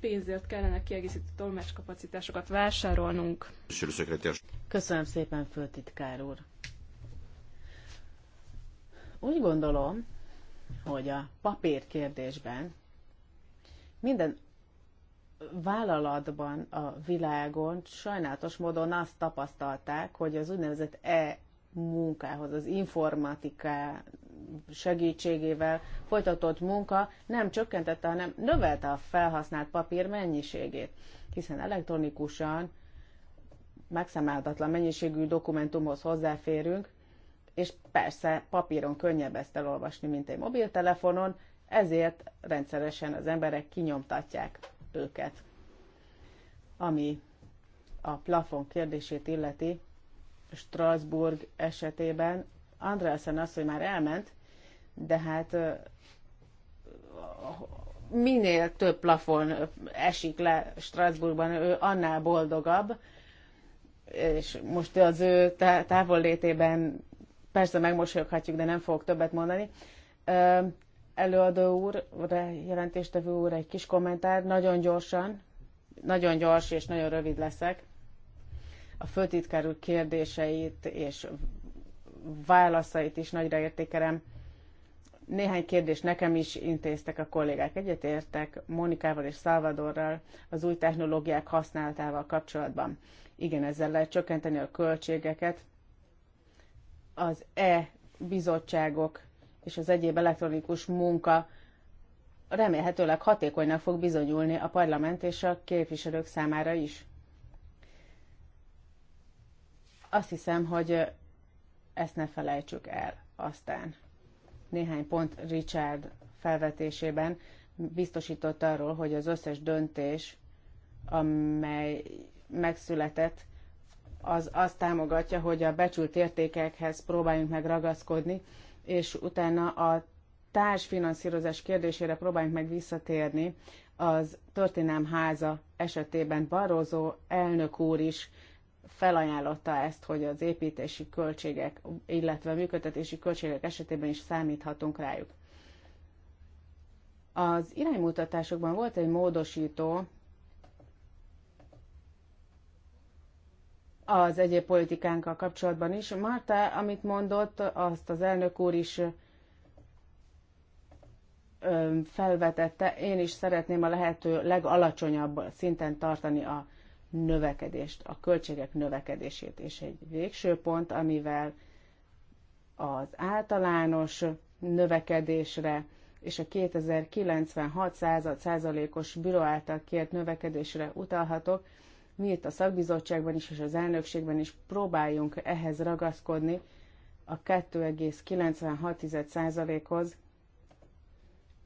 pénzért kellene kiegészítő tolmácskapacitásokat vásárolnunk. Köszönöm szépen, főtitkár úr. Úgy gondolom, hogy a papír kérdésben minden vállalatban a világon sajnálatos módon azt tapasztalták, hogy az úgynevezett e munkához, az informatiká segítségével folytatott munka nem csökkentette, hanem növelte a felhasznált papír mennyiségét, hiszen elektronikusan megszámáltatlan mennyiségű dokumentumhoz hozzáférünk, és persze papíron könnyebb ezt elolvasni, mint egy mobiltelefonon, ezért rendszeresen az emberek kinyomtatják őket. Ami a plafon kérdését illeti, Strasbourg esetében Andrásen azt, hogy már elment, de hát minél több plafon esik le Strasbourgban, ő annál boldogabb, és most az ő távollétében persze megmosolyoghatjuk, de nem fogok többet mondani előadó úr, vagy jelentéstevő úr, egy kis kommentár, nagyon gyorsan, nagyon gyors és nagyon rövid leszek. A főtitkár úr kérdéseit és válaszait is nagyra értékelem. Néhány kérdést nekem is intéztek a kollégák. Egyetértek Monikával és Salvadorral az új technológiák használatával kapcsolatban. Igen, ezzel lehet csökkenteni a költségeket. Az e-bizottságok és az egyéb elektronikus munka remélhetőleg hatékonynak fog bizonyulni a parlament és a képviselők számára is. Azt hiszem, hogy ezt ne felejtsük el aztán. Néhány pont Richard felvetésében biztosított arról, hogy az összes döntés, amely megszületett, az azt támogatja, hogy a becsült értékekhez próbáljunk meg ragaszkodni, és utána a társfinanszírozás kérdésére próbáljunk meg visszatérni. Az Történelm Háza esetében Barozó elnök úr is felajánlotta ezt, hogy az építési költségek, illetve a működtetési költségek esetében is számíthatunk rájuk. Az iránymutatásokban volt egy módosító, az egyéb politikánkkal kapcsolatban is. Marta, amit mondott, azt az elnök úr is felvetette, én is szeretném a lehető legalacsonyabb szinten tartani a növekedést, a költségek növekedését. És egy végső pont, amivel az általános növekedésre és a 2096 század százalékos büró által kért növekedésre utalhatok, mi itt a szakbizottságban is és az elnökségben is próbáljunk ehhez ragaszkodni a 2,96%-hoz,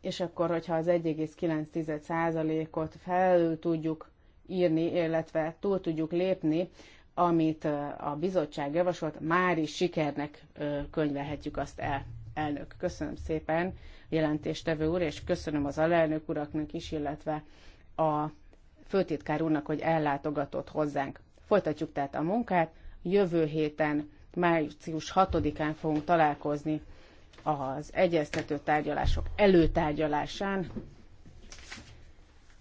és akkor, hogyha az 1,9%-ot felül tudjuk írni, illetve túl tudjuk lépni, amit a bizottság javasolt, már is sikernek könyvelhetjük azt el. Elnök, köszönöm szépen, jelentéstevő úr, és köszönöm az alelnök uraknak is, illetve a főtitkár úrnak, hogy ellátogatott hozzánk. Folytatjuk tehát a munkát, jövő héten, március 6-án fogunk találkozni az egyeztető tárgyalások előtárgyalásán.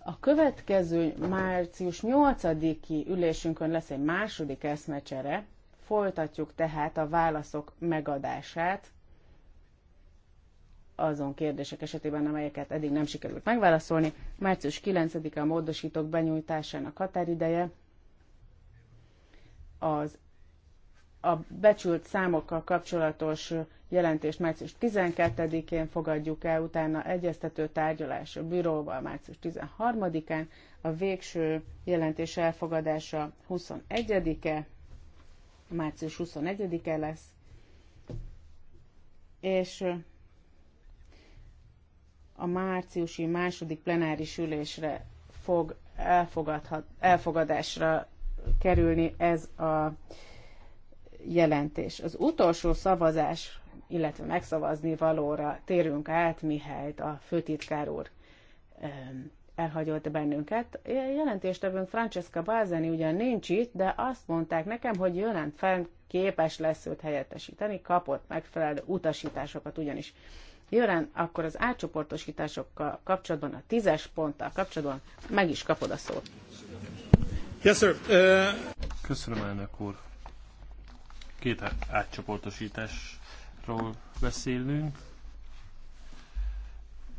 A következő március 8-i ülésünkön lesz egy második eszmecsere, folytatjuk tehát a válaszok megadását azon kérdések esetében, amelyeket eddig nem sikerült megválaszolni. Március 9-e a módosítók benyújtásának határideje. Az a becsült számokkal kapcsolatos jelentést március 12-én fogadjuk el, utána egyeztető tárgyalás a bíróval március 13-án, a végső jelentés elfogadása 21-e, március 21-e lesz, és a márciusi második plenáris ülésre fog elfogadhat, elfogadásra kerülni ez a jelentés. Az utolsó szavazás, illetve megszavazni valóra térünk át, mihelyt a főtitkár úr elhagyott bennünket. Jelentéstevőnk Francesca Balzani ugyan nincs itt, de azt mondták nekem, hogy Jönent Fenn képes lesz őt helyettesíteni, kapott megfelelő utasításokat ugyanis. Jelen, akkor az átcsoportosításokkal kapcsolatban, a tízes ponttal kapcsolatban meg is kapod a szót. Yes, sir. Uh... Köszönöm, elnök úr. Két átcsoportosításról beszélünk.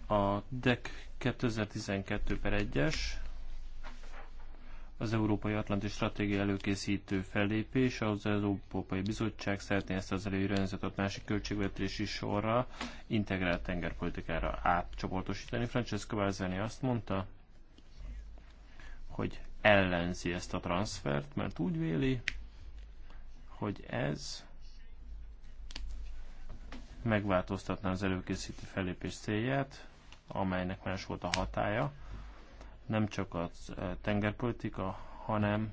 A DEC 2012 per 1-es, az Európai Atlanti Stratégia előkészítő fellépés, az Európai Bizottság szeretné ezt az előirányzatot másik költségvetési sorra integrált tengerpolitikára átcsoportosítani. Francesco Balzani azt mondta, hogy ellenzi ezt a transfert, mert úgy véli, hogy ez megváltoztatná az előkészítő fellépés célját, amelynek más volt a hatája, nem csak a tengerpolitika, hanem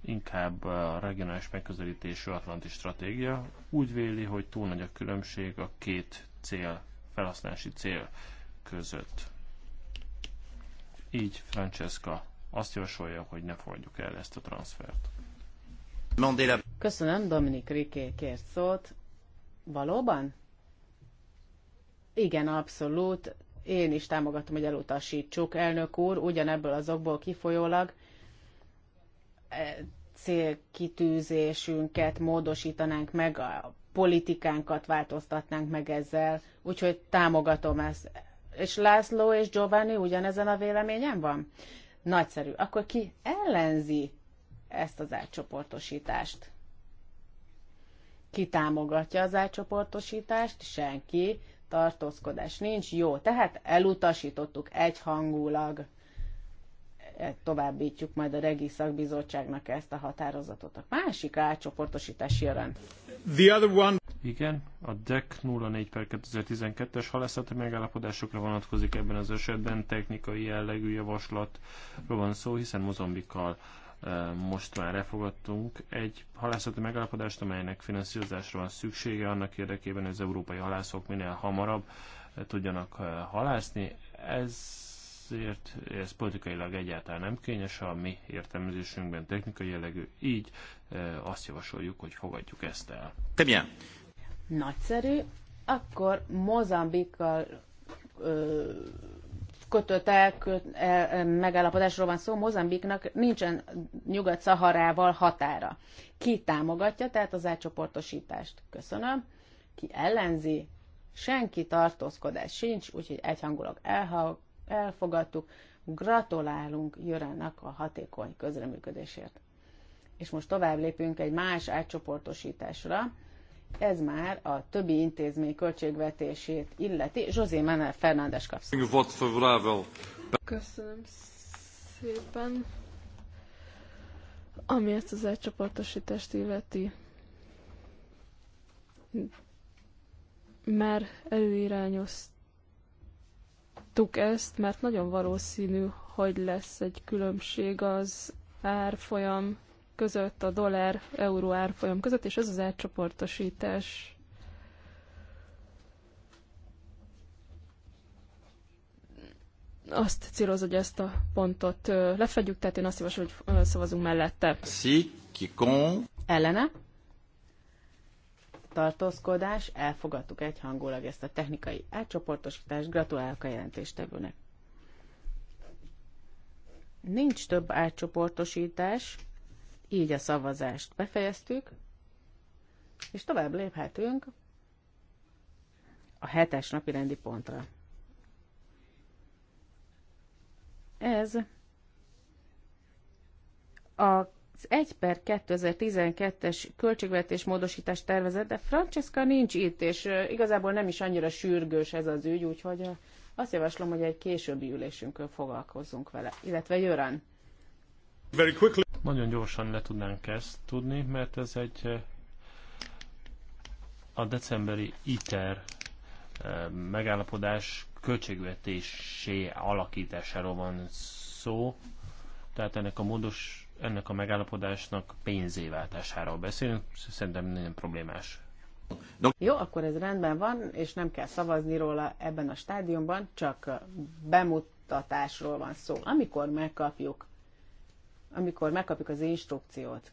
inkább a regionális megközelítésű atlanti stratégia. Úgy véli, hogy túl nagy a különbség a két cél, felhasználási cél között. Így Francesca azt javasolja, hogy ne fordjuk el ezt a transfert. Köszönöm, Dominik Riké kért szót. Valóban? Igen, abszolút én is támogatom, hogy elutasítsuk, elnök úr, ugyanebből azokból kifolyólag e, célkitűzésünket módosítanánk meg, a politikánkat változtatnánk meg ezzel, úgyhogy támogatom ezt. És László és Giovanni ugyanezen a véleményen van? Nagyszerű. Akkor ki ellenzi ezt az átcsoportosítást? Ki támogatja az átcsoportosítást? Senki tartózkodás nincs, jó, tehát elutasítottuk egyhangulag, e, továbbítjuk majd a Regi Szakbizottságnak ezt a határozatot. A másik átcsoportosítási jelent. The other one... Igen, a DEC 04 per 2012-es halászati megállapodásokra vonatkozik ebben az esetben technikai jellegű javaslatról van szó, hiszen Mozambikkal most már elfogadtunk egy halászati megállapodást, amelynek finanszírozásra van szüksége annak érdekében, hogy az európai halászok minél hamarabb tudjanak halászni. Ezért ez politikailag egyáltalán nem kényes, a mi értelmezésünkben technikai jellegű, így azt javasoljuk, hogy fogadjuk ezt el. Te milyen? Nagyszerű. Akkor Mozambikkal kötött el, köt, el, e- megállapodásról van szó, Mozambiknak nincsen Nyugat-Szaharával határa. Ki támogatja tehát az átcsoportosítást? Köszönöm. Ki ellenzi? Senki tartózkodás sincs, úgyhogy egyhangulag elfogadtuk. Gratulálunk Jörennek a hatékony közreműködésért. És most tovább lépünk egy más átcsoportosításra ez már a többi intézmény költségvetését illeti. José Manuel Fernández kapsz. Köszönöm szépen. Ami ezt az elcsoportosítást illeti, már előirányoztuk ezt, mert nagyon valószínű, hogy lesz egy különbség az árfolyam között, a dollár-euró árfolyam között, és ez az átcsoportosítás. Azt céloz, hogy ezt a pontot lefedjük, tehát én azt javaslom, hogy szavazunk mellette. Si, ki con. Ellene. Tartózkodás, elfogadtuk egyhangulag ezt a technikai átcsoportosítást, gratulálok a jelentéstevőnek nincs több átcsoportosítás, így a szavazást befejeztük, és tovább léphetünk a hetes napi rendi pontra. Ez az 1 per 2012-es költségvetés módosítás tervezet, de Francesca nincs itt, és igazából nem is annyira sürgős ez az ügy, úgyhogy azt javaslom, hogy egy későbbi ülésünkön foglalkozzunk vele, illetve Jörán. Very quickly nagyon gyorsan le tudnánk ezt tudni, mert ez egy eh, a decemberi ITER eh, megállapodás költségvetésé alakításáról van szó, tehát ennek a módos, ennek a megállapodásnak pénzéváltásáról beszélünk, szerintem nagyon problémás. Jó, akkor ez rendben van, és nem kell szavazni róla ebben a stádiumban, csak bemutatásról van szó. Amikor megkapjuk amikor megkapjuk az instrukciót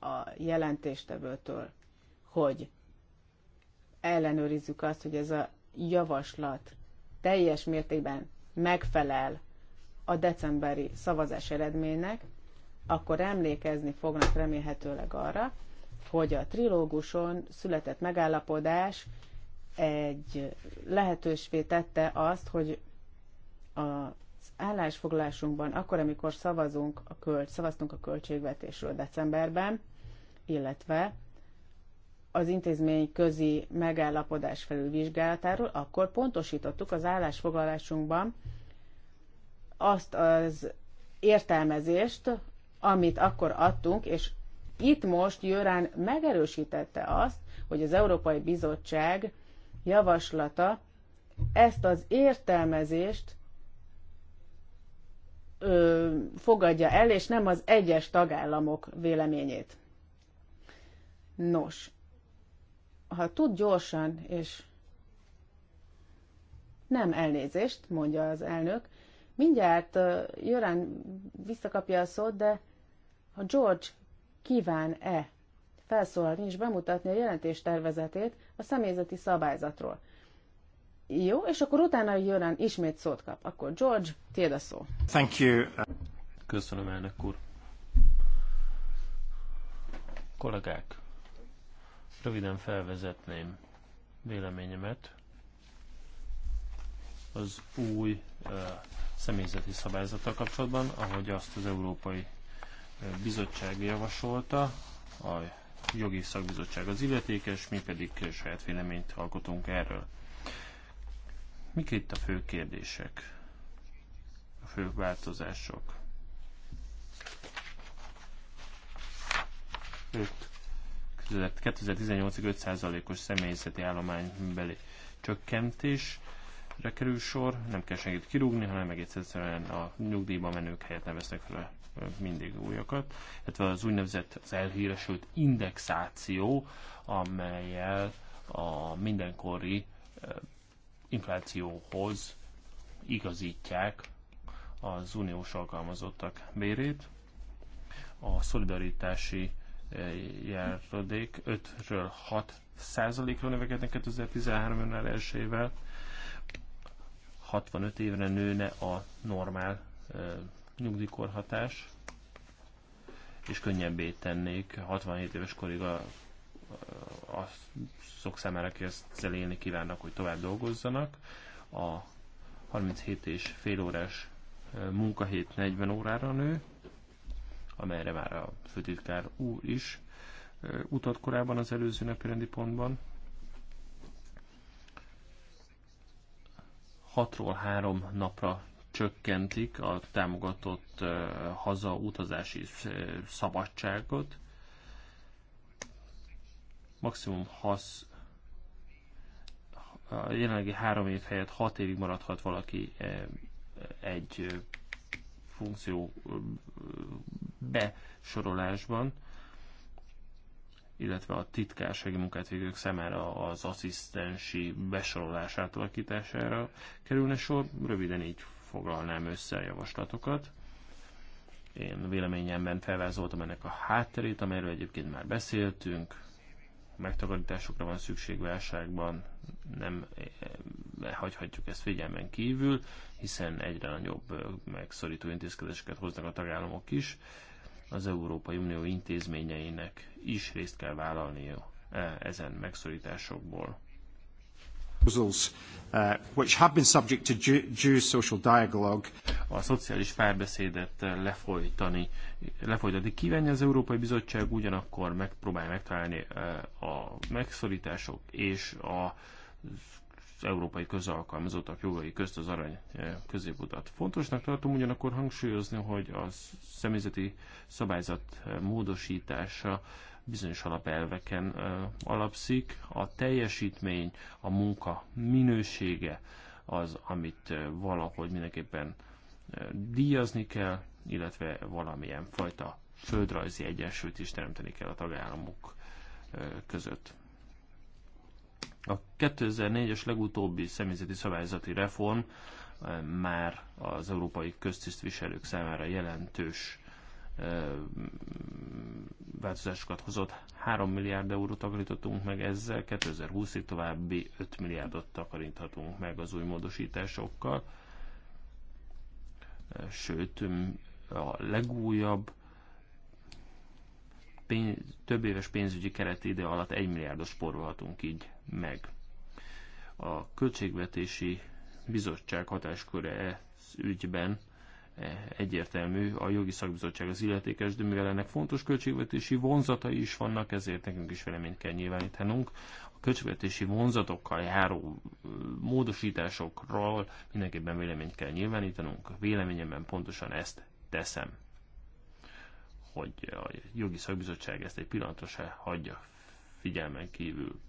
a jelentéstevőtől, hogy ellenőrizzük azt, hogy ez a javaslat teljes mértékben megfelel a decemberi szavazás eredménynek, akkor emlékezni fognak remélhetőleg arra, hogy a trilóguson született megállapodás egy lehetősvé tette azt, hogy a állásfoglalásunkban, akkor, amikor szavazunk a költ, szavaztunk a költségvetésről decemberben, illetve az intézmény közi megállapodás felülvizsgálatáról, akkor pontosítottuk az állásfoglalásunkban azt az értelmezést, amit akkor adtunk, és itt most Jörán megerősítette azt, hogy az Európai Bizottság javaslata ezt az értelmezést ö, fogadja el, és nem az egyes tagállamok véleményét. Nos, ha tud gyorsan, és nem elnézést, mondja az elnök, mindjárt uh, Jörán visszakapja a szót, de ha George kíván-e felszólalni és bemutatni a jelentés tervezetét a személyzeti szabályzatról. Jó, és akkor utána jön ismét szót kap. Akkor George, tiéd a szó. Thank you. Köszönöm, elnök úr. Kollégák, röviden felvezetném véleményemet az új uh, személyzeti szabályzattal kapcsolatban, ahogy azt az Európai Bizottság javasolta, a jogi szakbizottság az illetékes, mi pedig saját véleményt alkotunk erről. Mik itt a fő kérdések? A fő változások? Öt. 2018-ig 5%-os személyzeti állománybeli csökkentésre kerül sor, nem kell senkit kirúgni, hanem egész egyszerűen a nyugdíjba menők helyett neveznek fel mindig újakat, illetve az úgynevezett az elhíresült indexáció, amelyel a mindenkori inflációhoz igazítják az uniós alkalmazottak bérét. A szolidaritási eh, járadék 5-ről 6 százalékra növekednek 2013 ben elsővel, 65 évre nőne a normál eh, nyugdíjkorhatás, és könnyebbé tennék 67 éves korig a a számára, aki ezt zelélni kívánnak, hogy tovább dolgozzanak. A 37 és fél órás munkahét 40 órára nő, amelyre már a főtitkár úr is utat korábban az előző napi rendi pontban. 6-ról 3 napra csökkentik a támogatott hazautazási szabadságot, maximum hasz a jelenlegi három év helyett hat évig maradhat valaki e, egy e, funkció besorolásban, illetve a titkársági munkát végők szemére az asszisztensi besorolás átalakítására kerülne sor. Röviden így foglalnám össze a javaslatokat. Én véleményemben felvázoltam ennek a hátterét, amelyről egyébként már beszéltünk, megtakarításokra van szükség válságban, nem eh, hagyhatjuk ezt figyelmen kívül, hiszen egyre nagyobb eh, megszorító intézkedéseket hoznak a tagállamok is. Az Európai Unió intézményeinek is részt kell vállalnia eh, ezen megszorításokból proposals uh, which have been subject to due social dialogue. A szociális párbeszédet uh, lefolytani, lefolytatni kívánja az Európai Bizottság, ugyanakkor megpróbál megtalálni uh, a megszorítások és a az európai közalkalmazottak jogai közt az arany középutat. Fontosnak tartom ugyanakkor hangsúlyozni, hogy a személyzeti szabályzat módosítása bizonyos alapelveken alapszik. A teljesítmény, a munka minősége az, amit valahogy mindenképpen díjazni kell, illetve valamilyen fajta földrajzi egyensúlyt is teremteni kell a tagállamok között. A 2004-es legutóbbi személyzeti szabályzati reform már az európai köztisztviselők számára jelentős változásokat hozott. 3 milliárd eurót takarítottunk meg ezzel, 2020-ig további 5 milliárdot takaríthatunk meg az új módosításokkal. Sőt, a legújabb pénz, több éves pénzügyi keret ide alatt 1 milliárdot spórolhatunk így meg. A Költségvetési Bizottság hatásköre ügyben egyértelmű, a jogi szakbizottság az illetékes, de mivel ennek fontos költségvetési vonzatai is vannak, ezért nekünk is véleményt kell nyilvánítanunk. A költségvetési vonzatokkal járó módosításokról mindenképpen véleményt kell nyilvánítanunk. Véleményemben pontosan ezt teszem, hogy a jogi szakbizottság ezt egy pillanatra se hagyja figyelmen kívül.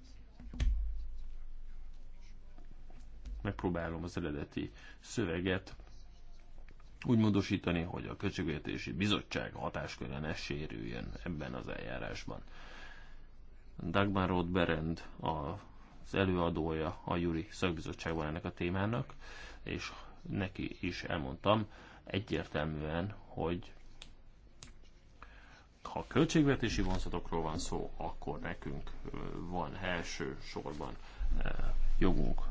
Megpróbálom az eredeti szöveget úgy módosítani, hogy a Költségvetési Bizottság hatásköre ne sérüljön ebben az eljárásban. Dagmar Roth Berend az előadója a Juri szakbizottságban ennek a témának, és neki is elmondtam egyértelműen, hogy ha költségvetési vonzatokról van szó, akkor nekünk van első sorban jogunk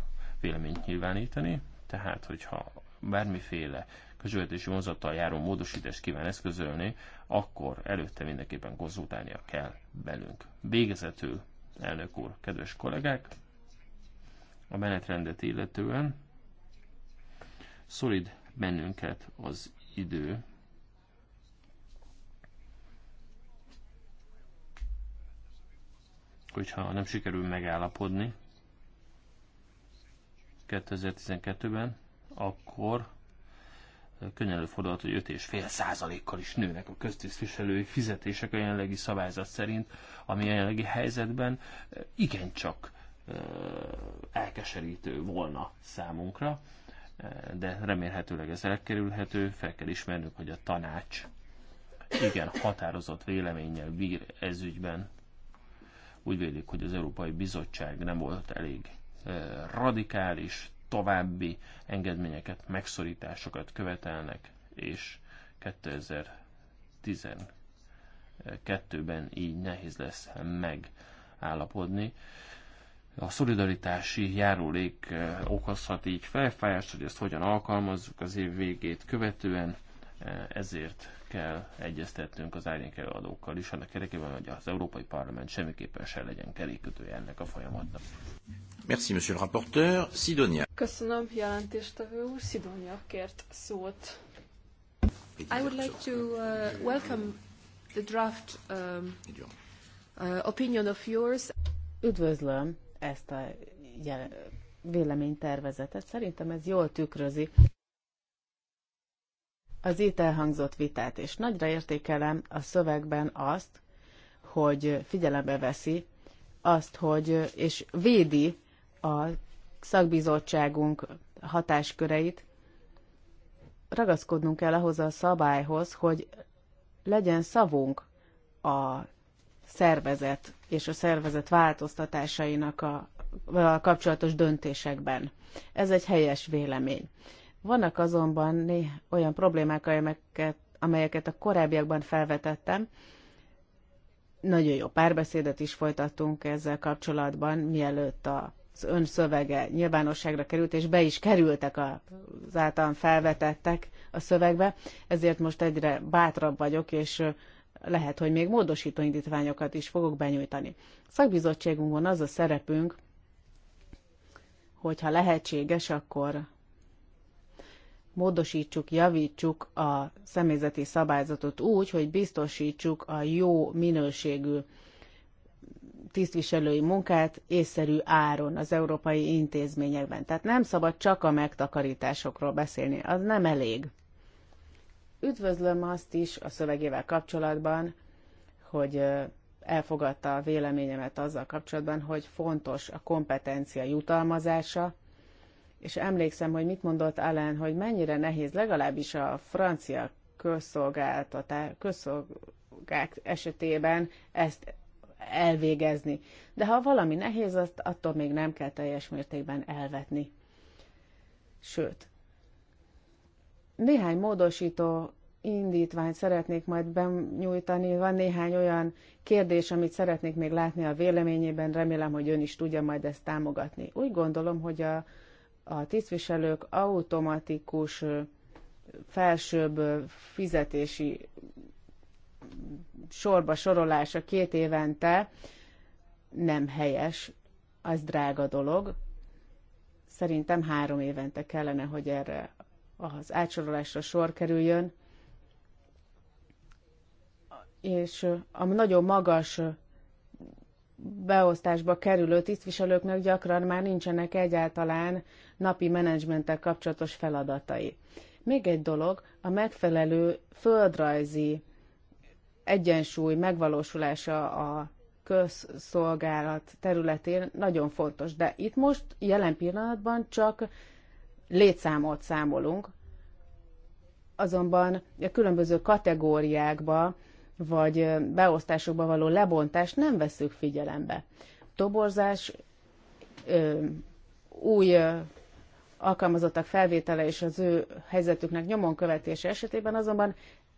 véleményt nyilvánítani, tehát hogyha bármiféle közsületési vonzattal járó módosítást kíván eszközölni, akkor előtte mindenképpen konzultálnia kell velünk. Végezető elnök úr, kedves kollégák, a menetrendet illetően szolid bennünket az idő, hogyha nem sikerül megállapodni 2012-ben, akkor könnyen előfordulhat, hogy 5,5 százalékkal is nőnek a köztisztviselői fizetések a jelenlegi szabályzat szerint, ami a jelenlegi helyzetben eh, igencsak eh, elkeserítő volna számunkra, eh, de remélhetőleg ez elkerülhető, fel kell ismernünk, hogy a tanács igen határozott véleménnyel bír ezügyben. Úgy vélik, hogy az Európai Bizottság nem volt elég radikális, további engedményeket, megszorításokat követelnek, és 2012-ben így nehéz lesz megállapodni. A szolidaritási járulék eh, okozhat így felfájást, hogy ezt hogyan alkalmazzuk az év végét követően, eh, ezért kell egyeztetnünk az árnyék előadókkal is, annak érdekében, hogy az Európai Parlament semmiképpen se legyen kerékötője ennek a folyamatnak. Merci, monsieur le rapporteur. Sidonia. Köszönöm, jelentéstevő úr. Sidonia kért szót. I would like to uh, welcome the draft um, uh, opinion of yours. Üdvözlöm ezt a véleménytervezetet. Szerintem ez jól tükrözi az itt elhangzott vitát, és nagyra értékelem a szövegben azt, hogy figyelembe veszi azt, hogy, és védi a szakbizottságunk hatásköreit, ragaszkodnunk kell ahhoz a szabályhoz, hogy legyen szavunk a szervezet és a szervezet változtatásainak a, a kapcsolatos döntésekben. Ez egy helyes vélemény. Vannak azonban né, olyan problémák, amelyeket, amelyeket a korábbiakban felvetettem. Nagyon jó párbeszédet is folytattunk ezzel kapcsolatban, mielőtt a az ön szövege nyilvánosságra került, és be is kerültek az általán felvetettek a szövegbe, ezért most egyre bátrabb vagyok, és lehet, hogy még módosító indítványokat is fogok benyújtani. Szakbizottságunkon az a szerepünk, hogyha lehetséges, akkor módosítsuk, javítsuk a személyzeti szabályzatot úgy, hogy biztosítsuk a jó minőségű tisztviselői munkát észszerű áron az európai intézményekben. Tehát nem szabad csak a megtakarításokról beszélni, az nem elég. Üdvözlöm azt is a szövegével kapcsolatban, hogy elfogadta a véleményemet azzal kapcsolatban, hogy fontos a kompetencia jutalmazása, és emlékszem, hogy mit mondott Allen, hogy mennyire nehéz legalábbis a francia közszolgáltatás, közszolgáltatás közszolgák esetében ezt elvégezni. De ha valami nehéz, azt attól még nem kell teljes mértékben elvetni. Sőt, néhány módosító indítványt szeretnék majd benyújtani. Van néhány olyan kérdés, amit szeretnék még látni a véleményében, remélem, hogy ön is tudja majd ezt támogatni. Úgy gondolom, hogy a, a tisztviselők automatikus felsőbb fizetési sorba sorolása két évente nem helyes, az drága dolog. Szerintem három évente kellene, hogy erre az átsorolásra sor kerüljön. És a nagyon magas beosztásba kerülő tisztviselőknek gyakran már nincsenek egyáltalán napi menedzsmenttel kapcsolatos feladatai. Még egy dolog, a megfelelő földrajzi egyensúly megvalósulása a közszolgálat területén nagyon fontos. De itt most jelen pillanatban csak létszámot számolunk, azonban a különböző kategóriákba vagy beosztásokba való lebontást nem veszük figyelembe. Toborzás, új alkalmazottak felvétele és az ő helyzetüknek nyomon követése esetében azonban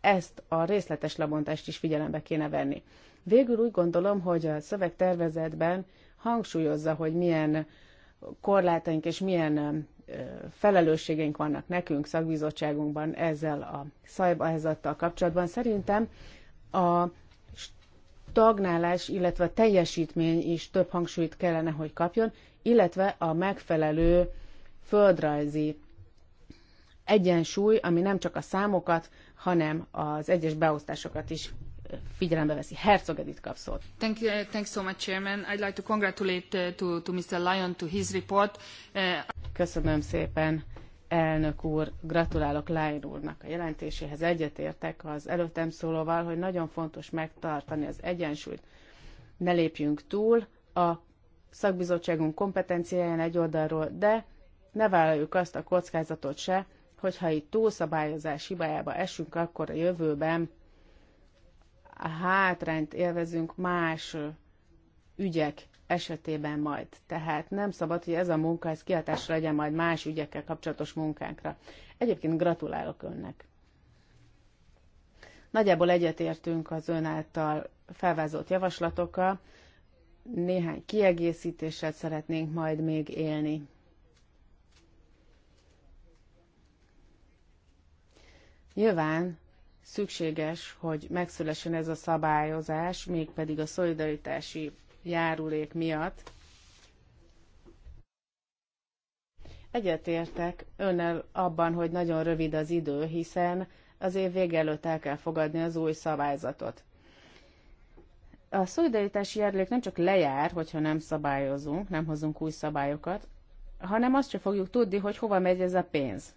ezt a részletes lebontást is figyelembe kéne venni. Végül úgy gondolom, hogy a szövegtervezetben hangsúlyozza, hogy milyen korlátaink és milyen felelősségeink vannak nekünk szakbizottságunkban ezzel a szajbahelyzattal kapcsolatban. Szerintem a stagnálás, illetve a teljesítmény is több hangsúlyt kellene, hogy kapjon, illetve a megfelelő földrajzi egyensúly, ami nem csak a számokat, hanem az egyes beosztásokat is figyelembe veszi. Herzog Edith kap szót. Thank you, uh, thanks so much, Chairman. I'd like to congratulate uh, to, to Mr. Lyon to his report. Uh, Köszönöm szépen, elnök úr. Gratulálok Lyon úrnak a jelentéséhez. Egyetértek az előttem szólóval, hogy nagyon fontos megtartani az egyensúlyt. Ne lépjünk túl a szakbizottságunk kompetenciáján egy oldalról, de ne vállaljuk azt a kockázatot se, hogyha itt túlszabályozás hibájába esünk, akkor a jövőben a hátrányt élvezünk más ügyek esetében majd. Tehát nem szabad, hogy ez a munka, ez kihatásra legyen majd más ügyekkel kapcsolatos munkánkra. Egyébként gratulálok önnek. Nagyjából egyetértünk az ön által felvázolt javaslatokkal, néhány kiegészítéssel szeretnénk majd még élni. Nyilván szükséges, hogy megszülessen ez a szabályozás, mégpedig a szolidaritási járulék miatt. Egyetértek önnel abban, hogy nagyon rövid az idő, hiszen az év vége előtt el kell fogadni az új szabályzatot. A szolidaritási járulék nem csak lejár, hogyha nem szabályozunk, nem hozunk új szabályokat, hanem azt sem fogjuk tudni, hogy hova megy ez a pénz.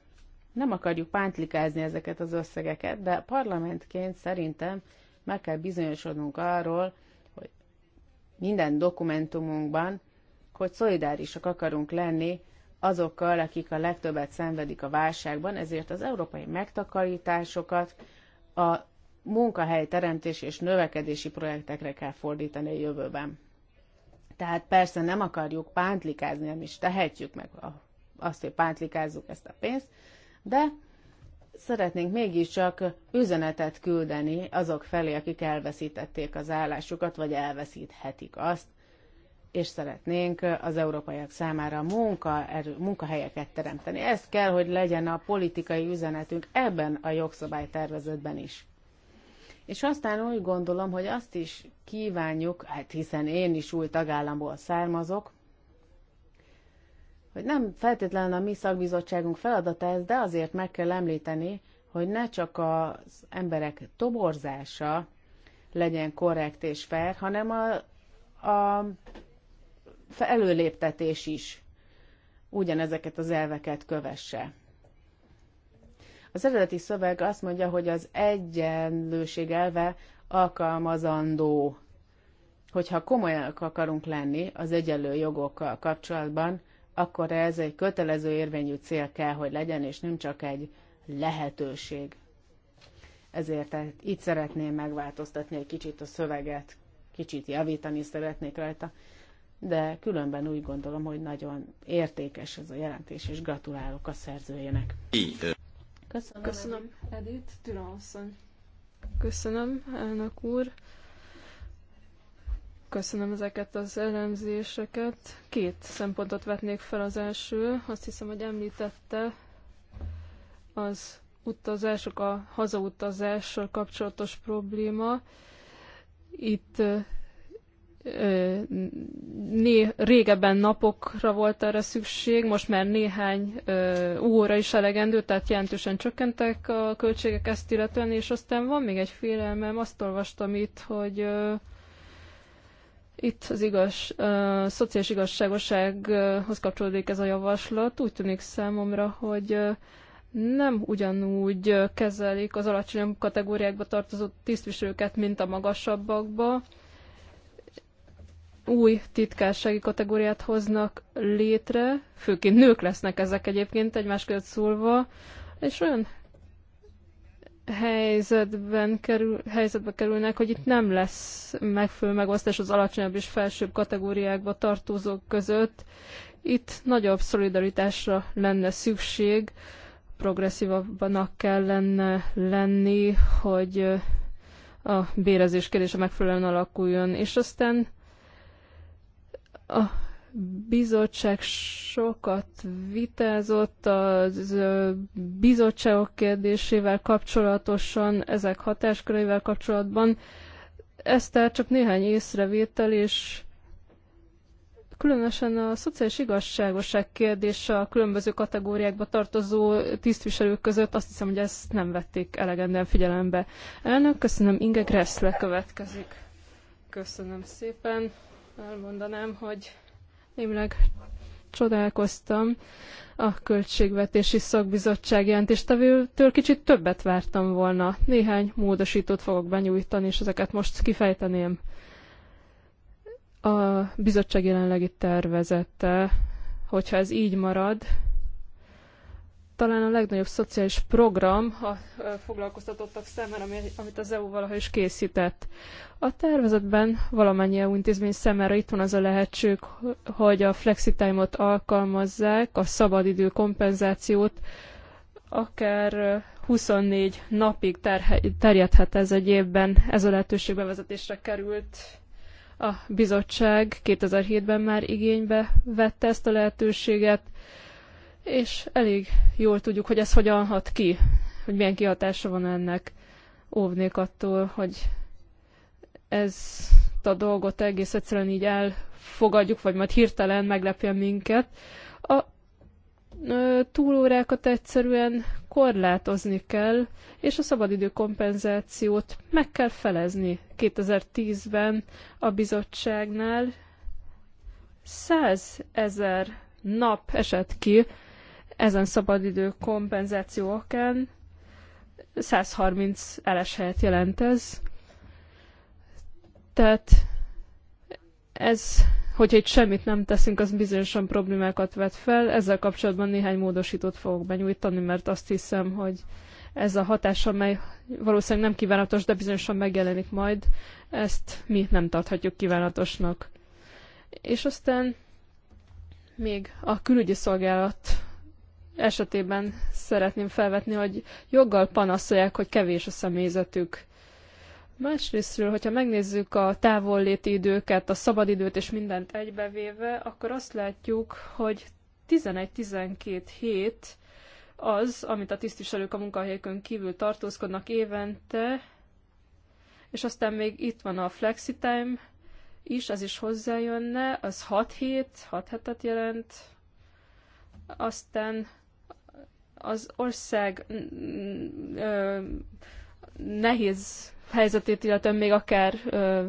Nem akarjuk pántlikázni ezeket az összegeket, de parlamentként szerintem meg kell bizonyosodnunk arról, hogy minden dokumentumunkban, hogy szolidárisak akarunk lenni azokkal, akik a legtöbbet szenvedik a válságban, ezért az európai megtakarításokat a munkahely teremtés és növekedési projektekre kell fordítani a jövőben. Tehát persze nem akarjuk pántlikázni, nem is tehetjük meg azt, hogy pántlikázzuk ezt a pénzt, de szeretnénk mégiscsak üzenetet küldeni azok felé, akik elveszítették az állásukat, vagy elveszíthetik azt, és szeretnénk az európaiak számára erő, munkahelyeket teremteni. Ez kell, hogy legyen a politikai üzenetünk ebben a jogszabálytervezetben is. És aztán úgy gondolom, hogy azt is kívánjuk, hát hiszen én is új tagállamból származok, hogy nem feltétlenül a mi szakbizottságunk feladata ez, de azért meg kell említeni, hogy ne csak az emberek toborzása legyen korrekt és fair, hanem a, a előléptetés is ugyanezeket az elveket kövesse. Az eredeti szöveg azt mondja, hogy az egyenlőség elve alkalmazandó. Hogyha komolyak akarunk lenni az egyenlő jogokkal kapcsolatban, akkor ez egy kötelező érvényű cél kell, hogy legyen, és nem csak egy lehetőség. Ezért itt szeretném megváltoztatni egy kicsit a szöveget, kicsit javítani szeretnék rajta, de különben úgy gondolom, hogy nagyon értékes ez a jelentés, és gratulálok a szerzőjének. Köszönöm. Köszönöm. Edith Tülasszony. Köszönöm, elnök úr. Köszönöm ezeket az elemzéseket. Két szempontot vetnék fel az első. Azt hiszem, hogy említette az utazások, a hazautazással kapcsolatos probléma. Itt né, régebben napokra volt erre szükség, most már néhány ö, óra is elegendő, tehát jelentősen csökkentek a költségek ezt illetően, és aztán van még egy félelmem, azt olvastam itt, hogy itt az igaz, uh, szociális igazságosághoz kapcsolódik ez a javaslat. Úgy tűnik számomra, hogy uh, nem ugyanúgy kezelik az alacsonyabb kategóriákba tartozó tisztviselőket, mint a magasabbakba. Új titkársági kategóriát hoznak létre, főként nők lesznek ezek egyébként egymás között szólva, és olyan helyzetben kerül, helyzetbe kerülnek, hogy itt nem lesz megfelelő megosztás az alacsonyabb és felsőbb kategóriákba tartozók között. Itt nagyobb szolidaritásra lenne szükség, progresszívabbnak kellene lenni, hogy a bérezés kérdése megfelelően alakuljon, és aztán a bizottság sokat vitázott az bizottságok kérdésével kapcsolatosan, ezek hatásköreivel kapcsolatban. Ez tehát csak néhány észrevétel, és különösen a szociális igazságosság kérdése a különböző kategóriákba tartozó tisztviselők között azt hiszem, hogy ezt nem vették elegendően figyelembe. Elnök, köszönöm, Inge Gressle következik. Köszönöm szépen. Elmondanám, hogy Némileg csodálkoztam a Költségvetési Szakbizottság jelentéstevőtől kicsit többet vártam volna. Néhány módosítót fogok benyújtani, és ezeket most kifejteném. A bizottság jelenlegi tervezete, hogyha ez így marad, talán a legnagyobb szociális program a foglalkoztatottak szemben, amit az EU valaha is készített. A tervezetben valamennyi EU intézmény szemére itt van az a lehetség, hogy a flexitime-ot alkalmazzák, a szabadidő kompenzációt, akár 24 napig terjedhet ez egy évben, ez a lehetőség bevezetésre került. A bizottság 2007-ben már igénybe vette ezt a lehetőséget, és elég jól tudjuk, hogy ez hogyan hat ki, hogy milyen kihatása van ennek. Óvnék attól, hogy ez a dolgot egész egyszerűen így elfogadjuk, vagy majd hirtelen meglepjen minket. A túlórákat egyszerűen korlátozni kell, és a szabadidő kompenzációt meg kell felezni 2010-ben a bizottságnál. 100 ezer nap esett ki ezen szabadidő kompenzáció okán 130 eles helyet jelent ez. Tehát ez, hogyha itt semmit nem teszünk, az bizonyosan problémákat vet fel. Ezzel kapcsolatban néhány módosítót fogok benyújtani, mert azt hiszem, hogy ez a hatás, amely valószínűleg nem kívánatos, de bizonyosan megjelenik majd, ezt mi nem tarthatjuk kívánatosnak. És aztán még a külügyi szolgálat esetében szeretném felvetni, hogy joggal panaszolják, hogy kevés a személyzetük. Másrésztről, hogyha megnézzük a távolléti időket, a szabadidőt és mindent egybevéve, akkor azt látjuk, hogy 11-12 hét az, amit a tisztviselők a munkahelyükön kívül tartózkodnak évente, és aztán még itt van a flexitime is, ez is hozzájönne, az 6 hét, 6 hetet jelent, aztán az ország mm, mm, ö, nehéz helyzetét, illetve még akár ö,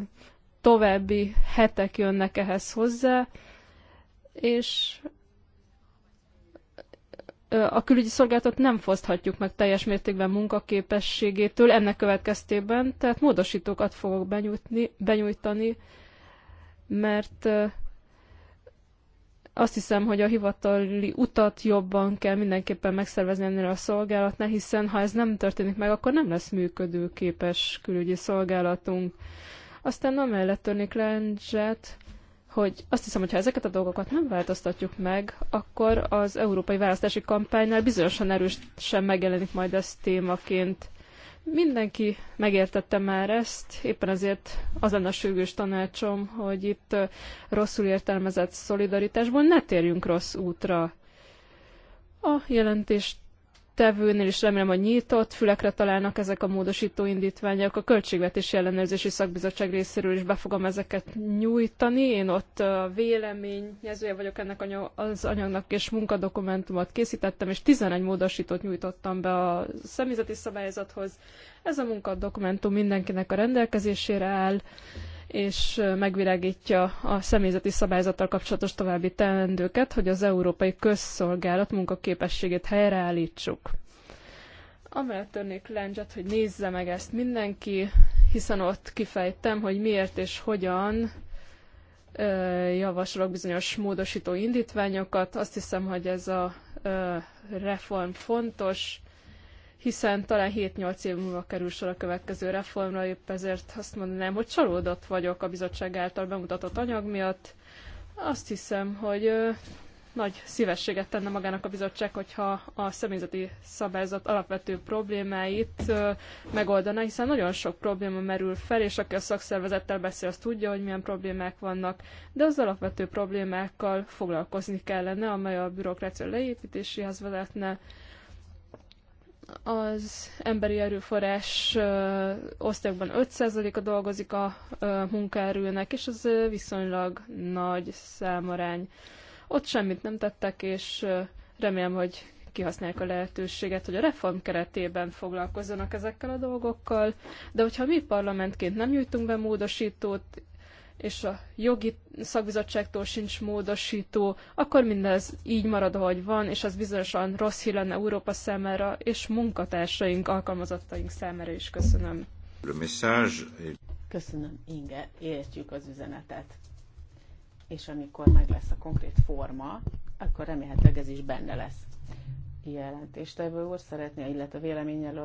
további hetek jönnek ehhez hozzá, és a külügyi szolgálatot nem foszthatjuk meg teljes mértékben munkaképességétől ennek következtében, tehát módosítókat fogok benyújtani, benyújtani mert azt hiszem, hogy a hivatali utat jobban kell mindenképpen megszervezni ennél a szolgálatnál, hiszen ha ez nem történik meg, akkor nem lesz működőképes külügyi szolgálatunk. Aztán amellett törnék lencset, hogy azt hiszem, hogy ha ezeket a dolgokat nem változtatjuk meg, akkor az európai választási kampánynál bizonyosan erősen megjelenik majd ez témaként. Mindenki megértette már ezt, éppen ezért az lenne a sürgős tanácsom, hogy itt rosszul értelmezett szolidaritásból ne térjünk rossz útra. A jelentést tevőnél is remélem, hogy nyitott fülekre találnak ezek a módosító indítványok. A Költségvetési Ellenőrzési Szakbizottság részéről is be fogom ezeket nyújtani. Én ott véleményezője vagyok ennek az anyagnak, és munkadokumentumot készítettem, és 11 módosítót nyújtottam be a személyzeti szabályzathoz. Ez a munkadokumentum mindenkinek a rendelkezésére áll és megvilágítja a személyzeti szabályzattal kapcsolatos további teendőket, hogy az európai közszolgálat munkaképességét helyreállítsuk. Amellett törnék lencset, hogy nézze meg ezt mindenki, hiszen ott kifejtem, hogy miért és hogyan javasolok bizonyos módosító indítványokat. Azt hiszem, hogy ez a reform fontos, hiszen talán 7-8 év múlva kerül sor a következő reformra, épp ezért azt mondanám, hogy csalódott vagyok a bizottság által bemutatott anyag miatt. Azt hiszem, hogy nagy szívességet tenne magának a bizottság, hogyha a személyzeti szabályzat alapvető problémáit megoldaná, hiszen nagyon sok probléma merül fel, és aki a szakszervezettel beszél, az tudja, hogy milyen problémák vannak, de az alapvető problémákkal foglalkozni kellene, amely a bürokrácia leépítéséhez vezetne, az emberi erőforrás osztályokban 5%-a dolgozik a munkaerőnek, és ez viszonylag nagy számarány. Ott semmit nem tettek, és remélem, hogy kihasználják a lehetőséget, hogy a reform keretében foglalkozzanak ezekkel a dolgokkal, de hogyha mi parlamentként nem nyújtunk be módosítót, és a jogi szakbizottságtól sincs módosító, akkor mindez így marad, ahogy van, és az bizonyosan rossz hír lenne Európa számára, és munkatársaink, alkalmazottaink számára is. Köszönöm. Köszönöm, Inge, értjük az üzenetet. És amikor meg lesz a konkrét forma, akkor remélhetőleg ez is benne lesz. Jelentéstevő úr szeretné, illetve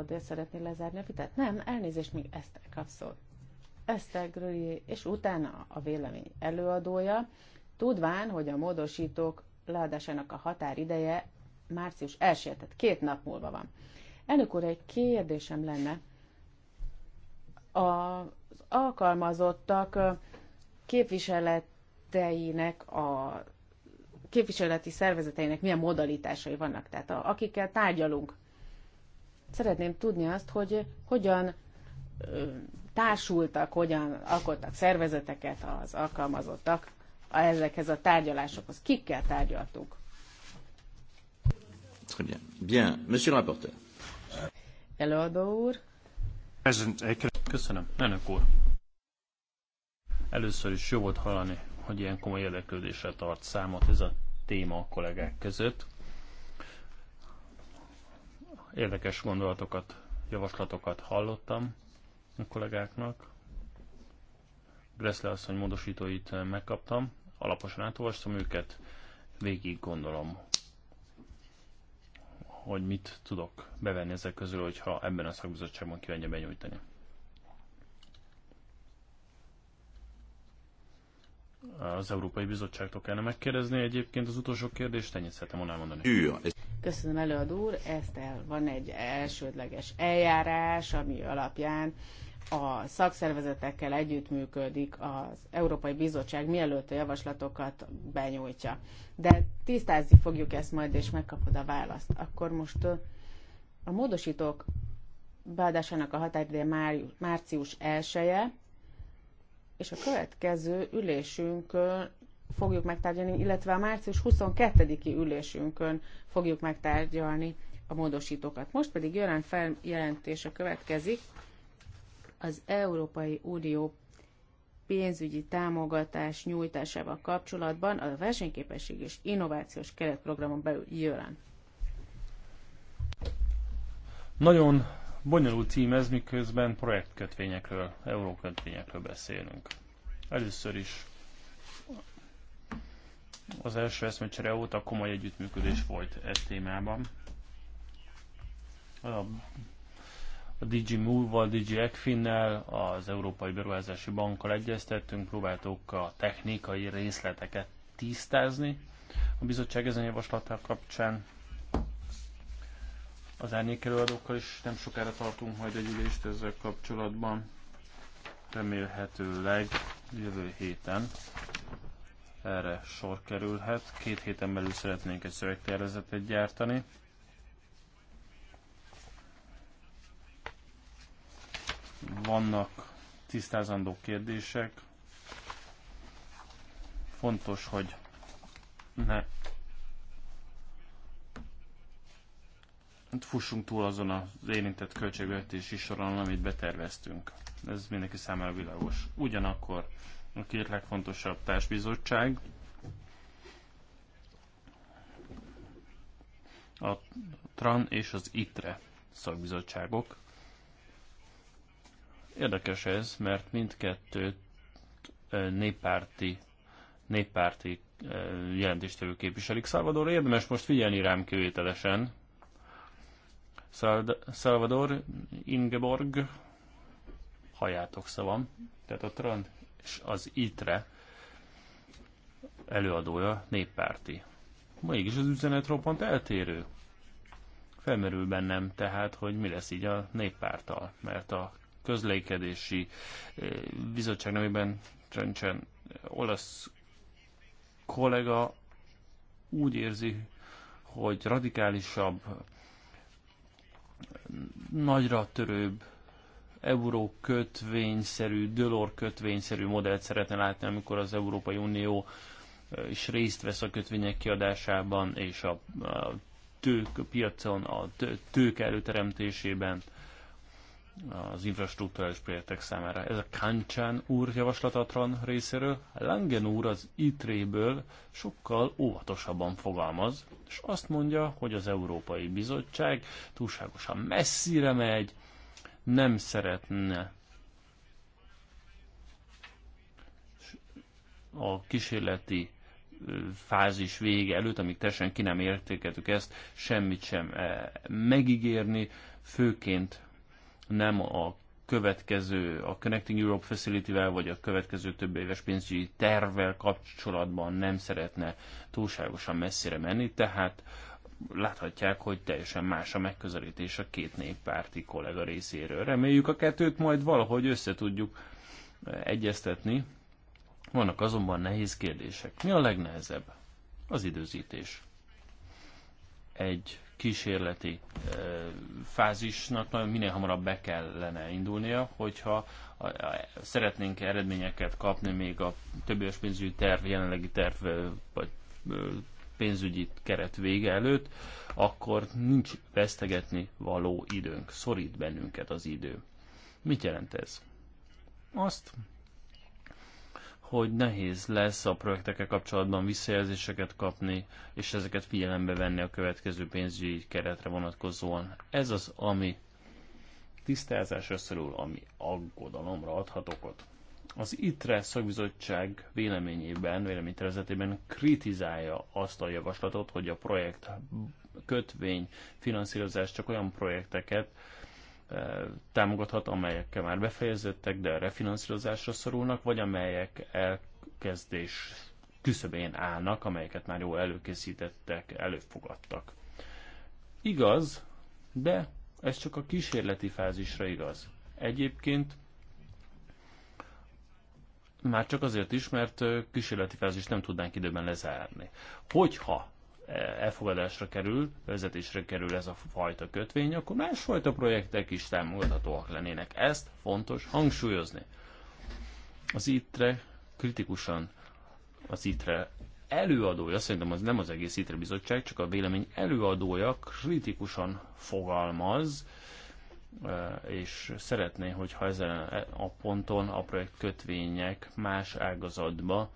de szeretné lezárni a vitát? Nem, elnézést, még ezt kapszol. Eszter Grölyé és utána a vélemény előadója, tudván, hogy a módosítók leadásának a határideje március 1 tehát két nap múlva van. Elnök úr, egy kérdésem lenne. Az alkalmazottak képviseleteinek a képviseleti szervezeteinek milyen modalitásai vannak, tehát a, akikkel tárgyalunk. Szeretném tudni azt, hogy hogyan társultak, hogyan alkottak szervezeteket az alkalmazottak ezekhez a tárgyalásokhoz. Kikkel tárgyaltuk? Très bien. Bien, monsieur le rapporteur. Előadó úr. Köszönöm, elnök úr. Először is jó volt hallani, hogy ilyen komoly érdeklődésre tart számot ez a téma a kollégák között. Érdekes gondolatokat, javaslatokat hallottam a kollégáknak. Gressle asszony módosítóit megkaptam, alaposan átolvastam őket, végig gondolom, hogy mit tudok bevenni ezek közül, hogyha ebben a szakbizottságban kívánja benyújtani. Az Európai Bizottságtól kellene megkérdezni egyébként az utolsó kérdést, ennyit szeretem volna elmondani. Köszönöm előadó úr, ezt el van egy elsődleges eljárás, ami alapján a szakszervezetekkel együttműködik az Európai Bizottság, mielőtt a javaslatokat benyújtja. De tisztázni fogjuk ezt majd, és megkapod a választ. Akkor most a módosítók beadásának a határideje március 1 -e, és a következő ülésünkön fogjuk megtárgyalni, illetve a március 22-i ülésünkön fogjuk megtárgyalni a módosítókat. Most pedig jelen feljelentése következik az Európai Unió pénzügyi támogatás nyújtásával kapcsolatban a versenyképesség és innovációs keretprogramon belül jön. Nagyon bonyolult cím ez, miközben projektkötvényekről, eurókötvényekről beszélünk. Először is az első eszmecsere óta komoly együttműködés volt e témában. A a DG Move-val, DG Equin-nel, az Európai Beruházási Bankkal egyeztettünk, próbáltuk a technikai részleteket tisztázni a bizottság ezen javaslatával kapcsán. Az árnyékelőadókkal is nem sokára tartunk majd egy ülést ezzel kapcsolatban. Remélhetőleg jövő héten erre sor kerülhet. Két héten belül szeretnénk egy szövegtervezetet gyártani. vannak tisztázandó kérdések. Fontos, hogy ne fussunk túl azon az érintett költségvetési soron, amit beterveztünk. Ez mindenki számára világos. Ugyanakkor a két legfontosabb társbizottság, a TRAN és az ITRE szakbizottságok Érdekes ez, mert mindkettő néppárti, néppárti jelentéstevő képviselik. Salvador, érdemes most figyelni rám kivételesen. Salvador, Ingeborg, hajátok szavam. Tehát a Trant és az ITRE előadója néppárti. Mégis az üzenet roppant eltérő. Felmerül bennem tehát, hogy mi lesz így a néppártal, mert a közlekedési bizottság nevében Csöncsen olasz kollega úgy érzi, hogy radikálisabb, nagyra törőbb, euró kötvényszerű, Dölor kötvényszerű modellt szeretne látni, amikor az Európai Unió is részt vesz a kötvények kiadásában és a, a tők piacon, a tők előteremtésében az infrastruktúrális projektek számára. Ez a Kancsán úr javaslata a részéről, Langen úr az ITRE-ből sokkal óvatosabban fogalmaz, és azt mondja, hogy az Európai Bizottság túlságosan messzire megy, nem szeretne a kísérleti fázis vége előtt, amíg teljesen ki nem értékeltük ezt, semmit sem e, megígérni, főként nem a következő, a Connecting Europe Facility-vel, vagy a következő több éves pénzügyi tervvel kapcsolatban nem szeretne túlságosan messzire menni, tehát láthatják, hogy teljesen más a megközelítés a két néppárti kollega részéről. Reméljük a kettőt majd valahogy össze tudjuk egyeztetni. Vannak azonban nehéz kérdések. Mi a legnehezebb? Az időzítés. Egy kísérleti fázisnak nagyon minél hamarabb be kellene indulnia, hogyha szeretnénk eredményeket kapni még a többiös pénzügyi terv, jelenlegi terv vagy pénzügyi keret vége előtt, akkor nincs vesztegetni való időnk. Szorít bennünket az idő. Mit jelent ez? Azt, hogy nehéz lesz a projektekkel kapcsolatban visszajelzéseket kapni, és ezeket figyelembe venni a következő pénzügyi keretre vonatkozóan. Ez az, ami tisztázás szorul, ami aggodalomra adhat okot. Az ITRE szakbizottság véleményében, véleménytervezetében kritizálja azt a javaslatot, hogy a projekt kötvény finanszírozás csak olyan projekteket, támogathat, amelyekkel már befejeződtek, de refinanszírozásra szorulnak, vagy amelyek elkezdés küszöbén állnak, amelyeket már jól előkészítettek, előfogadtak. Igaz, de ez csak a kísérleti fázisra igaz. Egyébként már csak azért is, mert kísérleti fázist nem tudnánk időben lezárni. Hogyha elfogadásra kerül, vezetésre kerül ez a fajta kötvény, akkor másfajta projektek is támogathatóak lennének. Ezt fontos hangsúlyozni. Az ITRE kritikusan az ITRE előadója, szerintem az nem az egész ITRE bizottság, csak a vélemény előadója kritikusan fogalmaz, és szeretné, hogyha ezen e, a ponton a projekt kötvények más ágazatba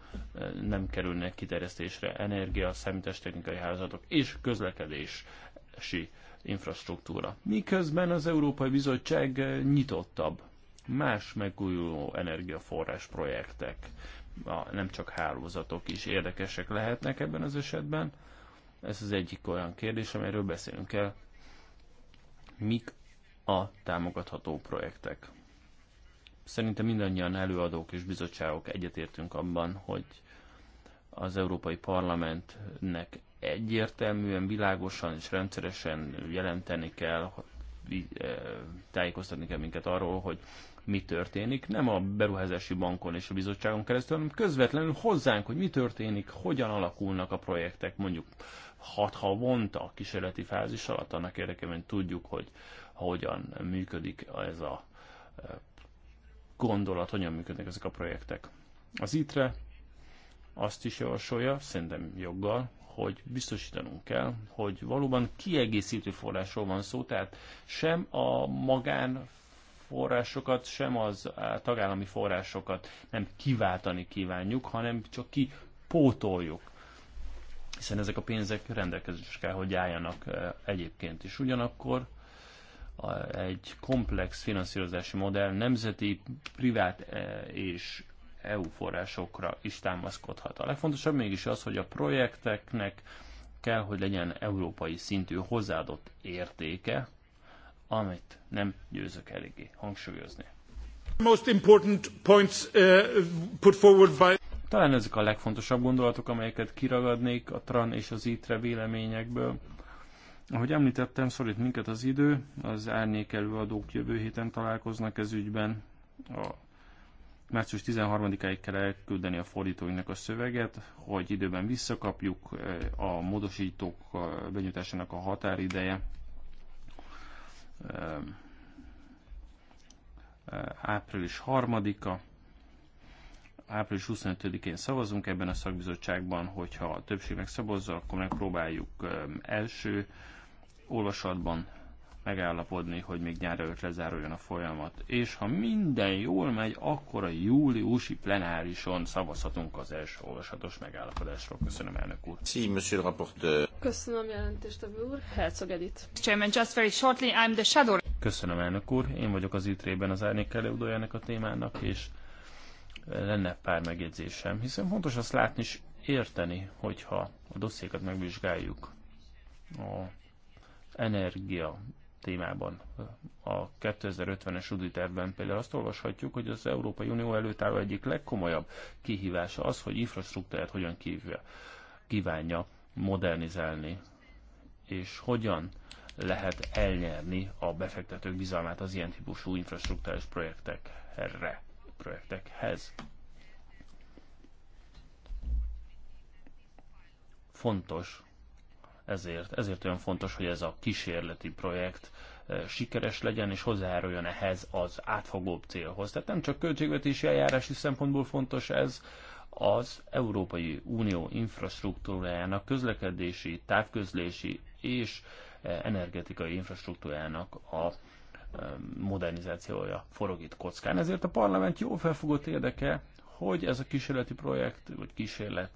nem kerülnek kiterjesztésre. Energia, számítástechnikai házatok és közlekedési infrastruktúra. Miközben az Európai Bizottság nyitottabb más megújuló energiaforrás projektek, a, nem csak hálózatok is érdekesek lehetnek ebben az esetben. Ez az egyik olyan kérdés, amelyről beszélünk kell. Mik a támogatható projektek. Szerintem mindannyian előadók és bizottságok egyetértünk abban, hogy az Európai Parlamentnek egyértelműen, világosan és rendszeresen jelenteni kell, e, tájékoztatni kell minket arról, hogy mi történik, nem a beruházási bankon és a bizottságon keresztül, hanem közvetlenül hozzánk, hogy mi történik, hogyan alakulnak a projektek, mondjuk hat havonta a kísérleti fázis alatt, annak érdekében tudjuk, hogy hogyan működik ez a eh, gondolat, hogyan működnek ezek a projektek. Az ITRE azt is javasolja, szerintem joggal, hogy biztosítanunk kell, hogy valóban kiegészítő forrásról van szó, tehát sem a magán forrásokat, sem az eh, tagállami forrásokat nem kiváltani kívánjuk, hanem csak ki pótoljuk. Hiszen ezek a pénzek rendelkezésre kell, hogy álljanak eh, egyébként is. Ugyanakkor egy komplex finanszírozási modell nemzeti, privát e, és EU forrásokra is támaszkodhat. A legfontosabb mégis az, hogy a projekteknek kell, hogy legyen európai szintű hozzáadott értéke, amit nem győzök eléggé hangsúlyozni. Most important points, uh, put forward by... Talán ezek a legfontosabb gondolatok, amelyeket kiragadnék a TRAN és az ITRE véleményekből. Ahogy említettem, szorít minket az idő, az árnyékelő adók jövő héten találkoznak ez ügyben. A március 13-áig kell elküldeni a fordítóinknak a szöveget, hogy időben visszakapjuk eh, a módosítók benyújtásának a határideje. Eh, április 3-a, április 25-én szavazunk ebben a szakbizottságban, hogyha a többség megszavazza, akkor megpróbáljuk első olvasatban megállapodni, hogy még nyár előtt lezáruljon a folyamat. És ha minden jól megy, akkor a júliusi plenárison szavazhatunk az első olvasatos megállapodásról. Köszönöm, elnök úr. Si monsieur rapporteur. Köszönöm, jelentéstevő úr. Herzog Edith. Chairman, just very shortly, I'm the shadow. Köszönöm, elnök úr. Én vagyok az ITRE-ben az árnyék előadójának a témának, és lenne pár megjegyzésem, hiszen fontos azt látni és érteni, hogyha a dossziékat megvizsgáljuk a energia témában. A 2050-es UDI tervben például azt olvashatjuk, hogy az Európai Unió előtt álló egyik legkomolyabb kihívása az, hogy infrastruktúrát hogyan kívül, kívánja modernizálni, és hogyan lehet elnyerni a befektetők bizalmát az ilyen típusú infrastruktúrás projektekre, projektekhez. Fontos, ezért, ezért olyan fontos, hogy ez a kísérleti projekt e, sikeres legyen, és hozzájáruljon ehhez az átfogóbb célhoz. Tehát nem csak költségvetési eljárási szempontból fontos ez, az Európai Unió infrastruktúrájának, közlekedési, távközlési és e, energetikai infrastruktúrájának a e, modernizációja forog itt kockán. Ezért a parlament jó felfogott érdeke, hogy ez a kísérleti projekt, vagy kísérlet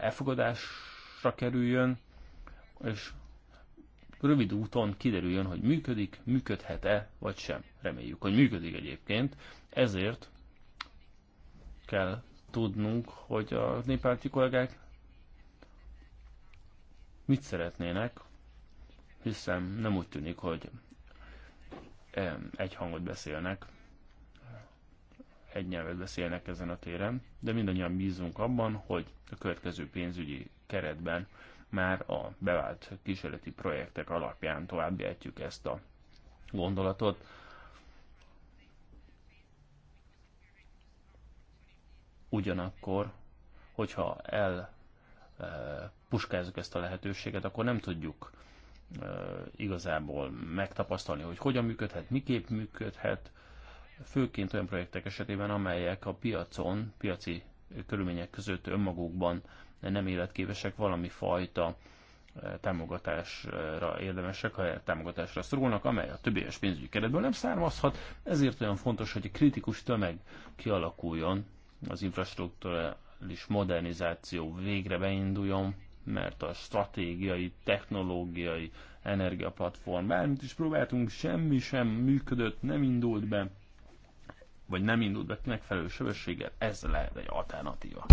elfogadás nyilvánosságra kerüljön, és rövid úton kiderüljön, hogy működik, működhet-e, vagy sem. Reméljük, hogy működik egyébként. Ezért kell tudnunk, hogy a néppárti kollégák mit szeretnének, hiszen nem úgy tűnik, hogy egy hangot beszélnek, egy nyelvet beszélnek ezen a téren, de mindannyian bízunk abban, hogy a következő pénzügyi keretben már a bevált kísérleti projektek alapján továbbjátjuk ezt a gondolatot. Ugyanakkor, hogyha el e, puskázzuk ezt a lehetőséget, akkor nem tudjuk e, igazából megtapasztalni, hogy hogyan működhet, miképp működhet, főként olyan projektek esetében, amelyek a piacon, piaci körülmények között önmagukban nem életképesek valami fajta eh, támogatásra érdemesek, ha támogatásra szorulnak, amely a többéves pénzügyi keretből nem származhat, ezért olyan fontos, hogy egy kritikus tömeg kialakuljon, az infrastruktúrális modernizáció végre beinduljon, mert a stratégiai, technológiai energiaplatform, bármit is próbáltunk, semmi sem működött, nem indult be, vagy nem indult be megfelelő sebességgel, ez lehet egy alternatíva.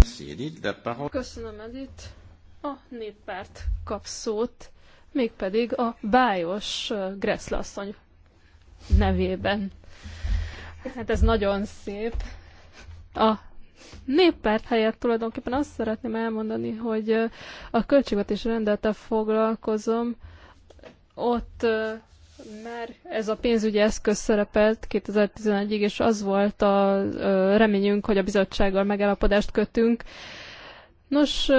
Köszönöm, Edith. A néppárt kap szót, mégpedig a bájos Greszlasszony nevében. Hát ez nagyon szép. A néppárt helyett tulajdonképpen azt szeretném elmondani, hogy a költségvetés rendelettel foglalkozom, ott már ez a pénzügyi eszköz szerepelt 2011-ig, és az volt a reményünk, hogy a bizottsággal megállapodást kötünk. Nos,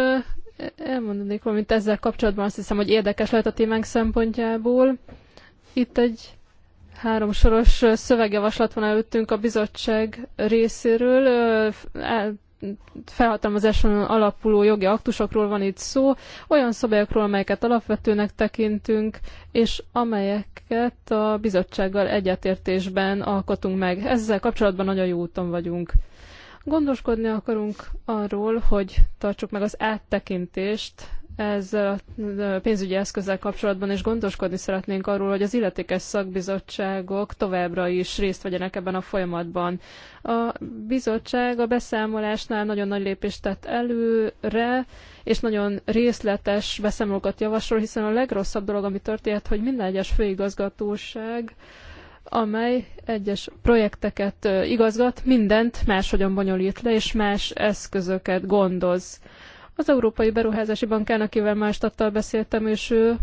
elmondanék valamit ezzel kapcsolatban, azt hiszem, hogy érdekes lehet a témánk szempontjából. Itt egy háromsoros szövegjavaslat van előttünk a bizottság részéről felhatalmazáson alapuló jogi aktusokról van itt szó, olyan szabályokról, amelyeket alapvetőnek tekintünk, és amelyeket a bizottsággal egyetértésben alkotunk meg. Ezzel kapcsolatban nagyon jó úton vagyunk. Gondoskodni akarunk arról, hogy tartsuk meg az áttekintést ezzel a pénzügyi eszközzel kapcsolatban, és gondoskodni szeretnénk arról, hogy az illetékes szakbizottságok továbbra is részt vegyenek ebben a folyamatban. A bizottság a beszámolásnál nagyon nagy lépést tett előre, és nagyon részletes beszámolókat javasol, hiszen a legrosszabb dolog, ami történhet, hogy minden egyes főigazgatóság amely egyes projekteket igazgat, mindent máshogyan bonyolít le, és más eszközöket gondoz. Az Európai Beruházási Bankán, akivel más tattal beszéltem, és ő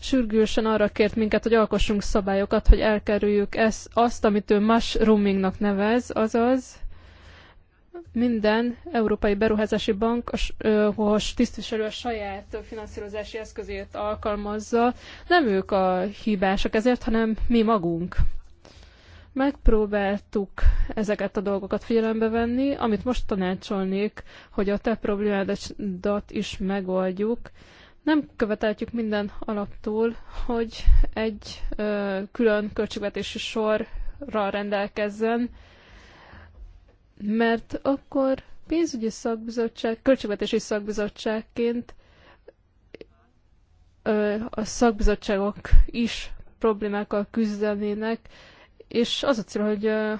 sürgősen arra kért minket, hogy alkossunk szabályokat, hogy elkerüljük ezt, azt, amit ő mushroomingnak nevez, azaz minden Európai Beruházási Bank, ahhoz tisztviselő a saját finanszírozási eszközét alkalmazza, nem ők a hibásak ezért, hanem mi magunk. Megpróbáltuk ezeket a dolgokat figyelembe venni, amit most tanácsolnék, hogy a te problémádat is megoldjuk. Nem követeljük minden alaptól, hogy egy ö, külön költségvetési sorra rendelkezzen, mert akkor pénzügyi szakbizottság, költségvetési szakbizottságként a szakbizottságok is problémákkal küzdenének, és az a cél, hogy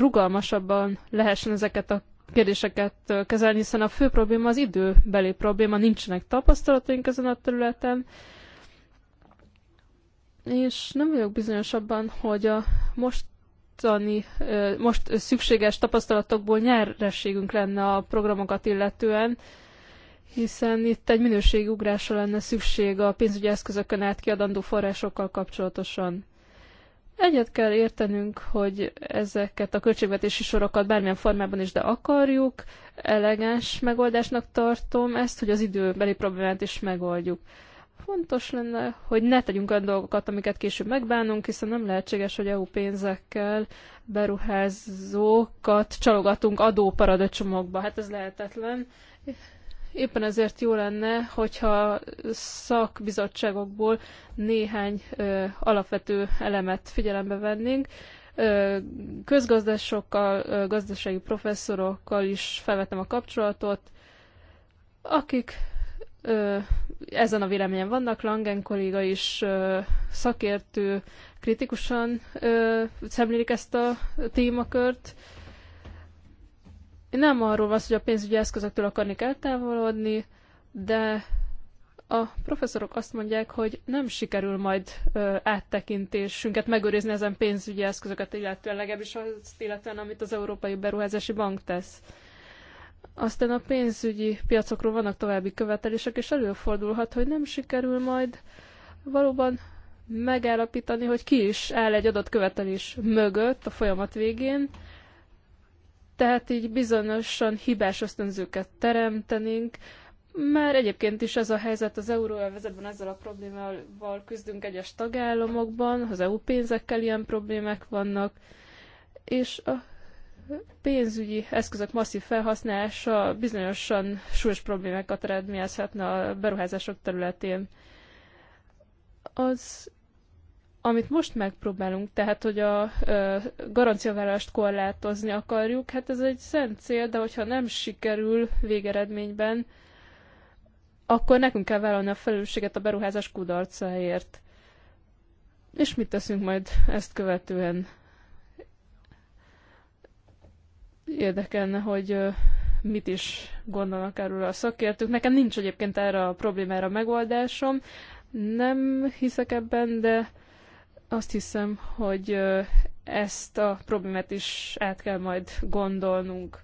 rugalmasabban lehessen ezeket a kérdéseket kezelni, hiszen a fő probléma az időbeli probléma, nincsenek tapasztalataink ezen a területen, és nem vagyok bizonyos abban, hogy a mostani, most szükséges tapasztalatokból nyerességünk lenne a programokat illetően, hiszen itt egy ugrásra lenne szükség a pénzügyi eszközökön át kiadandó forrásokkal kapcsolatosan. Egyet kell értenünk, hogy ezeket a költségvetési sorokat bármilyen formában is, de akarjuk, elegáns megoldásnak tartom ezt, hogy az időbeli problémát is megoldjuk. Fontos lenne, hogy ne tegyünk olyan dolgokat, amiket később megbánunk, hiszen nem lehetséges, hogy EU pénzekkel beruházókat csalogatunk adóparadicsomokba. Hát ez lehetetlen. Éppen ezért jó lenne, hogyha szakbizottságokból néhány ö, alapvető elemet figyelembe vennénk. Ö, közgazdásokkal, ö, gazdasági professzorokkal is felvettem a kapcsolatot, akik ö, ezen a véleményen vannak, Langen kolléga is ö, szakértő, kritikusan ö, szemlélik ezt a témakört. Ö, nem arról van hogy a pénzügyi eszközöktől akarnék eltávolodni, de a professzorok azt mondják, hogy nem sikerül majd ö, áttekintésünket megőrizni ezen pénzügyi eszközöket, illetően legalábbis azt illetően, amit az Európai Beruházási Bank tesz. Aztán a pénzügyi piacokról vannak további követelések, és előfordulhat, hogy nem sikerül majd valóban megállapítani, hogy ki is áll egy adott követelés mögött a folyamat végén, tehát így bizonyosan hibás ösztönzőket teremtenénk, már egyébként is ez a helyzet az euróelvezetben, ezzel a problémával küzdünk egyes tagállamokban, az EU pénzekkel ilyen problémák vannak, és a pénzügyi eszközök masszív felhasználása bizonyosan súlyos problémákat eredményezhetne a beruházások területén. Az amit most megpróbálunk, tehát hogy a garanciavállalást korlátozni akarjuk, hát ez egy szent cél, de hogyha nem sikerül végeredményben, akkor nekünk kell vállalni a felelősséget a beruházás kudarcáért. És mit teszünk majd ezt követően? Érdekelne, hogy mit is gondolnak erről a szakértők. Nekem nincs egyébként erre a problémára megoldásom. Nem hiszek ebben, de azt hiszem, hogy ezt a problémát is át kell majd gondolnunk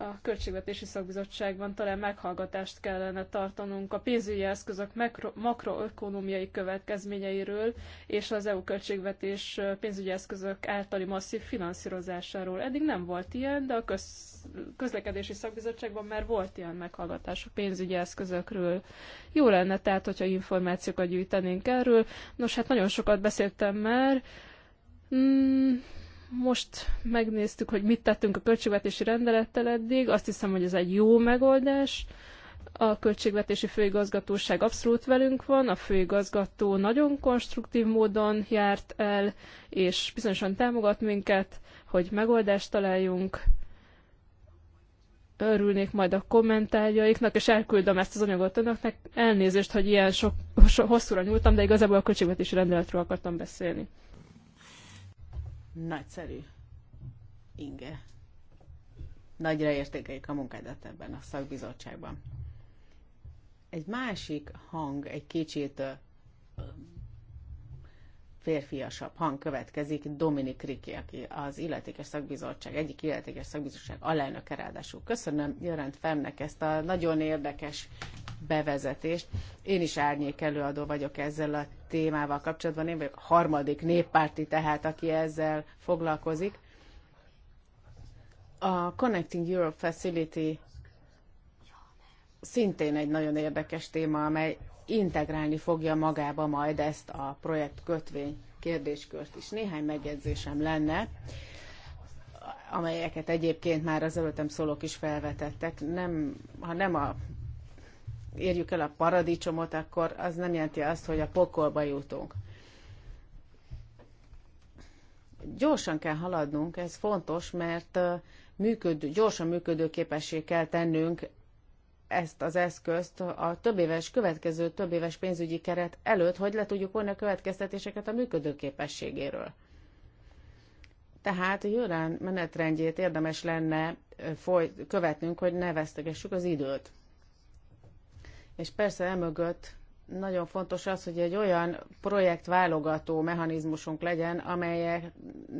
a Költségvetési Szakbizottságban talán meghallgatást kellene tartanunk a pénzügyi eszközök makroökonomiai következményeiről és az EU költségvetés pénzügyi eszközök általi masszív finanszírozásáról. Eddig nem volt ilyen, de a köz- közlekedési szakbizottságban már volt ilyen meghallgatás a pénzügyi eszközökről. Jó lenne tehát, hogyha információkat gyűjtenénk erről. Nos, hát nagyon sokat beszéltem már. Mm, most megnéztük, hogy mit tettünk a költségvetési rendelettel eddig. Azt hiszem, hogy ez egy jó megoldás. A költségvetési főigazgatóság abszolút velünk van, a főigazgató nagyon konstruktív módon járt el, és bizonyosan támogat minket, hogy megoldást találjunk. Örülnék majd a kommentárjaiknak, és elküldöm ezt az anyagot önöknek. Elnézést, hogy ilyen sok, so, hosszúra nyúltam, de igazából a költségvetési rendeletről akartam beszélni. Nagyszerű. Inge. Nagyra értékeljük a munkádat ebben a szakbizottságban. Egy másik hang, egy kicsit férfiasabb hang következik, Dominik Riki, aki az illetékes szakbizottság, egyik illetékes szakbizottság alelnöke ráadásul. Köszönöm Jörent Femnek ezt a nagyon érdekes bevezetést. Én is árnyék előadó vagyok ezzel a témával kapcsolatban. Én vagyok a harmadik néppárti tehát, aki ezzel foglalkozik. A Connecting Europe Facility szintén egy nagyon érdekes téma, amely integrálni fogja magába majd ezt a projekt kötvény kérdéskört is. Néhány megjegyzésem lenne, amelyeket egyébként már az előttem szólók is felvetettek. Nem, ha nem a érjük el a paradicsomot, akkor az nem jelenti azt, hogy a pokolba jutunk. Gyorsan kell haladnunk, ez fontos, mert működő, gyorsan működőképessé kell tennünk ezt az eszközt a több éves, következő több éves pénzügyi keret előtt, hogy le tudjuk vonni a következtetéseket a működőképességéről. Tehát Jurán menetrendjét érdemes lenne foly- követnünk, hogy ne vesztegessük az időt. És persze emögött nagyon fontos az, hogy egy olyan projektválogató mechanizmusunk legyen, amelyek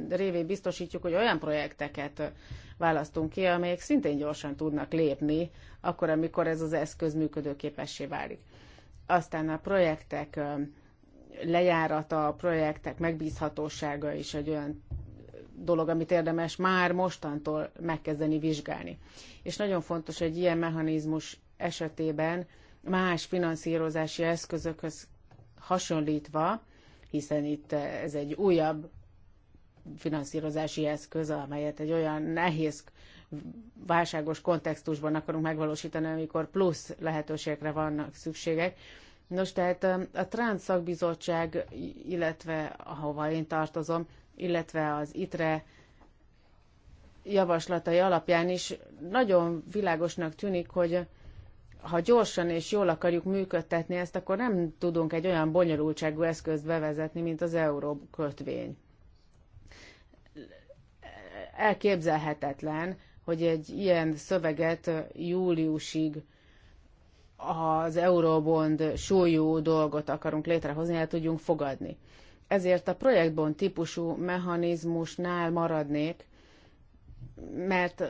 révén biztosítjuk, hogy olyan projekteket választunk ki, amelyek szintén gyorsan tudnak lépni, akkor, amikor ez az eszköz működőképessé válik. Aztán a projektek lejárata, a projektek megbízhatósága is egy olyan dolog, amit érdemes már mostantól megkezdeni vizsgálni. És nagyon fontos egy ilyen mechanizmus esetében, más finanszírozási eszközökhöz hasonlítva, hiszen itt ez egy újabb finanszírozási eszköz, amelyet egy olyan nehéz válságos kontextusban akarunk megvalósítani, amikor plusz lehetőségekre vannak szükségek. Nos, tehát um, a Trans szakbizottság, illetve ahova én tartozom, illetve az ITRE javaslatai alapján is nagyon világosnak tűnik, hogy ha gyorsan és jól akarjuk működtetni ezt, akkor nem tudunk egy olyan bonyolultságú eszközt bevezetni, mint az euró kötvény. Elképzelhetetlen, hogy egy ilyen szöveget júliusig az Eurobond súlyú dolgot akarunk létrehozni, el tudjunk fogadni. Ezért a projektbond típusú mechanizmusnál maradnék, mert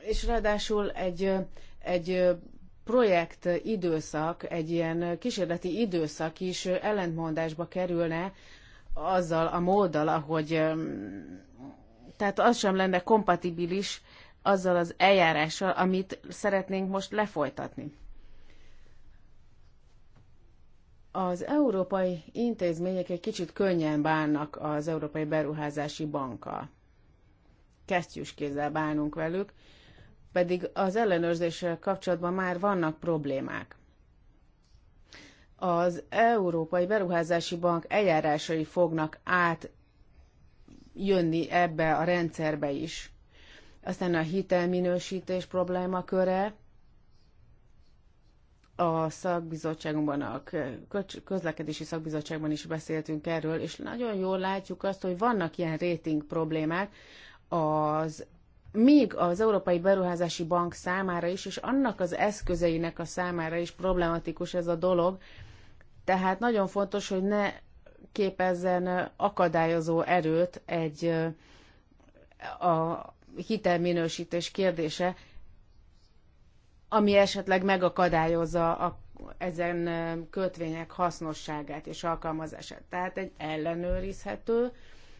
és ráadásul egy egy projekt időszak, egy ilyen kísérleti időszak is ellentmondásba kerülne azzal a móddal, ahogy tehát az sem lenne kompatibilis azzal az eljárással, amit szeretnénk most lefolytatni. Az európai intézmények egy kicsit könnyen bánnak az Európai Beruházási Bankkal. Kesztyűs kézzel bánunk velük, pedig az ellenőrzéssel kapcsolatban már vannak problémák. Az Európai Beruházási Bank eljárásai fognak átjönni ebbe a rendszerbe is. Aztán a hitelminősítés problémaköre, a szakbizottságunkban, a közlekedési szakbizottságban is beszéltünk erről, és nagyon jól látjuk azt, hogy vannak ilyen rating problémák az még az Európai Beruházási Bank számára is, és annak az eszközeinek a számára is problematikus ez a dolog. Tehát nagyon fontos, hogy ne képezzen akadályozó erőt egy a hitelminősítés kérdése, ami esetleg megakadályozza a, ezen kötvények hasznosságát és alkalmazását. Tehát egy ellenőrizhető,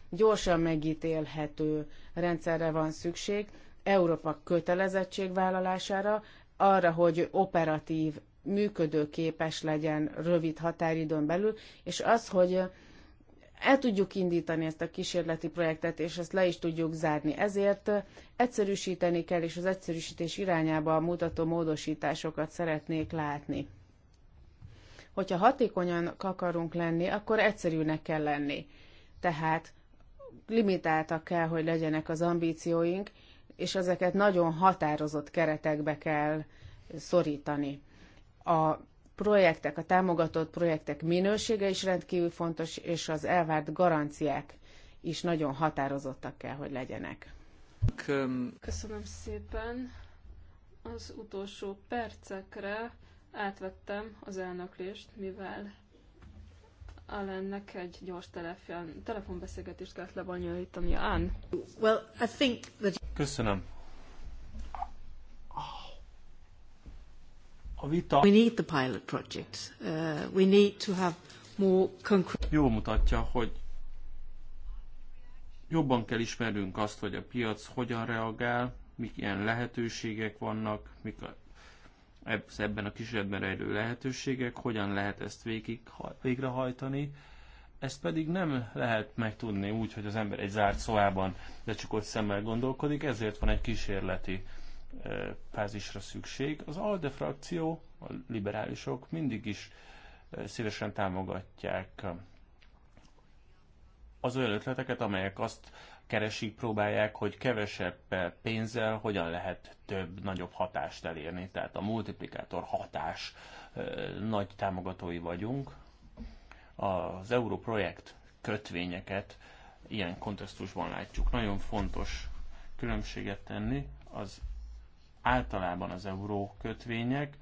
gyorsan megítélhető rendszerre van szükség, Európa kötelezettségvállalására, arra, hogy operatív, működőképes legyen rövid határidőn belül, és az, hogy el tudjuk indítani ezt a kísérleti projektet, és ezt le is tudjuk zárni. Ezért egyszerűsíteni kell, és az egyszerűsítés irányába mutató módosításokat szeretnék látni. Hogyha hatékonyan akarunk lenni, akkor egyszerűnek kell lenni. Tehát limitáltak kell, hogy legyenek az ambícióink, és ezeket nagyon határozott keretekbe kell szorítani. A projektek, a támogatott projektek minősége is rendkívül fontos, és az elvárt garanciák is nagyon határozottak kell, hogy legyenek. Köszönöm szépen. Az utolsó percekre átvettem az elnöklést, mivel Alennek egy gyors telefon, telefonbeszélgetést kellett lebonyolítani. Ann? Well, I think that... Köszönöm. A vita... We need the pilot project. Uh, we need to have more concrete... Jó mutatja, hogy jobban kell ismernünk azt, hogy a piac hogyan reagál, mik ilyen lehetőségek vannak, mik a ebben a kísérletben rejlő lehetőségek, hogyan lehet ezt végig, végrehajtani, ezt pedig nem lehet megtudni úgy, hogy az ember egy zárt szobában lecsukott szemmel gondolkodik, ezért van egy kísérleti e, fázisra szükség. Az ALDE frakció, a liberálisok mindig is e, szívesen támogatják az olyan ötleteket, amelyek azt keresik, próbálják, hogy kevesebb pénzzel hogyan lehet több, nagyobb hatást elérni. Tehát a multiplikátor hatás nagy támogatói vagyunk. Az Europrojekt kötvényeket ilyen kontextusban látjuk. Nagyon fontos különbséget tenni az általában az euró kötvények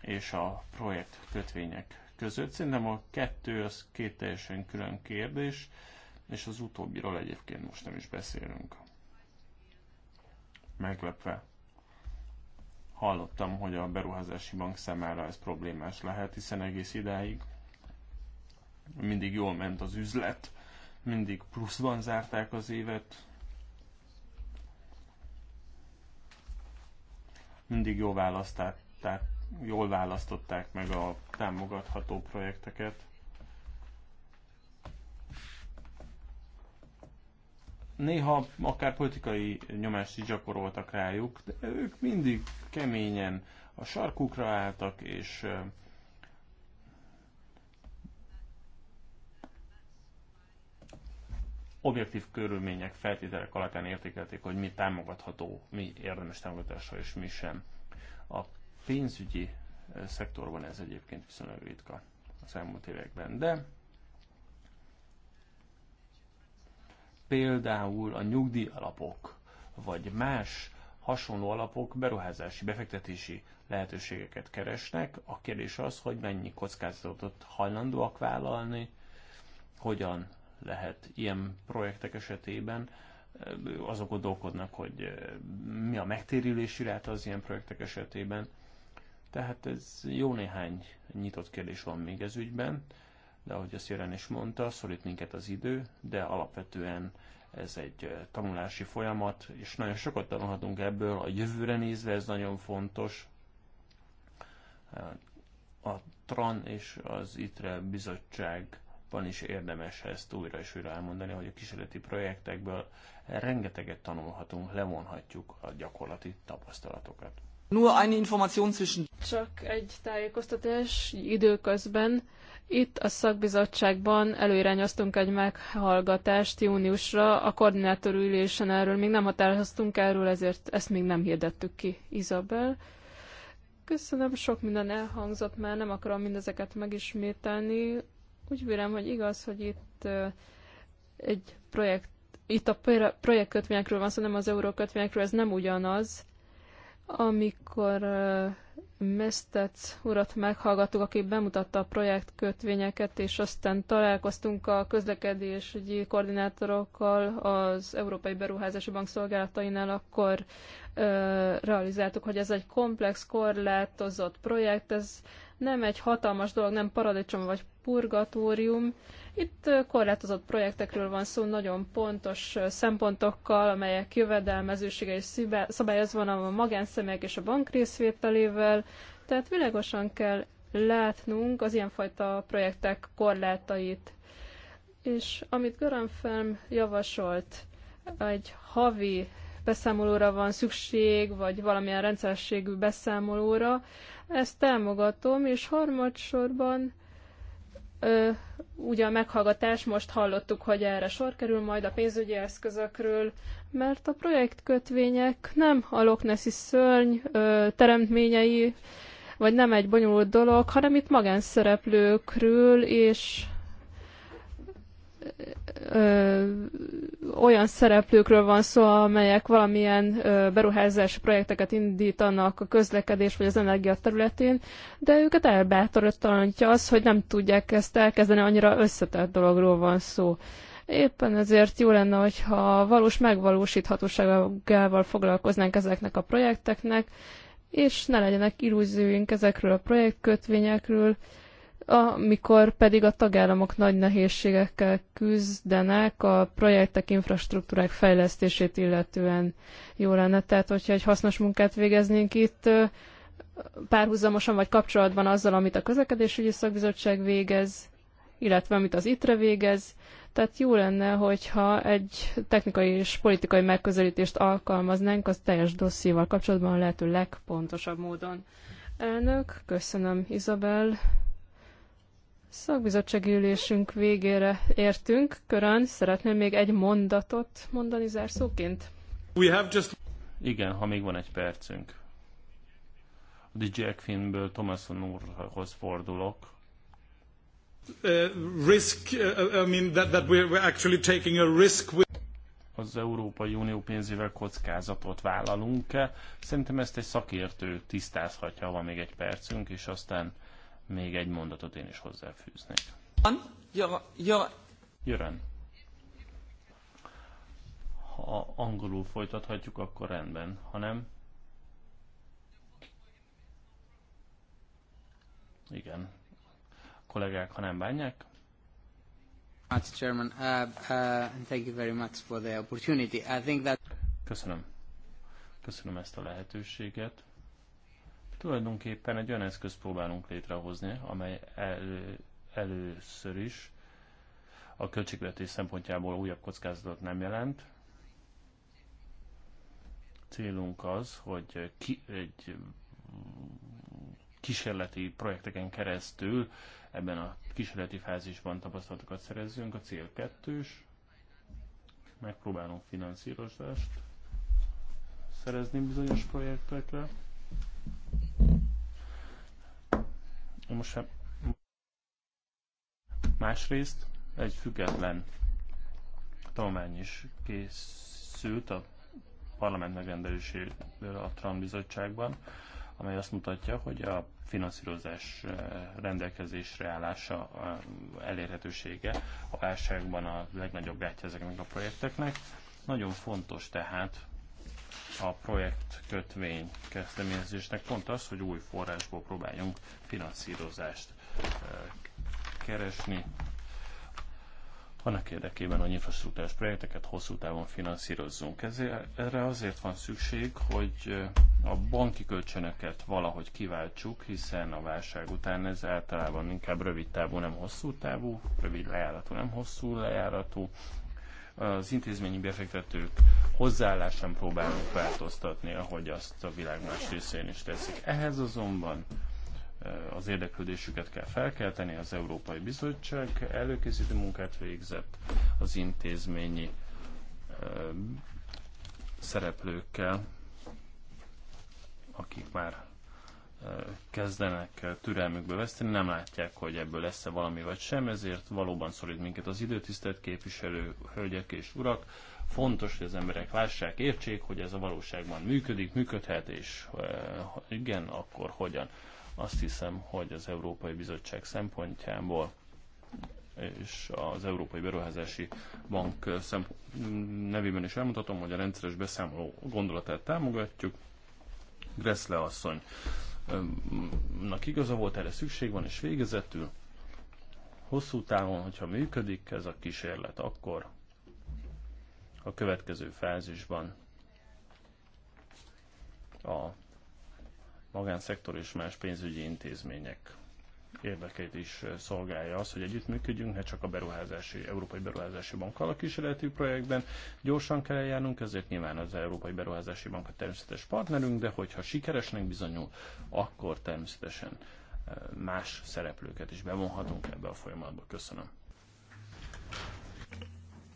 és a projekt kötvények között. Szerintem a kettő az két teljesen külön kérdés és az utóbbiról egyébként most nem is beszélünk. Meglepve hallottam, hogy a beruházási bank számára ez problémás lehet, hiszen egész idáig mindig jól ment az üzlet, mindig pluszban zárták az évet, mindig jól választották, jól választották meg a támogatható projekteket. néha akár politikai nyomást is gyakoroltak rájuk, de ők mindig keményen a sarkukra álltak, és objektív körülmények, feltételek alapján értékelték, hogy mi támogatható, mi érdemes támogatásra, és mi sem. A pénzügyi szektorban ez egyébként viszonylag ritka az elmúlt években, de például a nyugdíjalapok, vagy más hasonló alapok beruházási, befektetési lehetőségeket keresnek. A kérdés az, hogy mennyi kockázatot hajlandóak vállalni, hogyan lehet ilyen projektek esetében azok gondolkodnak, hogy mi a megtérülési ráta az ilyen projektek esetében. Tehát ez jó néhány nyitott kérdés van még ez ügyben de ahogy azt Jelen is mondta, szorít minket az idő, de alapvetően ez egy eh, tanulási folyamat, és nagyon sokat tanulhatunk ebből, a jövőre nézve ez nagyon fontos. Eh, a TRAN és az ITRE bizottságban is érdemes ezt újra és újra elmondani, hogy a kísérleti projektekből rengeteget tanulhatunk, levonhatjuk a gyakorlati tapasztalatokat. Csak egy tájékoztatás időközben. Itt a szakbizottságban előirányoztunk egy meghallgatást júniusra, a koordinátor ülésen erről még nem határoztunk erről, ezért ezt még nem hirdettük ki, Izabel. Köszönöm, sok minden elhangzott már, nem akarom mindezeket megismételni. Úgy vélem, hogy igaz, hogy itt egy projekt, itt a projektkötvényekről van szó, nem az eurókötvényekről, ez nem ugyanaz amikor mestet urat meghallgattuk, aki bemutatta a projektkötvényeket, és aztán találkoztunk a közlekedésügyi koordinátorokkal az Európai Beruházási Bank szolgálatainál, akkor ö, realizáltuk, hogy ez egy komplex, korlátozott projekt, ez nem egy hatalmas dolog, nem paradicsom vagy purgatórium, itt korlátozott projektekről van szó, nagyon pontos szempontokkal, amelyek jövedelmezősége és szabályozva van a magánszemélyek és a bank részvételével, tehát világosan kell látnunk az ilyenfajta projektek korlátait. És amit Göran Felm javasolt, egy havi beszámolóra van szükség, vagy valamilyen rendszerességű beszámolóra, ezt támogatom, és harmadsorban Ö, ugye a meghallgatás, most hallottuk, hogy erre sor kerül majd a pénzügyi eszközökről, mert a projektkötvények nem a Loch Nessi szörny ö, teremtményei, vagy nem egy bonyolult dolog, hanem itt magánszereplőkről és ö, olyan szereplőkről van szó, amelyek valamilyen ö, beruházási projekteket indítanak a közlekedés vagy az energia területén, de őket elbátorítja az, hogy nem tudják ezt elkezdeni, annyira összetett dologról van szó. Éppen ezért jó lenne, hogyha valós megvalósíthatóságával foglalkoznánk ezeknek a projekteknek, és ne legyenek illúzióink ezekről a projektkötvényekről, amikor pedig a tagállamok nagy nehézségekkel küzdenek a projektek infrastruktúrák fejlesztését illetően jó lenne. Tehát, hogyha egy hasznos munkát végeznénk itt, párhuzamosan vagy kapcsolatban azzal, amit a közlekedésügyi szakbizottság végez, illetve amit az ITRE végez. Tehát jó lenne, hogyha egy technikai és politikai megközelítést alkalmaznánk az teljes dossziéval kapcsolatban a lehető legpontosabb módon. Elnök, köszönöm Izabel. Szakbizottsági ülésünk végére értünk. Körön szeretném még egy mondatot mondani zárszóként. We have just... Igen, ha még van egy percünk. A DJ Ekfinből Thomason úrhoz fordulok. Uh, risk, uh, I mean that, that we're actually taking a risk with az Európai Unió pénzével kockázatot vállalunk-e. Szerintem ezt egy szakértő tisztázhatja, ha van még egy percünk, és aztán még egy mondatot én is hozzáfűznék. Jören. Ha angolul folytathatjuk, akkor rendben, ha nem... Igen. Kollégák, ha nem bánják, Köszönöm. Köszönöm ezt a lehetőséget. Tulajdonképpen egy olyan eszközt próbálunk létrehozni, amely elő, először is a költségvetés szempontjából újabb kockázatot nem jelent. Célunk az, hogy ki, egy kísérleti projekteken keresztül ebben a kísérleti fázisban tapasztalatokat szerezzünk. A cél kettős, megpróbálunk finanszírozást szerezni bizonyos projektekre. Most hát másrészt egy független tanulmány is készült a parlament megrendeléséről a Trump bizottságban, amely azt mutatja, hogy a finanszírozás eh, rendelkezésre állása, eh, elérhetősége a válságban a legnagyobb gátja ezeknek a projekteknek. Nagyon fontos tehát a projekt kötvény kezdeményezésnek pont az, hogy új forrásból próbáljunk finanszírozást eh, keresni, annak érdekében, hogy infrastruktúrás projekteket hosszú távon finanszírozzunk. Ezért, erre azért van szükség, hogy eh, a banki kölcsönöket valahogy kiváltsuk, hiszen a válság után ez általában inkább rövid távú, nem hosszú távú, rövid lejáratú, nem hosszú lejáratú az intézményi befektetők hozzáállásán próbálunk változtatni, ahogy azt a világ más részén is teszik. Ehhez azonban eh, az érdeklődésüket kell felkelteni, az Európai Bizottság előkészítő munkát végzett az intézményi eh, szereplőkkel, akik már kezdenek eh, türelmükbe veszteni, nem látják, hogy ebből lesz-e valami vagy sem, ezért valóban szorít minket az időtisztelt képviselő, hölgyek és urak. Fontos, hogy az emberek lássák, értsék, hogy ez a valóságban működik, működhet, és ha eh, igen, akkor hogyan. Azt hiszem, hogy az Európai Bizottság szempontjából és az Európai Beruházási Bank szemp- nevében is elmutatom, hogy a rendszeres beszámoló gondolatát támogatjuk. Gressle asszony nak igaza volt, erre szükség van, és végezetül hosszú távon, hogyha működik ez a kísérlet, akkor a következő fázisban a magánszektor és más pénzügyi intézmények érdekeit is eh, szolgálja az, hogy együttműködjünk, ne csak a beruházási, Európai Beruházási Bankkal a kísérleti projektben. Gyorsan kell eljárnunk, ezért nyilván az Európai Beruházási Bank a természetes partnerünk, de hogyha sikeresnek bizonyul, akkor természetesen eh, más szereplőket is bevonhatunk ebbe a folyamatba. Köszönöm.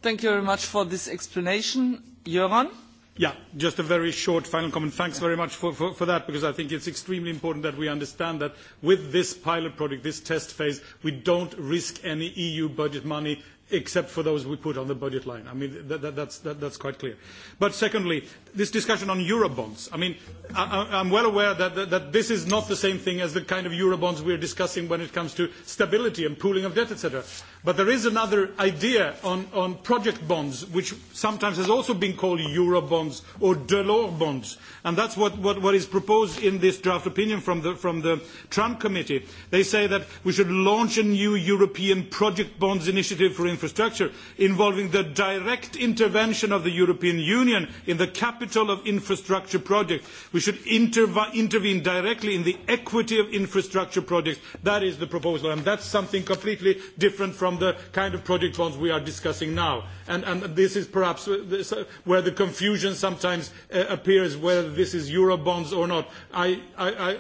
Thank you very much for this explanation. Jöran? Yeah, just a very short final comment. Thanks very much for, for, for that, because I think it's extremely important that we understand that with this pilot project, this test phase, we don't risk any EU budget money except for those we put on the budget line. I mean, that, that, that's, that, that's quite clear. But secondly, this discussion on Eurobonds. I mean, I, I'm well aware that, that, that this is not the same thing as the kind of Eurobonds we're discussing when it comes to stability and pooling of debt, etc. But there is another idea on, on project bonds, which sometimes has also been called Eurobonds or Delors bonds. And that's what, what, what is proposed in this draft opinion from the, from the Trump committee. They say that we should launch a new European project bonds initiative for infrastructure involving the direct intervention of the European Union in the capital capital of infrastructure projects. We should intervene directly in the equity of infrastructure projects. That is the proposal, and that's something completely different from the kind of project bonds we are discussing now. And, and this is perhaps uh, uh, where the confusion sometimes uh, appears, whether this is euro bonds or not. I, I, I,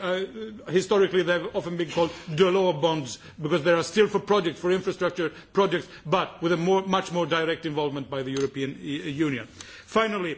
I, historically, they've often been called Delors bonds because they are still for projects, for infrastructure projects, but with a more, much more direct involvement by the European uh, Union. Finally,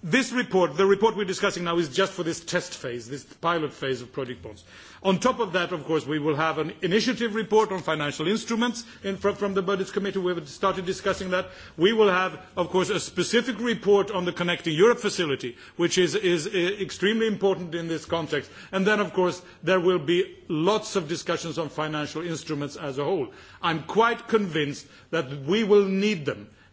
This report, the report we're discussing now, is just for this test phase, this pilot phase of Project Bonds. On top of that, of course, we will have an initiative report on financial instruments in, from, from the Budgets Committee. We have started discussing that. We will have, of course, a specific report on the Connecting Europe facility, which is, is, is extremely important in this context. And then, of course, there will be lots of discussions on financial instruments as a whole. I'm quite convinced that we will need them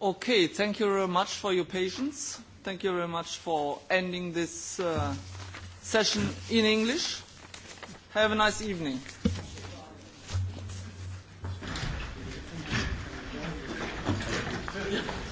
Okay, thank you very much for your patience. Thank you very much for ending this uh, session in English. Have a nice evening. Thank you.